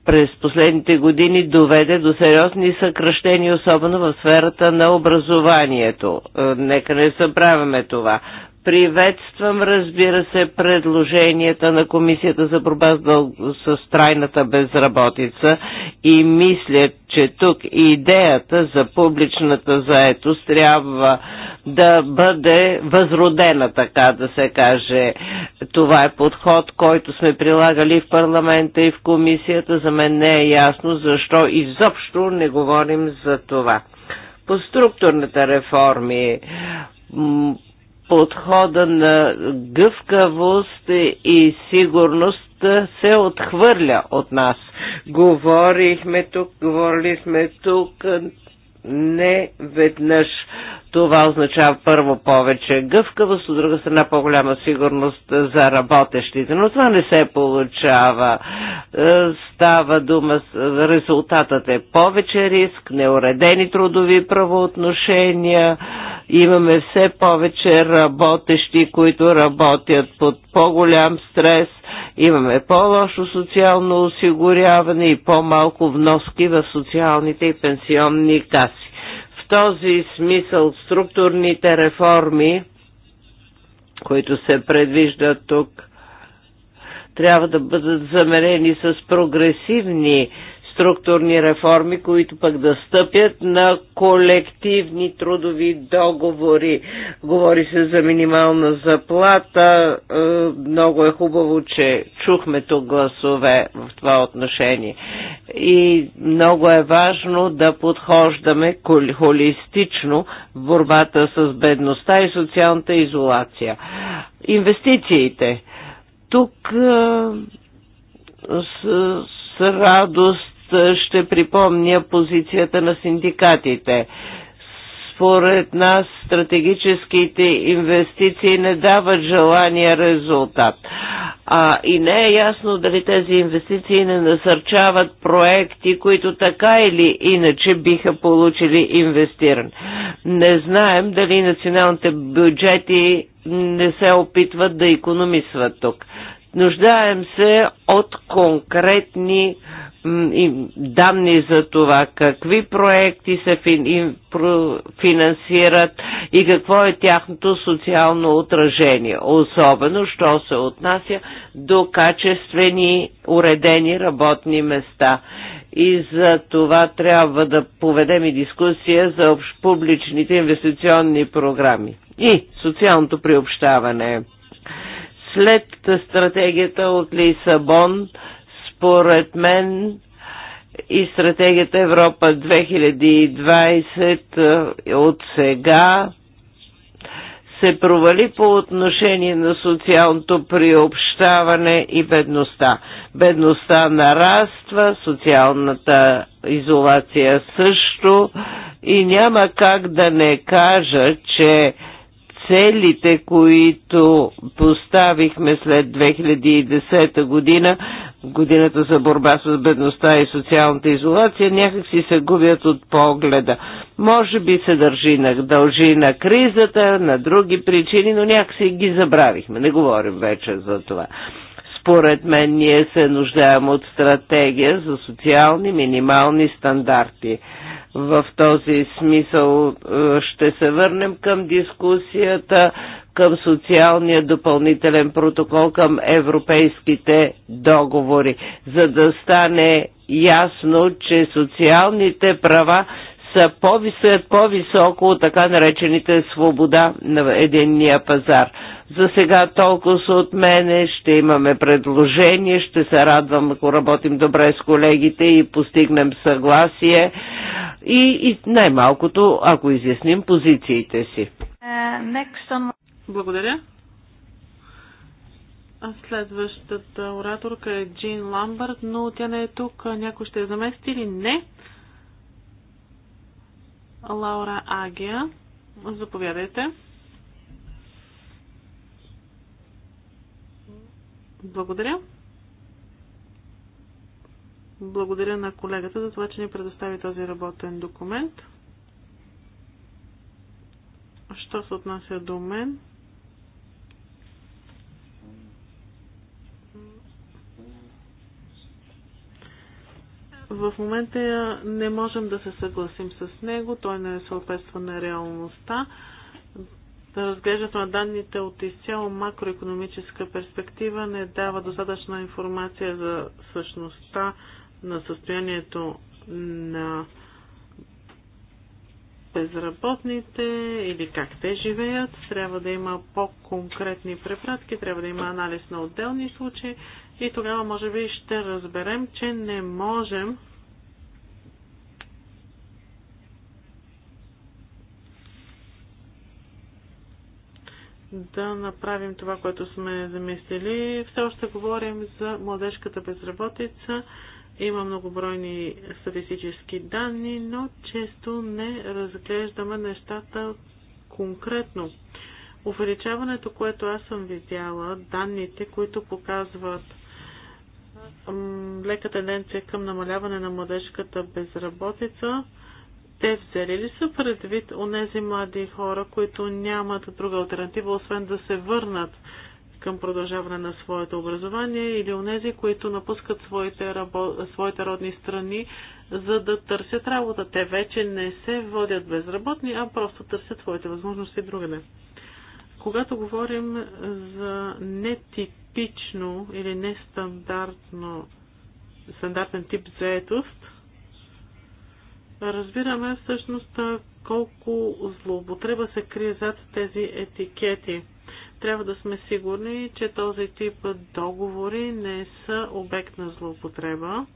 [SPEAKER 1] през последните години доведе до сериозни съкръщения, особено в сферата на образованието. Е, нека не събравяме това. Приветствам, разбира се, предложенията на Комисията за борба с, дъл... с трайната безработица и мисля, че тук идеята за публичната заетост трябва да бъде възродена, така да се каже. Това е подход, който сме прилагали в парламента и в комисията. За мен не е ясно защо изобщо не говорим за това. По структурната реформи подхода на гъвкавост и сигурност се отхвърля от нас. Говорихме тук, говорили сме тук не веднъж. Това означава първо повече гъвкавост, от друга страна по-голяма сигурност за работещите, но това не се получава. Е, става дума, резултатът е повече риск, неуредени трудови правоотношения, имаме все повече работещи, които работят под по-голям стрес – Имаме по-лошо социално осигуряване и по-малко вноски в социалните и пенсионни каси. В този смисъл структурните реформи, които се предвиждат тук, трябва да бъдат замерени с прогресивни структурни реформи, които пък да стъпят на колективни трудови договори. Говори се за минимална заплата. Е, много е хубаво, че чухме тук гласове в това отношение. И много е важно да подхождаме холистично в борбата с бедността и социалната изолация. Инвестициите. Тук е, с, с радост ще припомня позицията на синдикатите. Според нас стратегическите инвестиции не дават желания резултат. А, и не е ясно дали тези инвестиции не насърчават проекти, които така или иначе биха получили инвестиран. Не знаем дали националните бюджети не се опитват да економисват тук. Нуждаем се от конкретни данни за това какви проекти се финансират и какво е тяхното социално отражение, особено що се отнася до качествени уредени работни места. И за това трябва да поведем и дискусия за публичните инвестиционни програми и социалното приобщаване след стратегията от Лисабон, според мен и стратегията Европа 2020 е, от сега се провали по отношение на социалното приобщаване и бедността. Бедността нараства, социалната изолация също и няма как да не кажа, че целите, които поставихме след 2010 година, годината за борба с бедността и социалната изолация, някак си се губят от погледа. Може би се държи на, дължи на кризата, на други причини, но някак си ги забравихме. Не говорим вече за това. Според мен ние се нуждаем от стратегия за социални минимални стандарти. В този смисъл е, ще се върнем към дискусията, към социалния допълнителен протокол, към европейските договори, за да стане ясно, че социалните права са по-високо от така наречените свобода на единния пазар. За сега толкова са от мене, ще имаме предложение, ще се радвам, ако работим добре с колегите и постигнем съгласие и, и най-малкото, ако изясним позициите си.
[SPEAKER 6] Е,
[SPEAKER 5] Благодаря. Следващата ораторка е Джин Ламбърт, но тя не е тук. Някой ще я замести или не? Лаура Агия. Заповядайте. Благодаря. Благодаря на колегата за това, че ни предостави този работен документ. Що се отнася до мен? В момента не можем да се съгласим с него, той не е съответства на реалността. Разглеждането на данните от изцяло макроекономическа перспектива не дава достатъчна информация за същността на състоянието на безработните или как те живеят. Трябва да има по-конкретни препратки, трябва да има анализ на отделни случаи, и тогава може би ще разберем, че не можем да направим това, което сме замислили. Все още говорим за младежката безработица. Има многобройни статистически данни, но често не разглеждаме нещата конкретно. Увеличаването, което аз съм видяла, данните, които показват лека тенденция към намаляване на младежката безработица. Те взели ли са предвид онези млади хора, които нямат друга альтернатива, освен да се върнат към продължаване на своето образование или онези, които напускат своите, рабо... своите родни страни, за да търсят работа. Те вече не се водят безработни, а просто търсят своите възможности другаде. Когато говорим за нетип нетипично или нестандартно стандартен тип заетост, разбираме всъщност колко злоупотреба се крие зад тези етикети. Трябва да сме сигурни, че този тип договори не са обект на злоупотреба.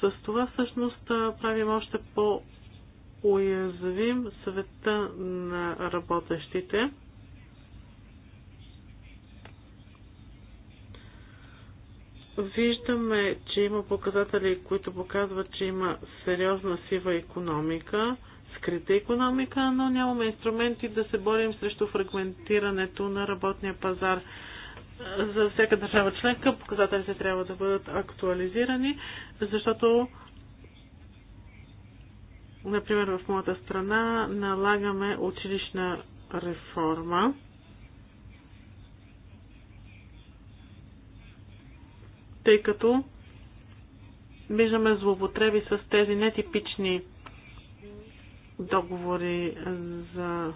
[SPEAKER 5] С това всъщност правим още по-уязвим света на работещите. Виждаме, че има показатели, които показват, че има сериозна сива економика, скрита економика, но нямаме инструменти да се борим срещу фрагментирането на работния пазар. За всяка държава членка показателите трябва да бъдат актуализирани, защото Например, в моята страна налагаме училищна реформа. тъй като виждаме злоупотреби с тези нетипични договори за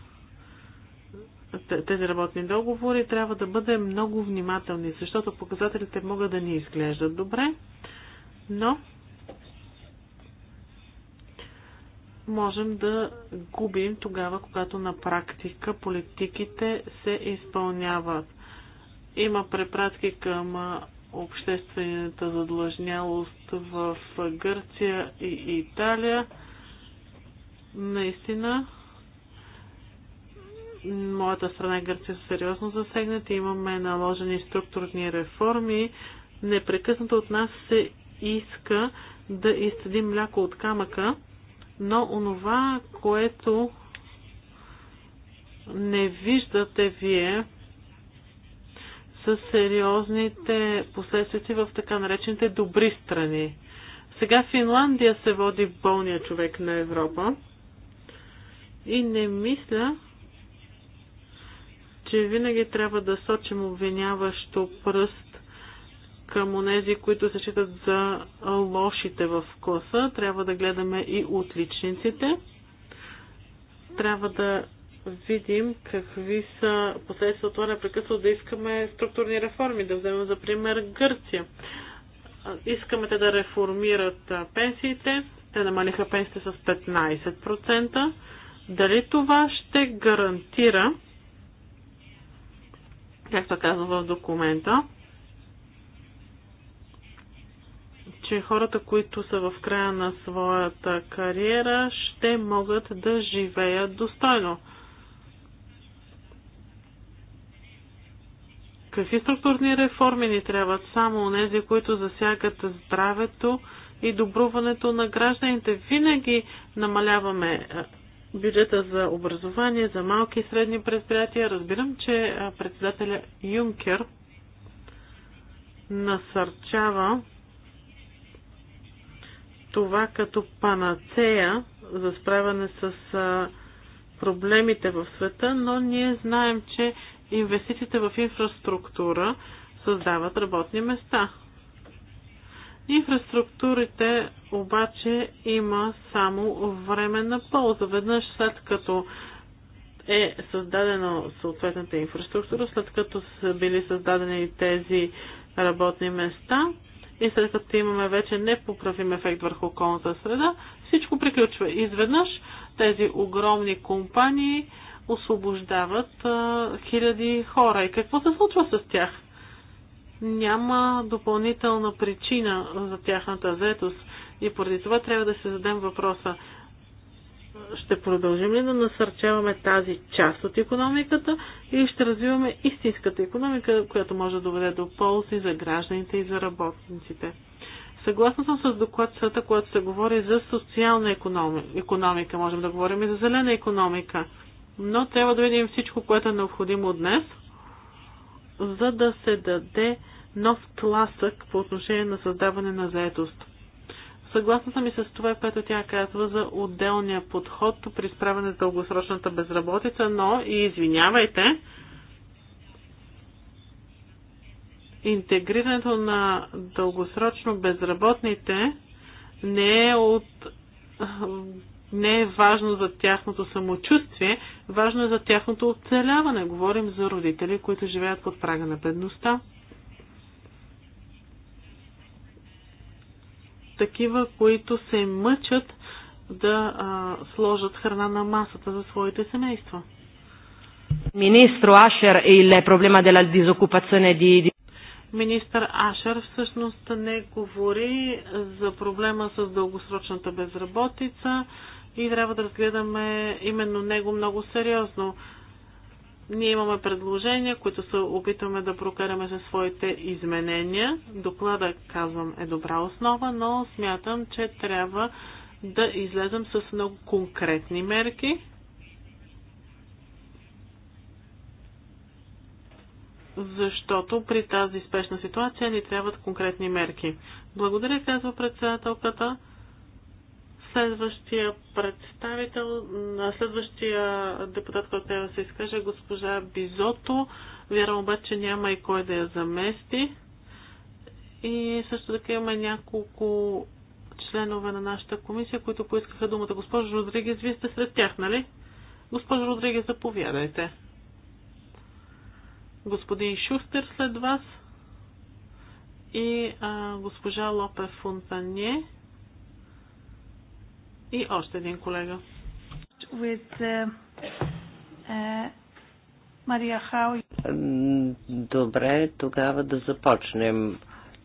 [SPEAKER 5] тези работни договори, трябва да бъдем много внимателни, защото показателите могат да ни изглеждат добре, но можем да губим тогава, когато на практика политиките се изпълняват. Има препратки към обществената задлъжнялост в Гърция и Италия. Наистина, моята страна Гърция са сериозно засегнати. Имаме наложени структурни реформи. Непрекъснато от нас се иска да изцедим мляко от камъка, но онова, което не виждате вие с сериозните последствици в така наречените добри страни. Сега Финландия се води болния човек на Европа и не мисля, че винаги трябва да сочим обвиняващо пръст към онези, които се считат за лошите в класа. Трябва да гледаме и отличниците. Трябва да видим какви са последствия от това непрекъснато да искаме структурни реформи. Да вземем за пример Гърция. Искаме те да реформират пенсиите. Те намалиха пенсиите с 15%. Дали това ще гарантира, както е казва в документа, че хората, които са в края на своята кариера, ще могат да живеят достойно. Какви структурни реформи ни трябват? Само у нези, които засягат здравето и добруването на гражданите. Винаги намаляваме е, бюджета за образование, за малки и средни предприятия. Разбирам, че е, председателя Юнкер насърчава това като панацея за справяне с е, проблемите в света, но ние знаем, че инвестициите в инфраструктура създават работни места. Инфраструктурите обаче има само временна полза. Веднъж след като е създадена съответната инфраструктура, след като са били създадени тези работни места и след като имаме вече непоправим ефект върху околната среда, всичко приключва. Изведнъж тези огромни компании освобождават а, хиляди хора. И какво се случва с тях? Няма допълнителна причина за тяхната заетост. И поради това трябва да се зададем въпроса. Ще продължим ли да насърчаваме тази част от економиката или ще развиваме истинската економика, която може да доведе до ползи за гражданите и за работниците? Съгласна съм с докладцата, която се говори за социална економика. Можем да говорим и за зелена економика но трябва да видим всичко, което е необходимо днес, за да се даде нов тласък по отношение на създаване на заетост. Съгласна съм и с това, което тя казва за отделния подход при справяне с дългосрочната безработица, но и извинявайте, интегрирането на дългосрочно безработните не е от не е важно за тяхното самочувствие, важно е за тяхното оцеляване. Говорим за родители, които живеят под прага на бедността. Такива, които се мъчат да а, сложат храна на масата за своите семейства.
[SPEAKER 1] Министр Ашер или е проблема della disoccupazione di
[SPEAKER 5] Министър Ашер всъщност не говори за проблема с дългосрочната безработица, и трябва да разгледаме именно него много сериозно. Ние имаме предложения, които се опитваме да прокараме за своите изменения. Доклада, казвам, е добра основа, но смятам, че трябва да излезем с много конкретни мерки, защото при тази спешна ситуация ни трябват конкретни мерки. Благодаря, казва председателката. Следващия представител, следващия депутат, който трябва да се изкаже, госпожа Бизото. Вярвам обаче няма и кой да я замести. И също така има няколко членове на нашата комисия, които поискаха думата. Госпожо Родригес, вие сте сред тях, нали? Госпожо Родригес, заповядайте. Господин Шустер след вас и а, госпожа Лопе Фонтанье. И още един колега.
[SPEAKER 6] With, uh, uh, Мария Хау.
[SPEAKER 1] Добре, тогава да започнем.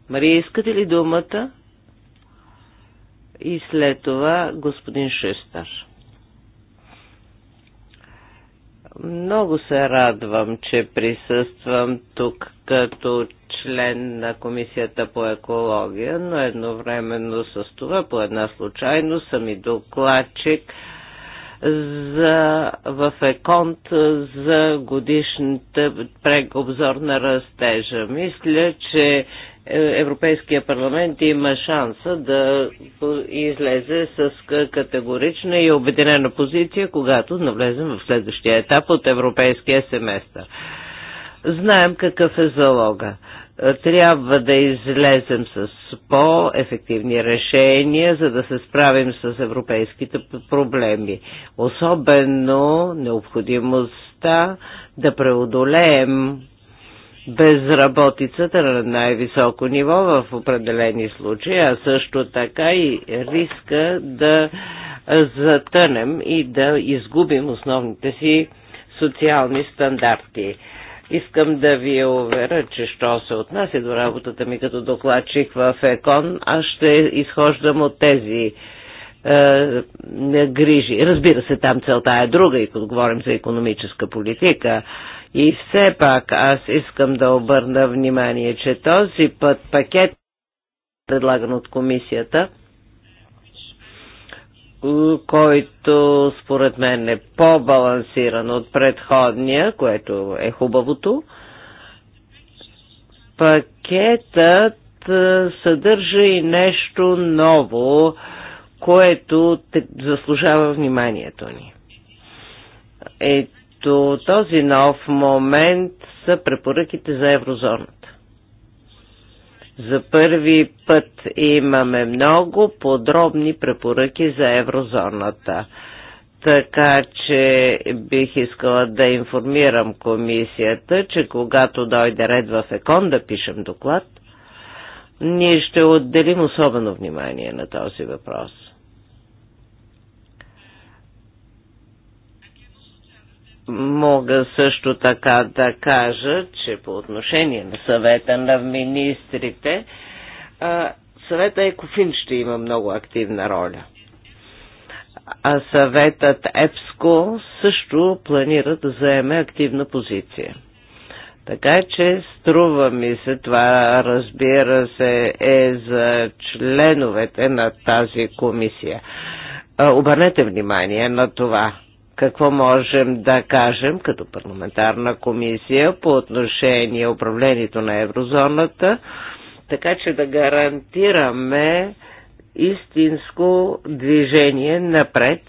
[SPEAKER 1] Мария, искате ли думата? И след това господин Шестар. Много се радвам, че присъствам тук като член на Комисията по екология, но едновременно с това по една случайност съм и докладчик за, в Еконт за годишната прегобзор на растежа. Мисля, че Европейския парламент има шанса да излезе с категорична и обединена позиция, когато навлезем в следващия етап от Европейския семестър. Знаем какъв е залога трябва да излезем с по-ефективни решения, за да се справим с европейските проблеми. Особено необходимостта да преодолеем безработицата на най-високо ниво в определени случаи, а също така и риска да затънем и да изгубим основните си социални стандарти. Искам да ви уверя, че що се отнася до работата ми като докладчик в ЕКОН, аз ще изхождам от тези е, грижи. Разбира се, там целта е друга, и като говорим за економическа политика. И все пак аз искам да обърна внимание, че този път пакет, предлаган от комисията, който според мен е по-балансиран от предходния, което е хубавото. Пакетът съдържа и нещо ново, което заслужава вниманието ни. Ето този нов момент са препоръките за еврозоната. За първи път имаме много подробни препоръки за еврозоната. Така че бих искала да информирам комисията, че когато дойде ред в ЕКОН да пишем доклад, ние ще отделим особено внимание на този въпрос. Мога също така да кажа, че по отношение на съвета на министрите, съвета Екофин ще има много активна роля. А съветът ЕПСКО също планира да заеме активна позиция. Така че струва ми се това, разбира се, е за членовете на тази комисия. Обърнете внимание на това какво можем да кажем като парламентарна комисия по отношение управлението на еврозоната, така че да гарантираме истинско движение напред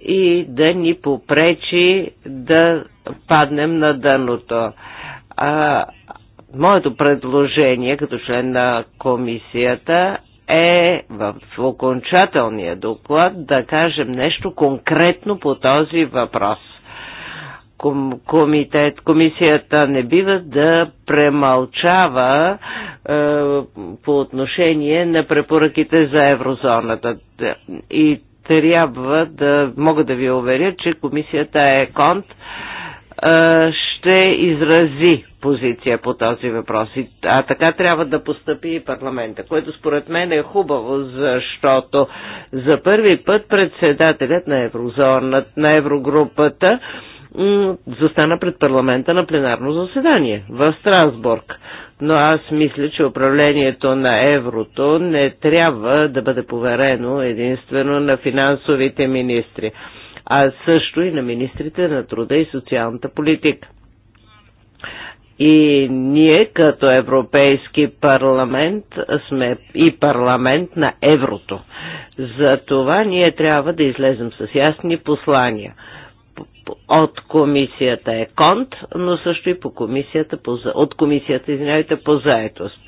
[SPEAKER 1] и да ни попречи да паднем на дъното. А, моето предложение като член на комисията е в окончателния доклад да кажем нещо конкретно по този въпрос комитет, комисията не бива да премълчава е, по отношение на препоръките за еврозоната. И трябва да мога да ви уверя, че комисията е конт ще изрази позиция по този въпрос. А така трябва да поступи и парламента, което според мен е хубаво, защото за първи път председателят на еврозоната, на еврогрупата, застана пред парламента на пленарно заседание в Страсбург. Но аз мисля, че управлението на еврото не трябва да бъде поверено единствено на финансовите министри а също и на министрите на труда и социалната политика. И ние като Европейски парламент сме и парламент на еврото. За това ние трябва да излезем с ясни послания от комисията е конт, но също и по комисията по, от комисията, извинявайте, по заетост.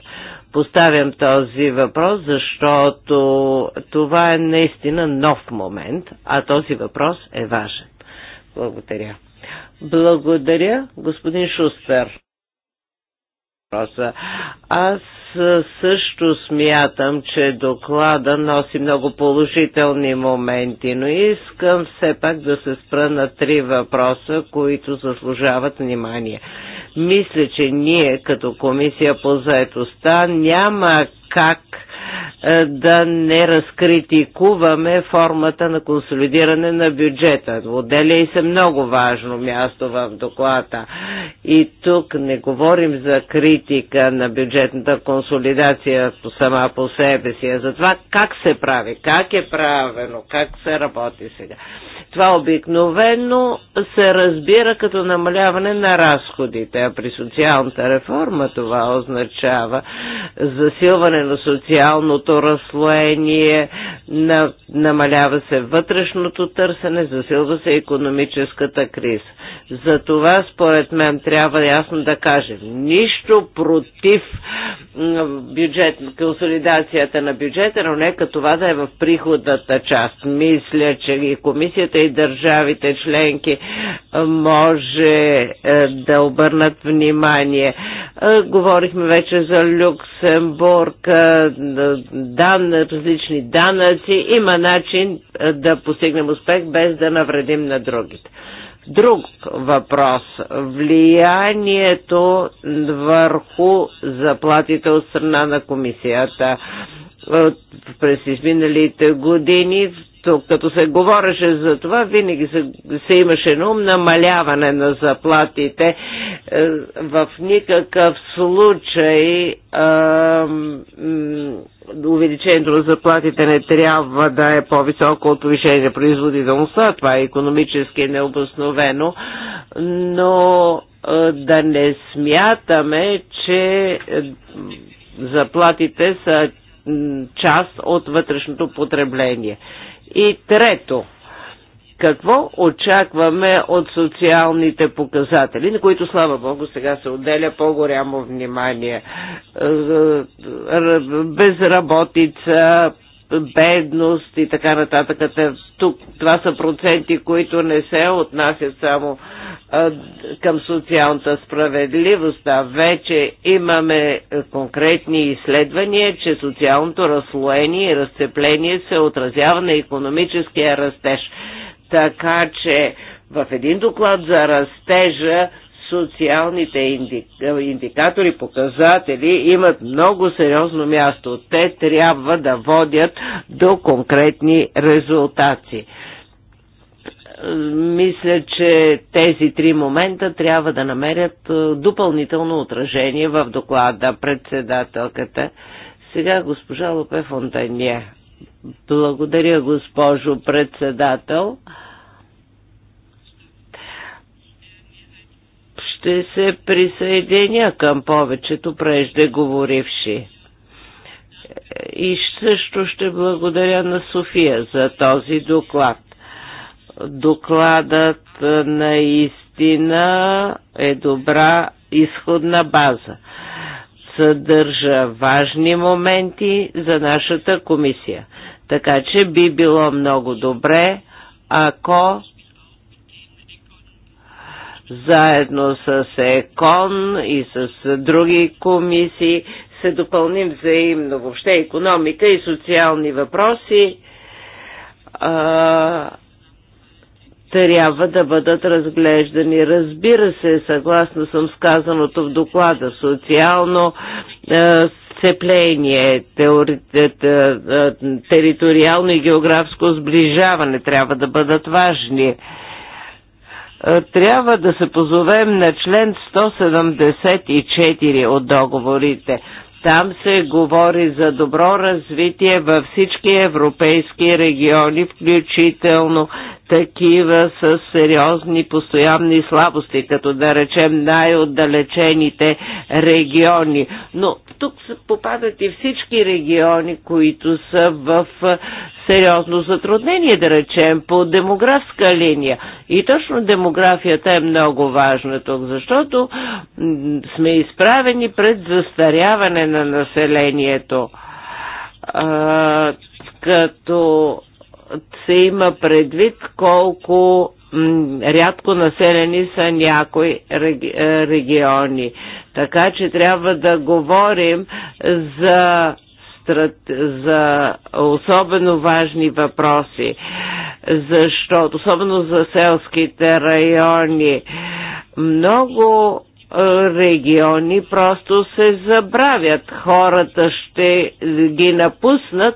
[SPEAKER 1] Поставям този въпрос, защото това е наистина нов момент, а този въпрос е важен. Благодаря. Благодаря, господин Шустер. Аз също смятам, че доклада носи много положителни моменти, но искам все пак да се спра на три въпроса, които заслужават внимание. Мисля, че ние като комисия по заедостта няма как е, да не разкритикуваме формата на консолидиране на бюджета. Отделя и се много важно място в доклада. И тук не говорим за критика на бюджетната консолидация сама по себе си, а за това как се прави, как е правено, как се работи сега. Това обикновено се разбира като намаляване на разходите, а при социалната реформа това означава засилване на социалната социалното разслоение, на, намалява се вътрешното търсене, засилва се економическата криза. За това, според мен, трябва ясно да кажем, нищо против бюджет, консолидацията на бюджета, но нека това да е в приходната част. Мисля, че и комисията и държавите членки може е, да обърнат внимание. Говорихме вече за Люксембург, дан, различни данъци. Има начин да постигнем успех без да навредим на другите. Друг въпрос. Влиянието върху заплатите от страна на комисията през изминалите години като се говореше за това, винаги се, се имаше на ум намаляване на заплатите. Е, в никакъв случай а, увеличението на заплатите не трябва да е по-високо от повишение на производителността. Това е економически необосновено, но а, е, да не смятаме, че е, заплатите са част от вътрешното потребление. И трето, какво очакваме от социалните показатели, на които, слава Богу, сега се отделя по-голямо внимание. Е, е, е, безработица, бедност и така нататък. Тук това са проценти, които не се отнасят само към социалната справедливост, а вече имаме конкретни изследвания, че социалното разслоение и разцепление се отразява на економическия растеж. Така че в един доклад за растежа социалните индик... индикатори, показатели имат много сериозно място. Те трябва да водят до конкретни резултати. Мисля, че тези три момента трябва да намерят е, допълнително отражение в доклада председателката. Сега госпожа Лопе Фонтанье. Благодаря, госпожо председател. ще се присъединя към повечето преждеговоривши. И също ще благодаря на София за този доклад. Докладът наистина е добра изходна база. Съдържа важни моменти за нашата комисия. Така че би било много добре, ако заедно с ЕКОН и с други комисии се допълним взаимно. Въобще економика и социални въпроси а, трябва да бъдат разглеждани. Разбира се, съгласно съм сказаното в доклада, социално а, сцепление, теори... териториално и географско сближаване трябва да бъдат важни. Е, трябва да се позовем на член 174 от договорите. Там се говори за добро развитие във всички европейски региони, включително такива с сериозни постоянни слабости, като да речем най-отдалечените региони. Но тук попадат и всички региони, които са в сериозно затруднение, да речем, по демографска линия. И точно демографията е много важна тук, защото сме изправени пред застаряване на населението. А, като се има предвид колко рядко населени са някои е, региони. Така че трябва да говорим за, за особено важни въпроси, защото особено за селските райони много региони просто се забравят. Хората ще ги напуснат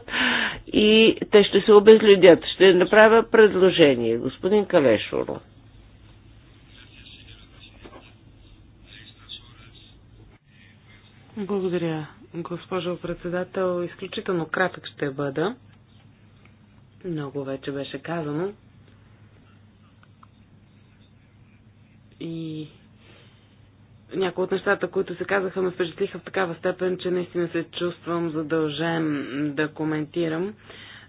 [SPEAKER 1] и те ще се обезлюдят. Ще направя предложение, господин Калешоро.
[SPEAKER 3] Благодаря, госпожо председател. Изключително кратък ще бъда. Много вече беше казано. И някои от нещата, които се казаха, ме впечатлиха в такава степен, че наистина се чувствам задължен да коментирам.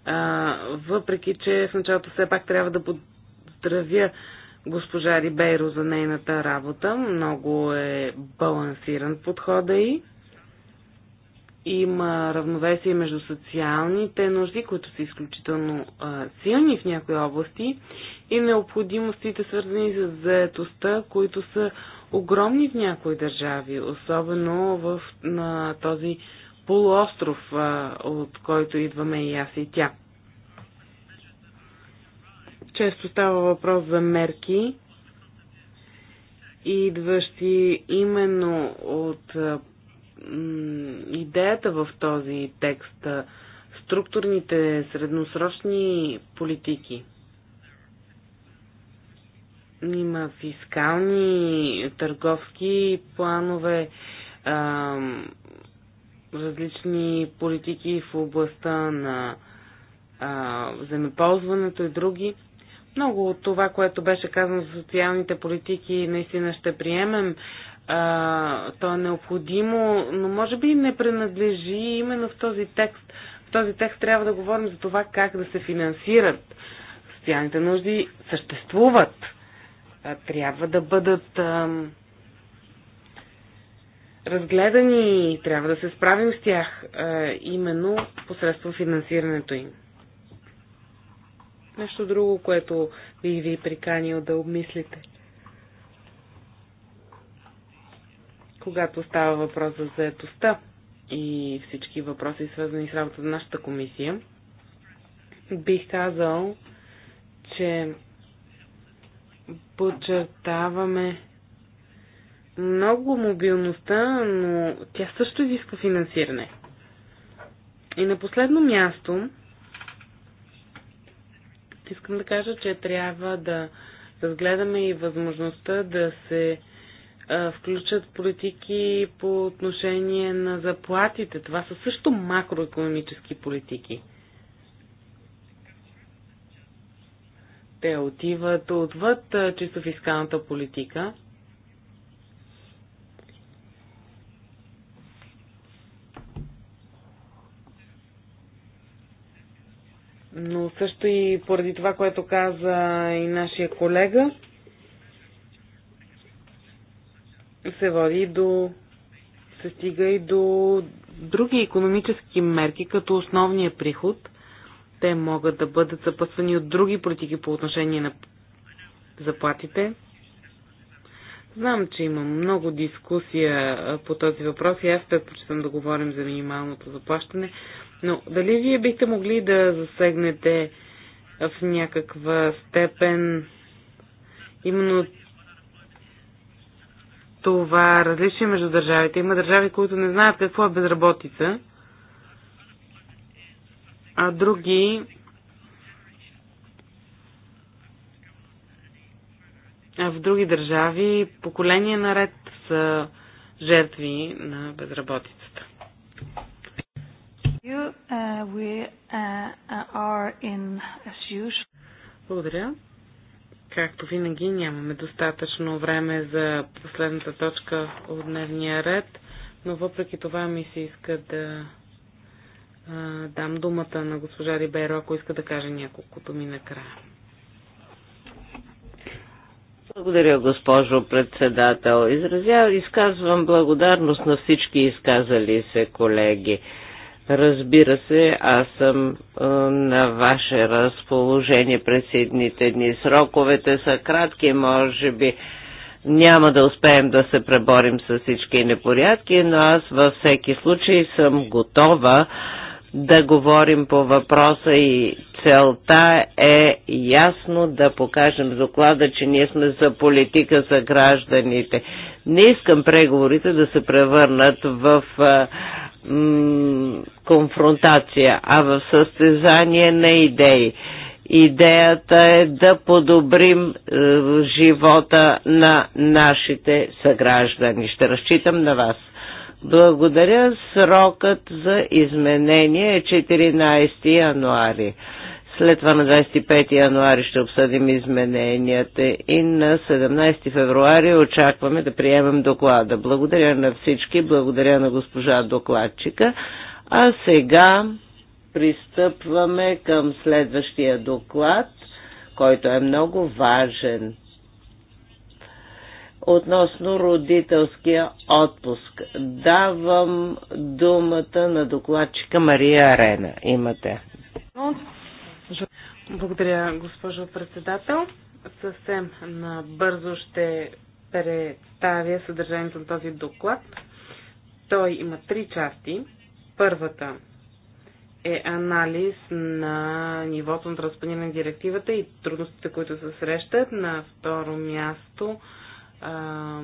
[SPEAKER 3] А, въпреки, че в началото все пак трябва да поздравя госпожа Рибейро за нейната работа. Много е балансиран подхода и има равновесие между социалните нужди, които са изключително а, силни в някои области, и необходимостите, свързани с заетостта, които са огромни в някои държави, особено в, на този полуостров, от който идваме и аз и тя. Често става въпрос за мерки, идващи именно от идеята в този текст, структурните средносрочни политики – има фискални, търговски планове, различни политики в областта на земеползването и други. Много от това, което беше казано за социалните политики, наистина ще приемем. А, то е необходимо, но може би не принадлежи именно в този текст. В този текст трябва да говорим за това как да се финансират социалните нужди. Съществуват трябва да бъдат разгледани и трябва да се справим с тях, именно посредством финансирането им. Нещо друго, което би ви приканил да обмислите. Когато става въпрос за заетостта и всички въпроси, свързани с работата на нашата комисия, бих казал, че подчертаваме много мобилността, но тя също изисква финансиране. И на последно място искам да кажа, че трябва да разгледаме и възможността да се включат политики по отношение на заплатите. Това са също макроекономически политики. Те отиват отвъд чисто фискалната политика. но също и поради това, което каза и нашия колега, се води до се стига и до други економически мерки, като основния приход, те могат да бъдат съпътствани от други политики по отношение на заплатите. Знам, че има много дискусия по този въпрос и аз предпочитам да говорим за минималното заплащане, но дали вие бихте могли да засегнете в някаква степен именно това различие между държавите. Има държави, които не знаят какво е безработица а други в други държави поколения наред са жертви на безработицата.
[SPEAKER 6] Uh, uh, Благодаря.
[SPEAKER 3] Както винаги, нямаме достатъчно време за последната точка от дневния ред, но въпреки това ми се иска да дам думата на госпожа Риберо, ако иска да каже няколко думи накрая.
[SPEAKER 6] Благодаря,
[SPEAKER 1] госпожо председател. Изразя, изказвам благодарност на всички изказали се колеги. Разбира се, аз съм е, на ваше разположение през едните дни. Сроковете са кратки, може би няма да успеем да се преборим с всички непорядки, но аз във всеки случай съм готова да говорим по въпроса и целта е ясно да покажем доклада, че ние сме за политика за гражданите. Не искам преговорите да се превърнат в а, м- конфронтация, а в състезание на идеи. Идеята е да подобрим е, живота на нашите съграждани. Ще разчитам на вас. Благодаря. Срокът за изменение е 14 януари. След това на 25 януари ще обсъдим измененията и на 17 февруари очакваме да приемем доклада. Благодаря на всички, благодаря на госпожа докладчика. А сега пристъпваме към следващия доклад, който е много важен относно родителския отпуск. Давам думата на докладчика Мария Арена. Имате.
[SPEAKER 3] Благодаря, госпожо председател. Съвсем набързо ще представя съдържанието на този доклад. Той има три части. Първата е анализ на нивото на транспониране на директивата и трудностите, които се срещат. На второ място а,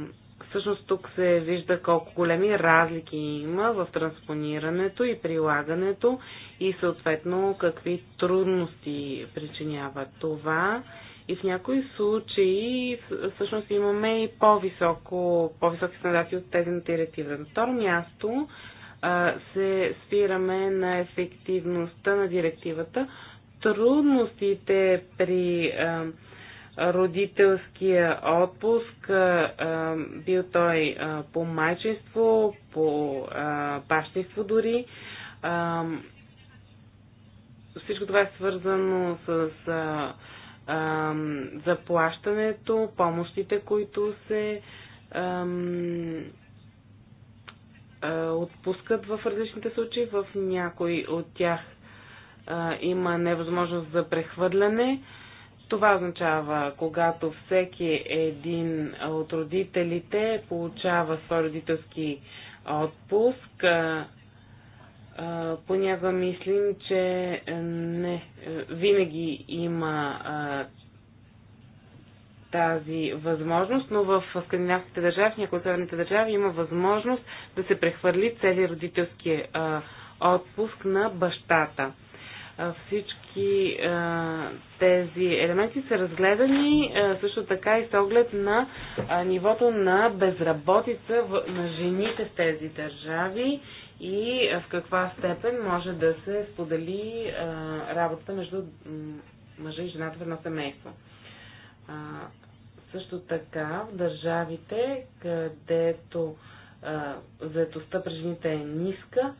[SPEAKER 3] всъщност тук се вижда колко големи разлики има в транспонирането и прилагането и съответно какви трудности причинява това. И в някои случаи всъщност имаме и по-високо, по-високи стандарти от тези на директива. На второ място се спираме на ефективността на директивата. Трудностите при родителския отпуск, бил той по майчество, по бащество дори. Всичко това е свързано с заплащането, помощите, които се отпускат в различните случаи. В някои от тях има невъзможност за прехвърляне. Това означава, когато всеки един от родителите получава свой родителски отпуск, понякога мислим, че не винаги има тази възможност, но в скандинавските държави, в някои от северните държави има възможност да се прехвърли цели родителски отпуск на бащата всички тези елементи са разгледани също така и с оглед на нивото на безработица на жените в тези държави и в каква степен може да се сподели работата между мъжа и жената в едно семейство. Също така в държавите, където заетостта при жените е ниска,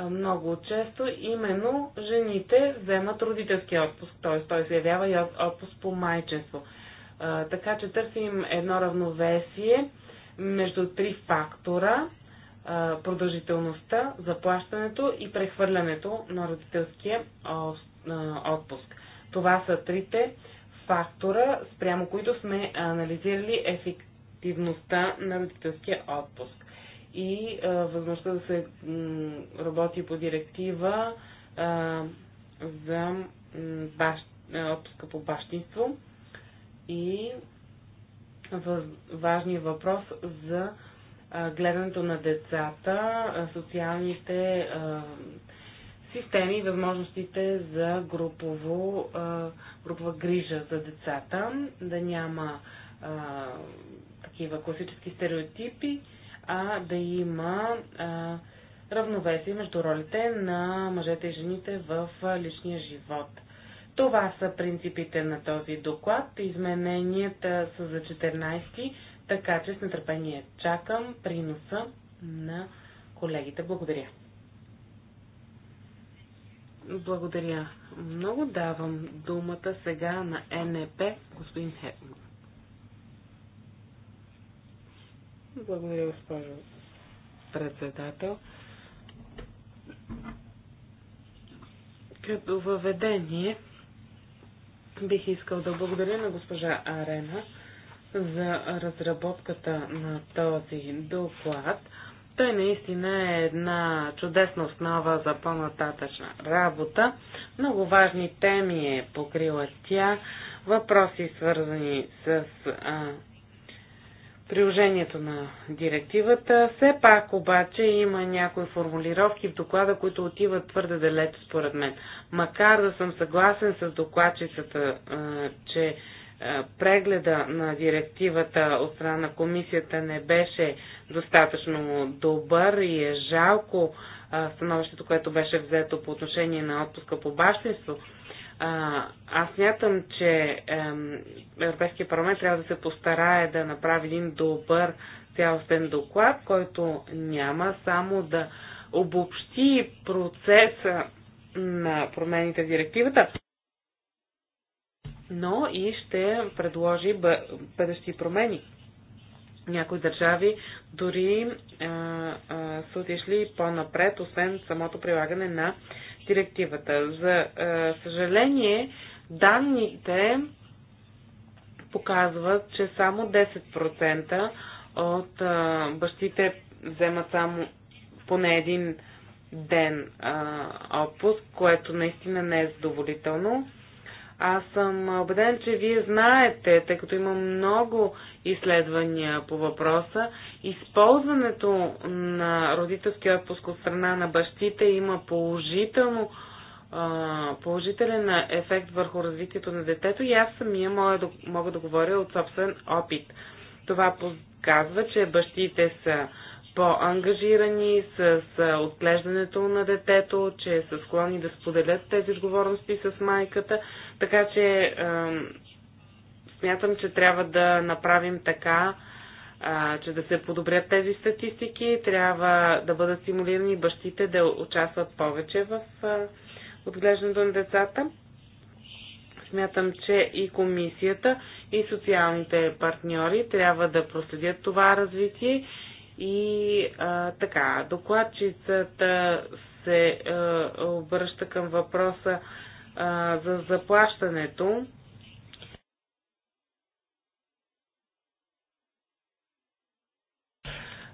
[SPEAKER 3] много често именно жените вземат родителски отпуск, т.е. той се явява и отпуск по майчество. Така че търсим едно равновесие между три фактора продължителността, заплащането и прехвърлянето на родителския отпуск. Това са трите фактора, спрямо които сме анализирали ефективността на родителския отпуск и а, възможността да се работи по директива а, за отпуска по бащинство и въз, важния въпрос за а, гледането на децата, а, социалните а, системи и възможностите за групово, а, групова грижа за децата, да няма а, такива класически стереотипи а да има а, равновесие между ролите на мъжете и жените в личния живот. Това са принципите на този доклад. Измененията са за 14, така че с нетърпение чакам приноса на колегите. Благодаря. Благодаря много. Давам думата сега на НЕП господин Хепнер.
[SPEAKER 5] Благодаря, госпожо
[SPEAKER 3] председател. Като въведение бих искал да благодаря на госпожа Арена за разработката на този доклад. Той наистина е една чудесна основа за по-нататъчна работа. Много важни теми е покрила тя. Въпроси свързани с а, приложението на директивата. Все пак обаче има някои формулировки в доклада, които отиват твърде далеч според мен. Макар да съм съгласен с докладчицата, че прегледа на директивата от страна на комисията не беше достатъчно добър и е жалко становището, което беше взето по отношение на отпуска по бащинство, аз мятам, че Европейския парламент трябва да се постарае да направи един добър цялостен доклад, който няма само да обобщи процеса на промените в директивата, но и ще предложи бъдещи промени. Някои държави дори а, а, са отишли по-напред, освен самото прилагане на а, директивата. За е, съжаление, данните показват, че само 10% от е, бащите вземат само поне един ден е, отпуск, което наистина не е задоволително. Аз съм убеден, че вие знаете, тъй като има много изследвания по въпроса, използването на родителски отпуск от страна на бащите има положително положителен ефект върху развитието на детето и аз самия мога да, мога да говоря от собствен опит. Това показва, че бащите са по-ангажирани с отглеждането на детето, че са склонни да споделят тези отговорности с майката. Така че смятам, че трябва да направим така, че да се подобрят тези статистики, трябва да бъдат стимулирани бащите да участват повече в отглеждането на децата. Смятам, че и комисията, и социалните партньори трябва да проследят това развитие и а, така, докладчицата се а, обръща към въпроса а, за заплащането.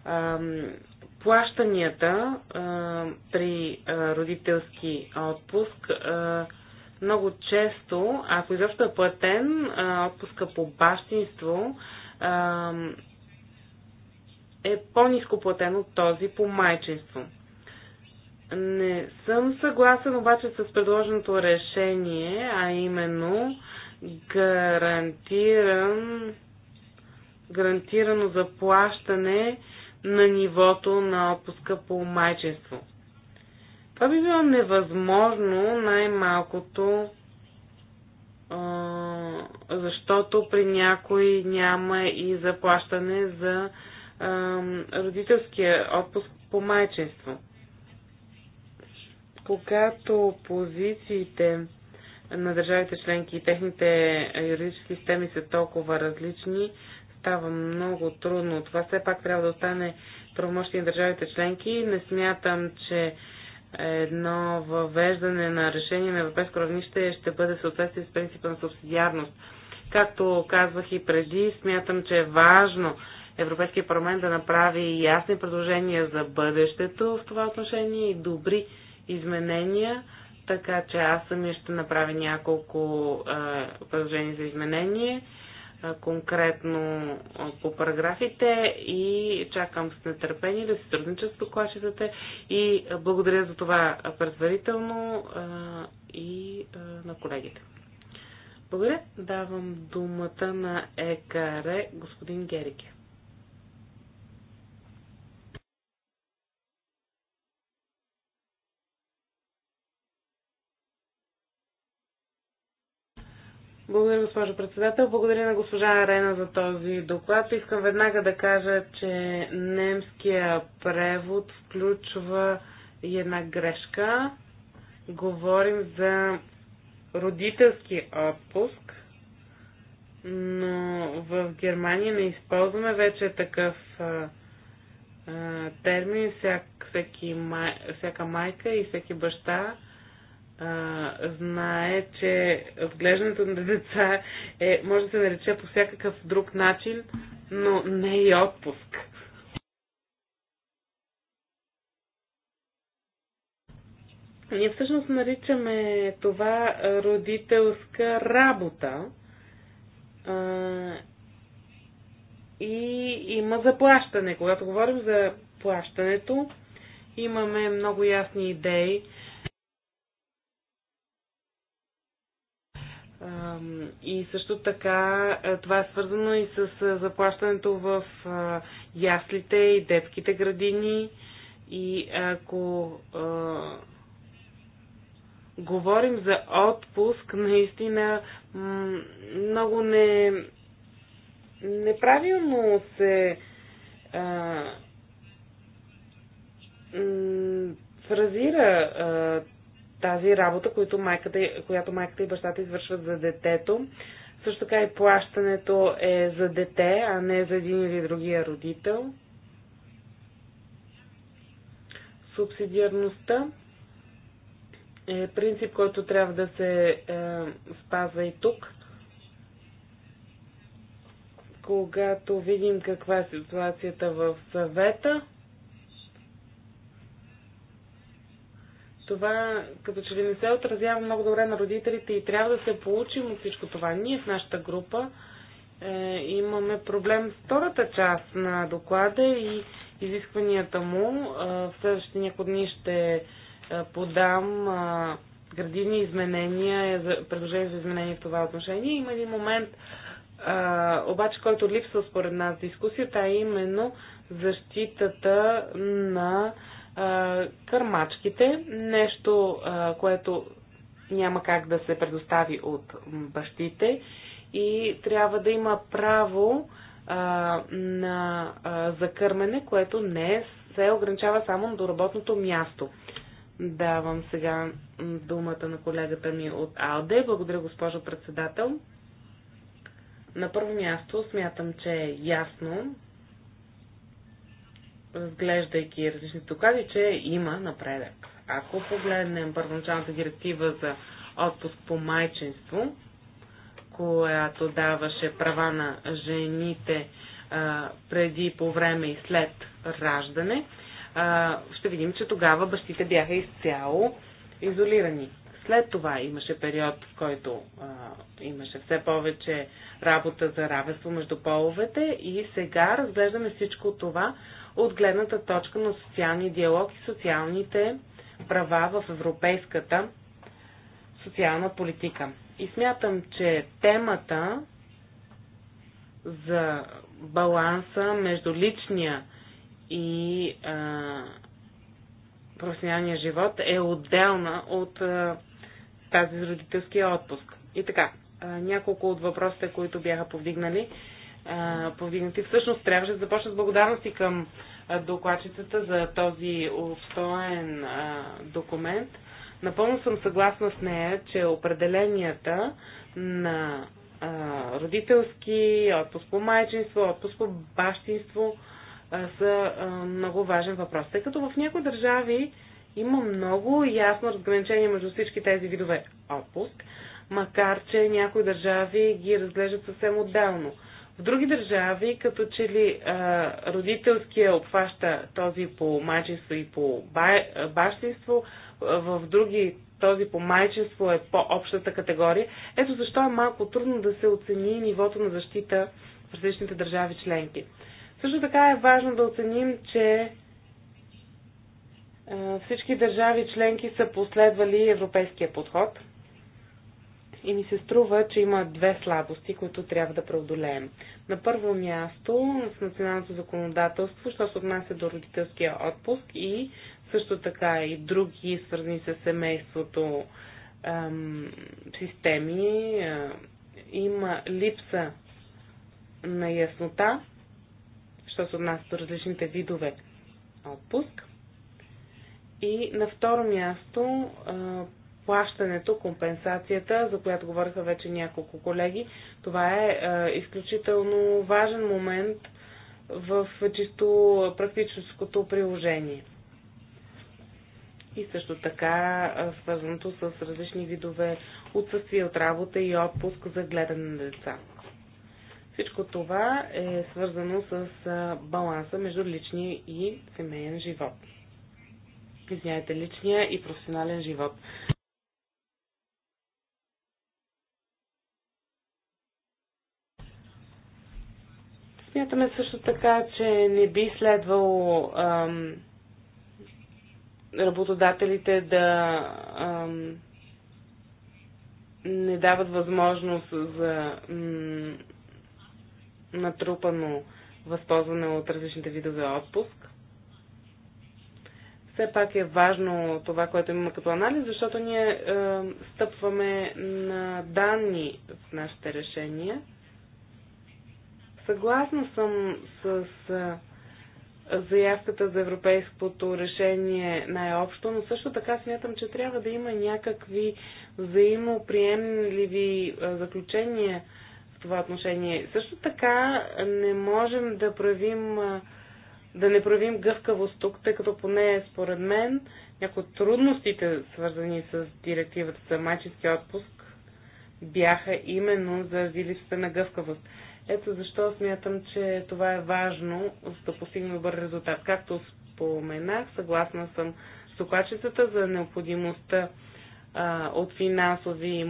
[SPEAKER 3] А, плащанията а, при а, родителски отпуск а, много често, ако изобщо е платен а, отпуска по бащинство, а, е по-низко платен от този по майчинство. Не съм съгласен обаче с предложеното решение, а именно гарантиран, гарантирано заплащане на нивото на отпуска по
[SPEAKER 4] майчество.
[SPEAKER 3] Това би било невъзможно най-малкото, защото при някой няма и заплащане за родителския отпуск по майчинство. Когато позициите на държавите членки и техните юридически системи са толкова различни, става много трудно. Това все пак трябва да остане правомощие на държавите членки. Не смятам, че едно въвеждане на решение на европейско равнище ще бъде в съответствие с принципа на субсидиарност. Както казвах и преди, смятам, че е важно Европейския парламент да направи ясни предложения за бъдещето в това отношение и добри изменения, така че аз самия ще направя няколко предложения за изменение конкретно по параграфите и чакам с нетърпение да се трудничат с докладчетата и благодаря за това предварително и на колегите. Благодаря. Давам думата на ЕКР господин Герике. Благодаря, госпожо председател. Благодаря на госпожа Арена за този доклад. Искам веднага да кажа, че немския превод включва и една грешка. Говорим за родителски отпуск, но в Германия не използваме вече такъв а, а, термин. Всяк, всеки май, всяка майка и всеки баща а, знае, че отглеждането на деца е, може да се нарече по всякакъв друг начин, но не и отпуск. Ние всъщност наричаме това родителска работа а, и има заплащане. Когато говорим за плащането, имаме много ясни идеи И също така е, това е свързано и с е, заплащането в е, яслите и детските градини. И ако а, говорим за отпуск, наистина много не, неправилно се а, фразира а, тази работа, която майката, и, която майката и бащата извършват за детето. Също така и плащането е за дете, а не за един или другия родител. Субсидиарността е принцип, който трябва да се е, спазва и тук. Когато видим каква е ситуацията в съвета, това като че ли не се отразява много добре на родителите и трябва да се получим от всичко това. Ние в нашата група е, имаме проблем с втората част на доклада и изискванията му. Е, в следващите няколко дни ще е, подам е, градивни изменения, е, предложения за изменения в това отношение. Има един момент, е, обаче, който липсва според нас дискусията, а е именно защитата на кърмачките, нещо, което няма как да се предостави от бащите и трябва да има право на закърмене, което не се ограничава само до работното място. Давам сега думата на колегата ми от АЛДЕ. Благодаря, госпожо председател. На първо място смятам, че е ясно, разглеждайки различни доклади, че има напредък. Ако погледнем първоначалната директива за отпуск по майчинство, която даваше права на жените а, преди, по време и след раждане, а, ще видим, че тогава бащите бяха изцяло изолирани. След това имаше период, в който а, имаше все повече работа за равенство между половете и сега разглеждаме всичко това от гледната точка на социалния диалог и социалните права в европейската социална политика. И смятам, че темата за баланса между личния и а, професионалния живот е отделна от а, тази родителския отпуск. И така, а, няколко от въпросите, които бяха повдигнали, повдигнати. Всъщност трябваше да започна с благодарности към докладчицата за този обстоен документ. Напълно съм съгласна с нея, че определенията на родителски, отпуск по майчинство, отпуск по бащинство са много важен въпрос. Тъй като в някои държави има много ясно разграничение между всички тези видове отпуск, макар че някои държави ги разглеждат съвсем отделно. В други държави, като че ли а, родителския обхваща този по майчество и по бащинство, в други този по майчество е по-общата категория. Ето защо е малко трудно да се оцени нивото на защита в различните държави членки. Също така е важно да оценим, че всички държави членки са последвали европейския подход – и ми се струва, че има две слабости, които трябва да преодолеем. На първо място в националното законодателство, що се отнася до родителския отпуск и също така и други, свързани с семейството ем, системи, е, има липса на яснота, що се отнася до различните видове отпуск. И на второ място, е, плащането, компенсацията, за която говориха вече няколко колеги. Това е, е изключително важен момент в чисто практическото приложение. И също така е, свързаното с различни видове отсъствие от работа и отпуск за гледане на деца. Всичко това е свързано с е, баланса между личния и семейен живот. Извинявайте, личния и професионален живот. Смятаме също така, че не би следвало ам, работодателите да ам, не дават възможност за ам, натрупано възползване от различните видове отпуск. Все пак е важно това, което имаме като анализ, защото ние е, стъпваме на данни в нашите решения. Съгласна съм с заявката за европейското решение най-общо, но също така смятам, че трябва да има някакви взаимоприемливи заключения в това отношение. Също така не можем да правим да не правим гъвкавост тук, тъй като поне според мен някои от трудностите, свързани с директивата за майчински отпуск, бяха именно заради липсата на гъвкавост. Ето защо смятам, че това е важно, за да постигнем добър резултат. Както споменах, съгласна съм с докладчицата за необходимостта а, от финансови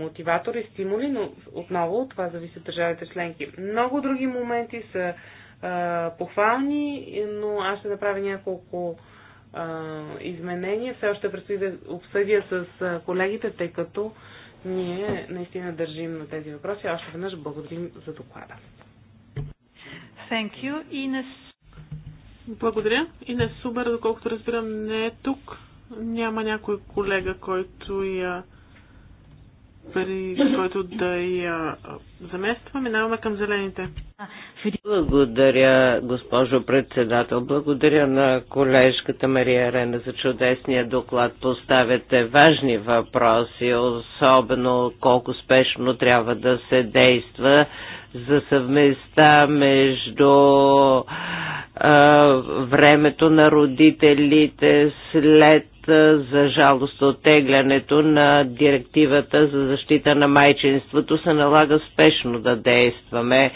[SPEAKER 3] мотиватори, стимули, но отново това зависи от държавите членки. Много други моменти са а, похвални, но аз ще направя няколко а, изменения. Все още предстои да обсъдя с колегите, тъй като ние наистина държим на тези въпроси. Още веднъж благодарим за доклада.
[SPEAKER 6] Thank you, Ines.
[SPEAKER 5] Благодаря. Инес Субер, доколкото разбирам, не е тук. Няма някой колега, който я при който да я замества. Минаваме към зелените.
[SPEAKER 1] Благодаря, госпожо председател. Благодаря на колежката Мария Рена за чудесния доклад. Поставяте важни въпроси, особено колко спешно трябва да се действа за съвместа между а, времето на родителите след за жалост оттеглянето на директивата за защита на майчинството се налага спешно да действаме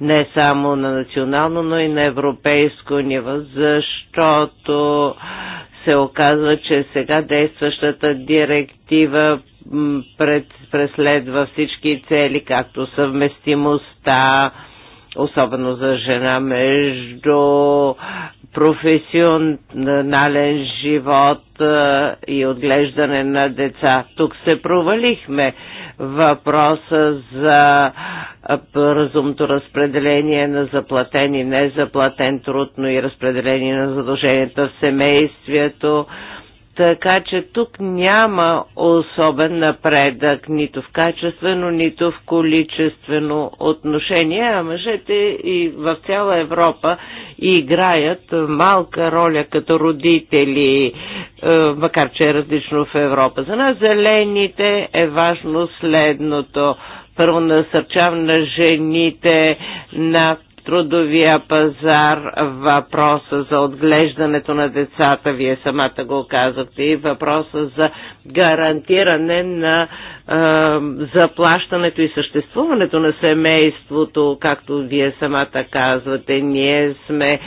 [SPEAKER 1] не само на национално, но и на европейско ниво, защото се оказва, че сега действащата директива пред, преследва всички цели, както съвместимостта, особено за жена, между професионален живот и отглеждане на деца. Тук се провалихме въпроса за разумното разпределение на заплатен и незаплатен труд, но и разпределение на задълженията в семейството така че тук няма особен напредък, нито в качествено, нито в количествено отношение, а мъжете и в цяла Европа играят малка роля като родители, е, макар че е различно в Европа. За нас зелените е важно следното първо насърчавам на жените на трудовия пазар, въпроса за отглеждането на децата, вие самата го казахте, и въпроса за гарантиране на е, заплащането и съществуването на семейството, както вие самата казвате. Ние сме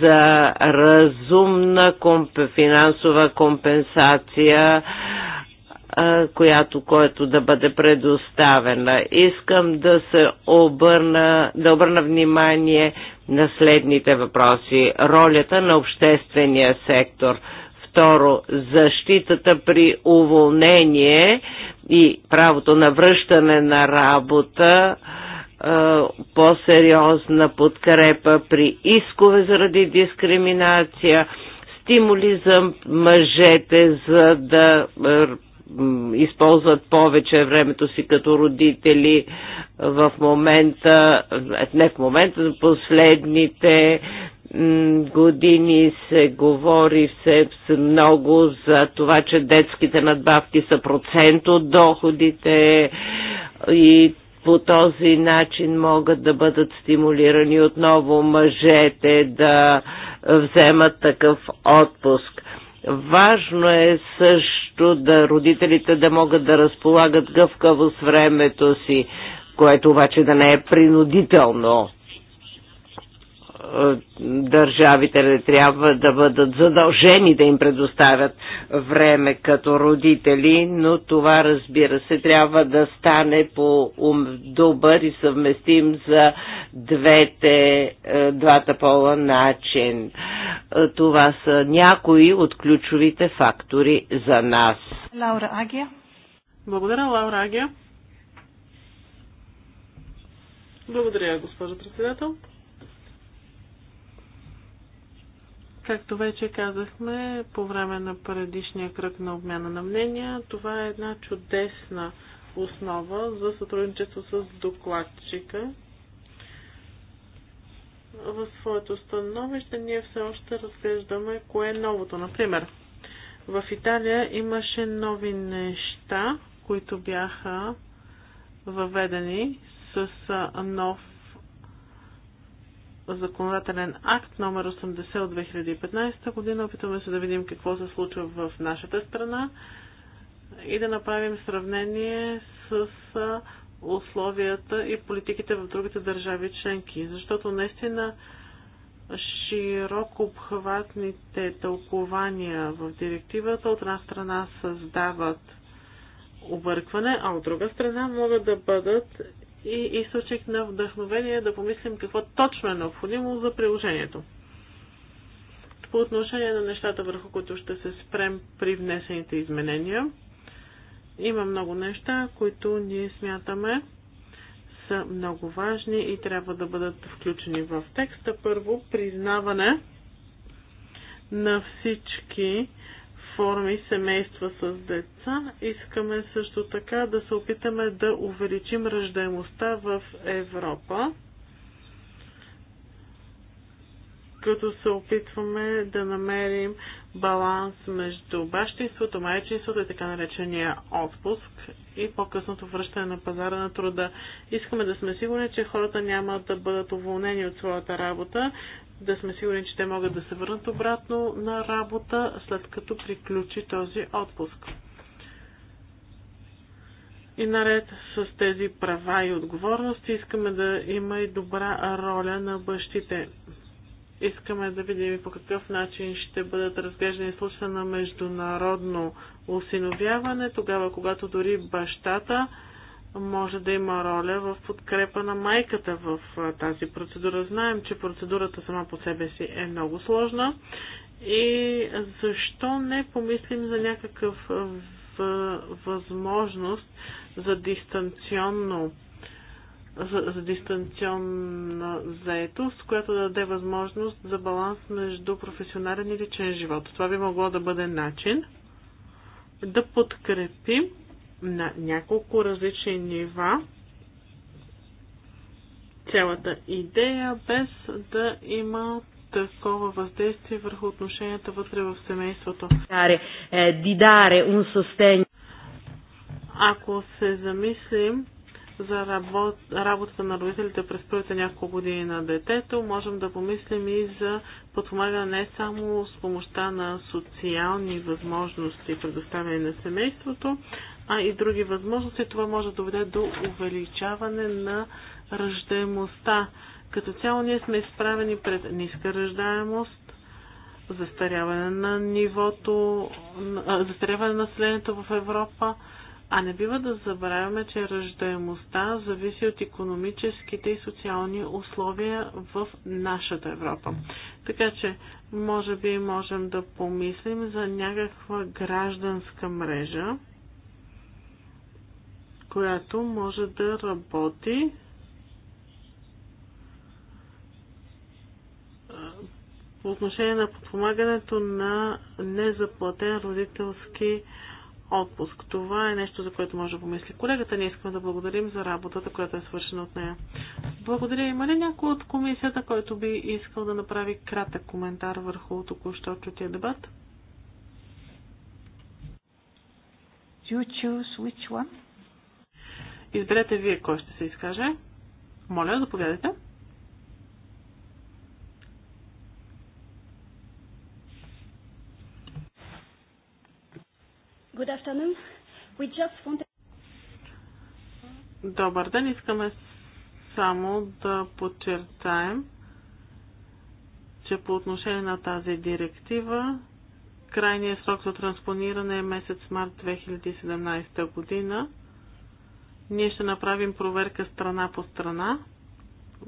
[SPEAKER 1] за разумна комп... финансова компенсация която, който да бъде предоставена. Искам да се обърна, да обърна внимание на следните въпроси. Ролята на обществения сектор. Второ, защитата при уволнение и правото на връщане на работа по-сериозна подкрепа при искове заради дискриминация, стимули за мъжете, за да използват повече времето си като родители в момента, е, не в момента, за последните години се говори все много за това, че детските надбавки са процент от доходите и по този начин могат да бъдат стимулирани отново мъжете да вземат такъв отпуск. Важно е също да родителите да могат да разполагат гъвкаво с времето си, което обаче да не е принудително. Е, държавите трябва да бъдат задължени да им предоставят време като родители, но това разбира се трябва да стане по добър и съвместим за двете, е, двата пола начин. Е, това са някои от ключовите фактори за нас.
[SPEAKER 5] Лаура Агия. Благодаря, Лаура Агия. Благодаря, госпожо председател. Както вече казахме по време на предишния кръг на обмяна на мнения, това е една чудесна основа за сътрудничество с докладчика. В своето становище ние все още разглеждаме кое е новото. Например, в Италия имаше нови неща, които бяха въведени с нов законодателен акт номер 80 от 2015 година. Опитваме се да видим какво се случва в нашата страна и да направим сравнение с условията и политиките в другите държави членки. Защото наистина широко обхватните тълкования в директивата от една страна създават объркване, а от друга страна могат да бъдат и източник на вдъхновение да помислим какво точно е необходимо за приложението. По отношение на нещата, върху които ще се спрем при внесените изменения, има много неща, които ние смятаме са много важни и трябва да бъдат включени в текста. Първо, признаване на всички форми семейства с деца. Искаме също така да се опитаме да увеличим ръждаемостта в Европа, като се опитваме да намерим баланс между бащинството, майчинството и така наречения отпуск и по-късното връщане на пазара на труда. Искаме да сме сигурни, че хората няма да бъдат уволнени от своята работа, да сме сигурни, че те могат да се върнат обратно на работа, след като приключи този отпуск. И наред с тези права и отговорности искаме да има и добра роля на бащите. Искаме да видим и по какъв начин ще бъдат разглеждани случаи на международно осиновяване, тогава когато дори бащата може да има роля в подкрепа на майката в тази процедура. Знаем, че процедурата сама по себе си е много сложна и защо не помислим за някакъв възможност за дистанционно за, за дистанционна заетост, която да даде възможност за баланс между професионален и личен живот. Това би могло да бъде начин да подкрепим на няколко различни нива цялата идея, без да има такова въздействие върху отношенията вътре в семейството. Е, Ако се замислим за работ... работата на родителите през първите няколко години на детето, можем да помислим и за подпомагане не само с помощта на социални възможности, предоставяне на семейството, а и други възможности. Това може да доведе до увеличаване на ръждаемостта. Като цяло ние сме изправени пред ниска ръждаемост, застаряване на нивото, застаряване на населението в Европа, а не бива да забравяме, че ръждаемостта зависи от економическите и социални условия в нашата Европа. Така че, може би можем да помислим за някаква гражданска мрежа, която може да работи по отношение на подпомагането на незаплатен родителски отпуск. Това е нещо, за което може да помисли колегата. Ние искаме да благодарим за работата, която е свършена от нея. Благодаря. Има ли някой от комисията, който би искал да направи кратък коментар върху току-що чутия дебат? You choose which one? Изберете вие кой ще се изкаже. Моля, заповядайте.
[SPEAKER 4] Good afternoon. We just
[SPEAKER 5] Добър ден, искаме само да подчертаем, че по отношение на тази директива крайният срок за транспониране е месец март 2017 година. Ние ще направим проверка страна по страна.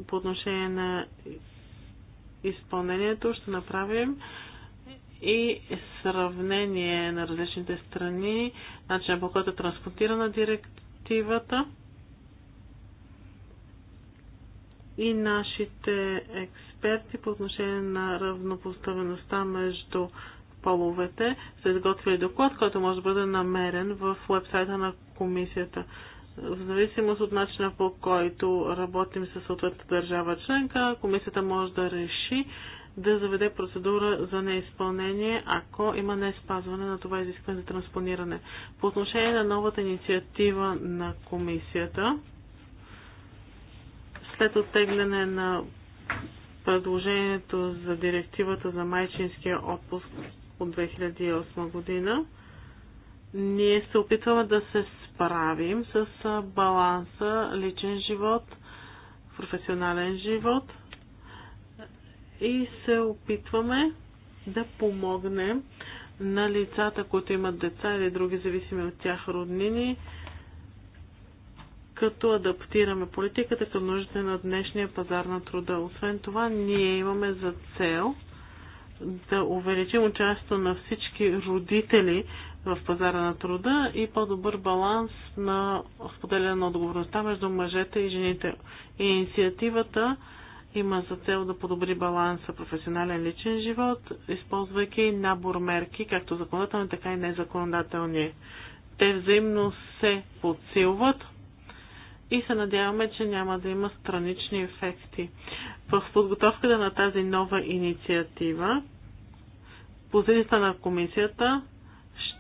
[SPEAKER 5] По отношение на изпълнението ще направим и сравнение на различните страни, начинът по който е транспортирана директивата и нашите експерти по отношение на равнопоставеността между половете са изготвили доклад, който може да бъде намерен в вебсайта на комисията в зависимост от начина по който работим със съответната държава членка, комисията може да реши да заведе процедура за неизпълнение, ако има не спазване на това изискване за транспониране. По отношение на новата инициатива на комисията, след оттегляне на предложението за директивата за майчинския отпуск от 2008 година, ние се опитваме да се справим с баланса личен живот, професионален живот и се опитваме да помогнем на лицата, които имат деца или други зависими от тях роднини, като адаптираме политиката към нуждите на днешния пазар на труда. Освен това, ние имаме за цел да увеличим участието на всички родители в пазара на труда и по-добър баланс на споделяне на отговорността между мъжете и жените. И инициативата има за цел да подобри баланса професионален личен живот, използвайки набор мерки, както законодателни, така и незаконодателни. Те взаимно се подсилват и се надяваме, че няма да има странични ефекти. В подготовката на тази нова инициатива, позицията на комисията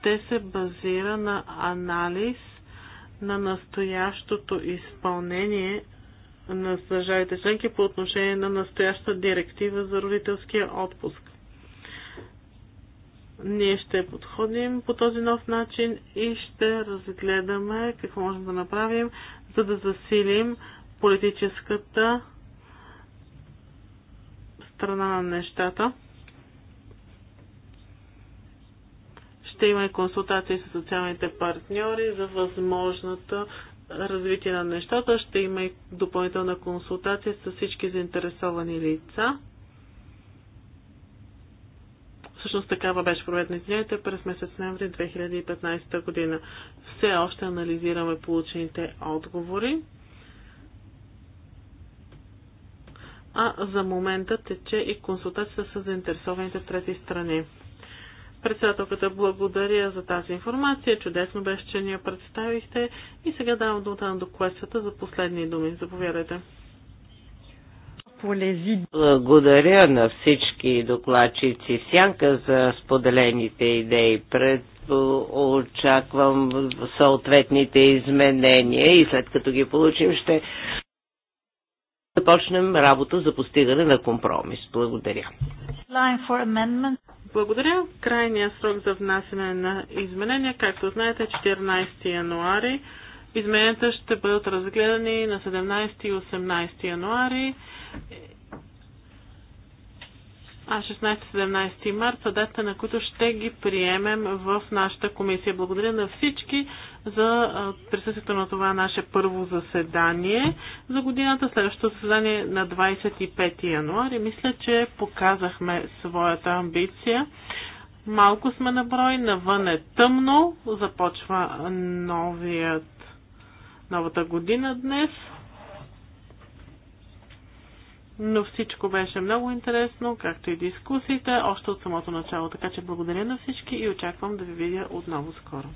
[SPEAKER 5] ще се базира на анализ на настоящото изпълнение на държавите членки по отношение на настоящата директива за родителския отпуск. Ние ще подходим по този нов начин и ще разгледаме какво можем да направим, за да засилим политическата страна на нещата. Ще има и консултации с социалните партньори за възможната развитие на нещата. Ще има и допълнителна консултация с всички заинтересовани лица. Всъщност такава беше проведена, извинете, през месец ноември 2015 година. Все още анализираме получените отговори. А за момента тече и консултацията с заинтересованите трети страни. Председателката благодаря за тази информация. Чудесно беше, че ни я представихте. И сега давам думата на докладчата за последни думи. Заповядайте.
[SPEAKER 1] Благодаря на всички докладчици Сянка за споделените идеи. Пред очаквам съответните изменения и след като ги получим ще започнем работа за постигане на компромис. Благодаря.
[SPEAKER 6] Благодаря. Крайния срок за
[SPEAKER 5] внасяне на изменения, както знаете, 14 е януари. Измененията ще бъдат разгледани на 17 и 18 януари а 16-17 марта, дата на които ще ги приемем в нашата комисия. Благодаря на всички за присъствието на това наше първо заседание за годината. Следващото заседание е на 25 януари. Мисля, че показахме своята амбиция. Малко сме на брой, навън е тъмно, започва новият, новата година днес но всичко беше много интересно, както и дискусиите, още от самото начало. Така че благодаря на всички и очаквам да ви видя отново скоро.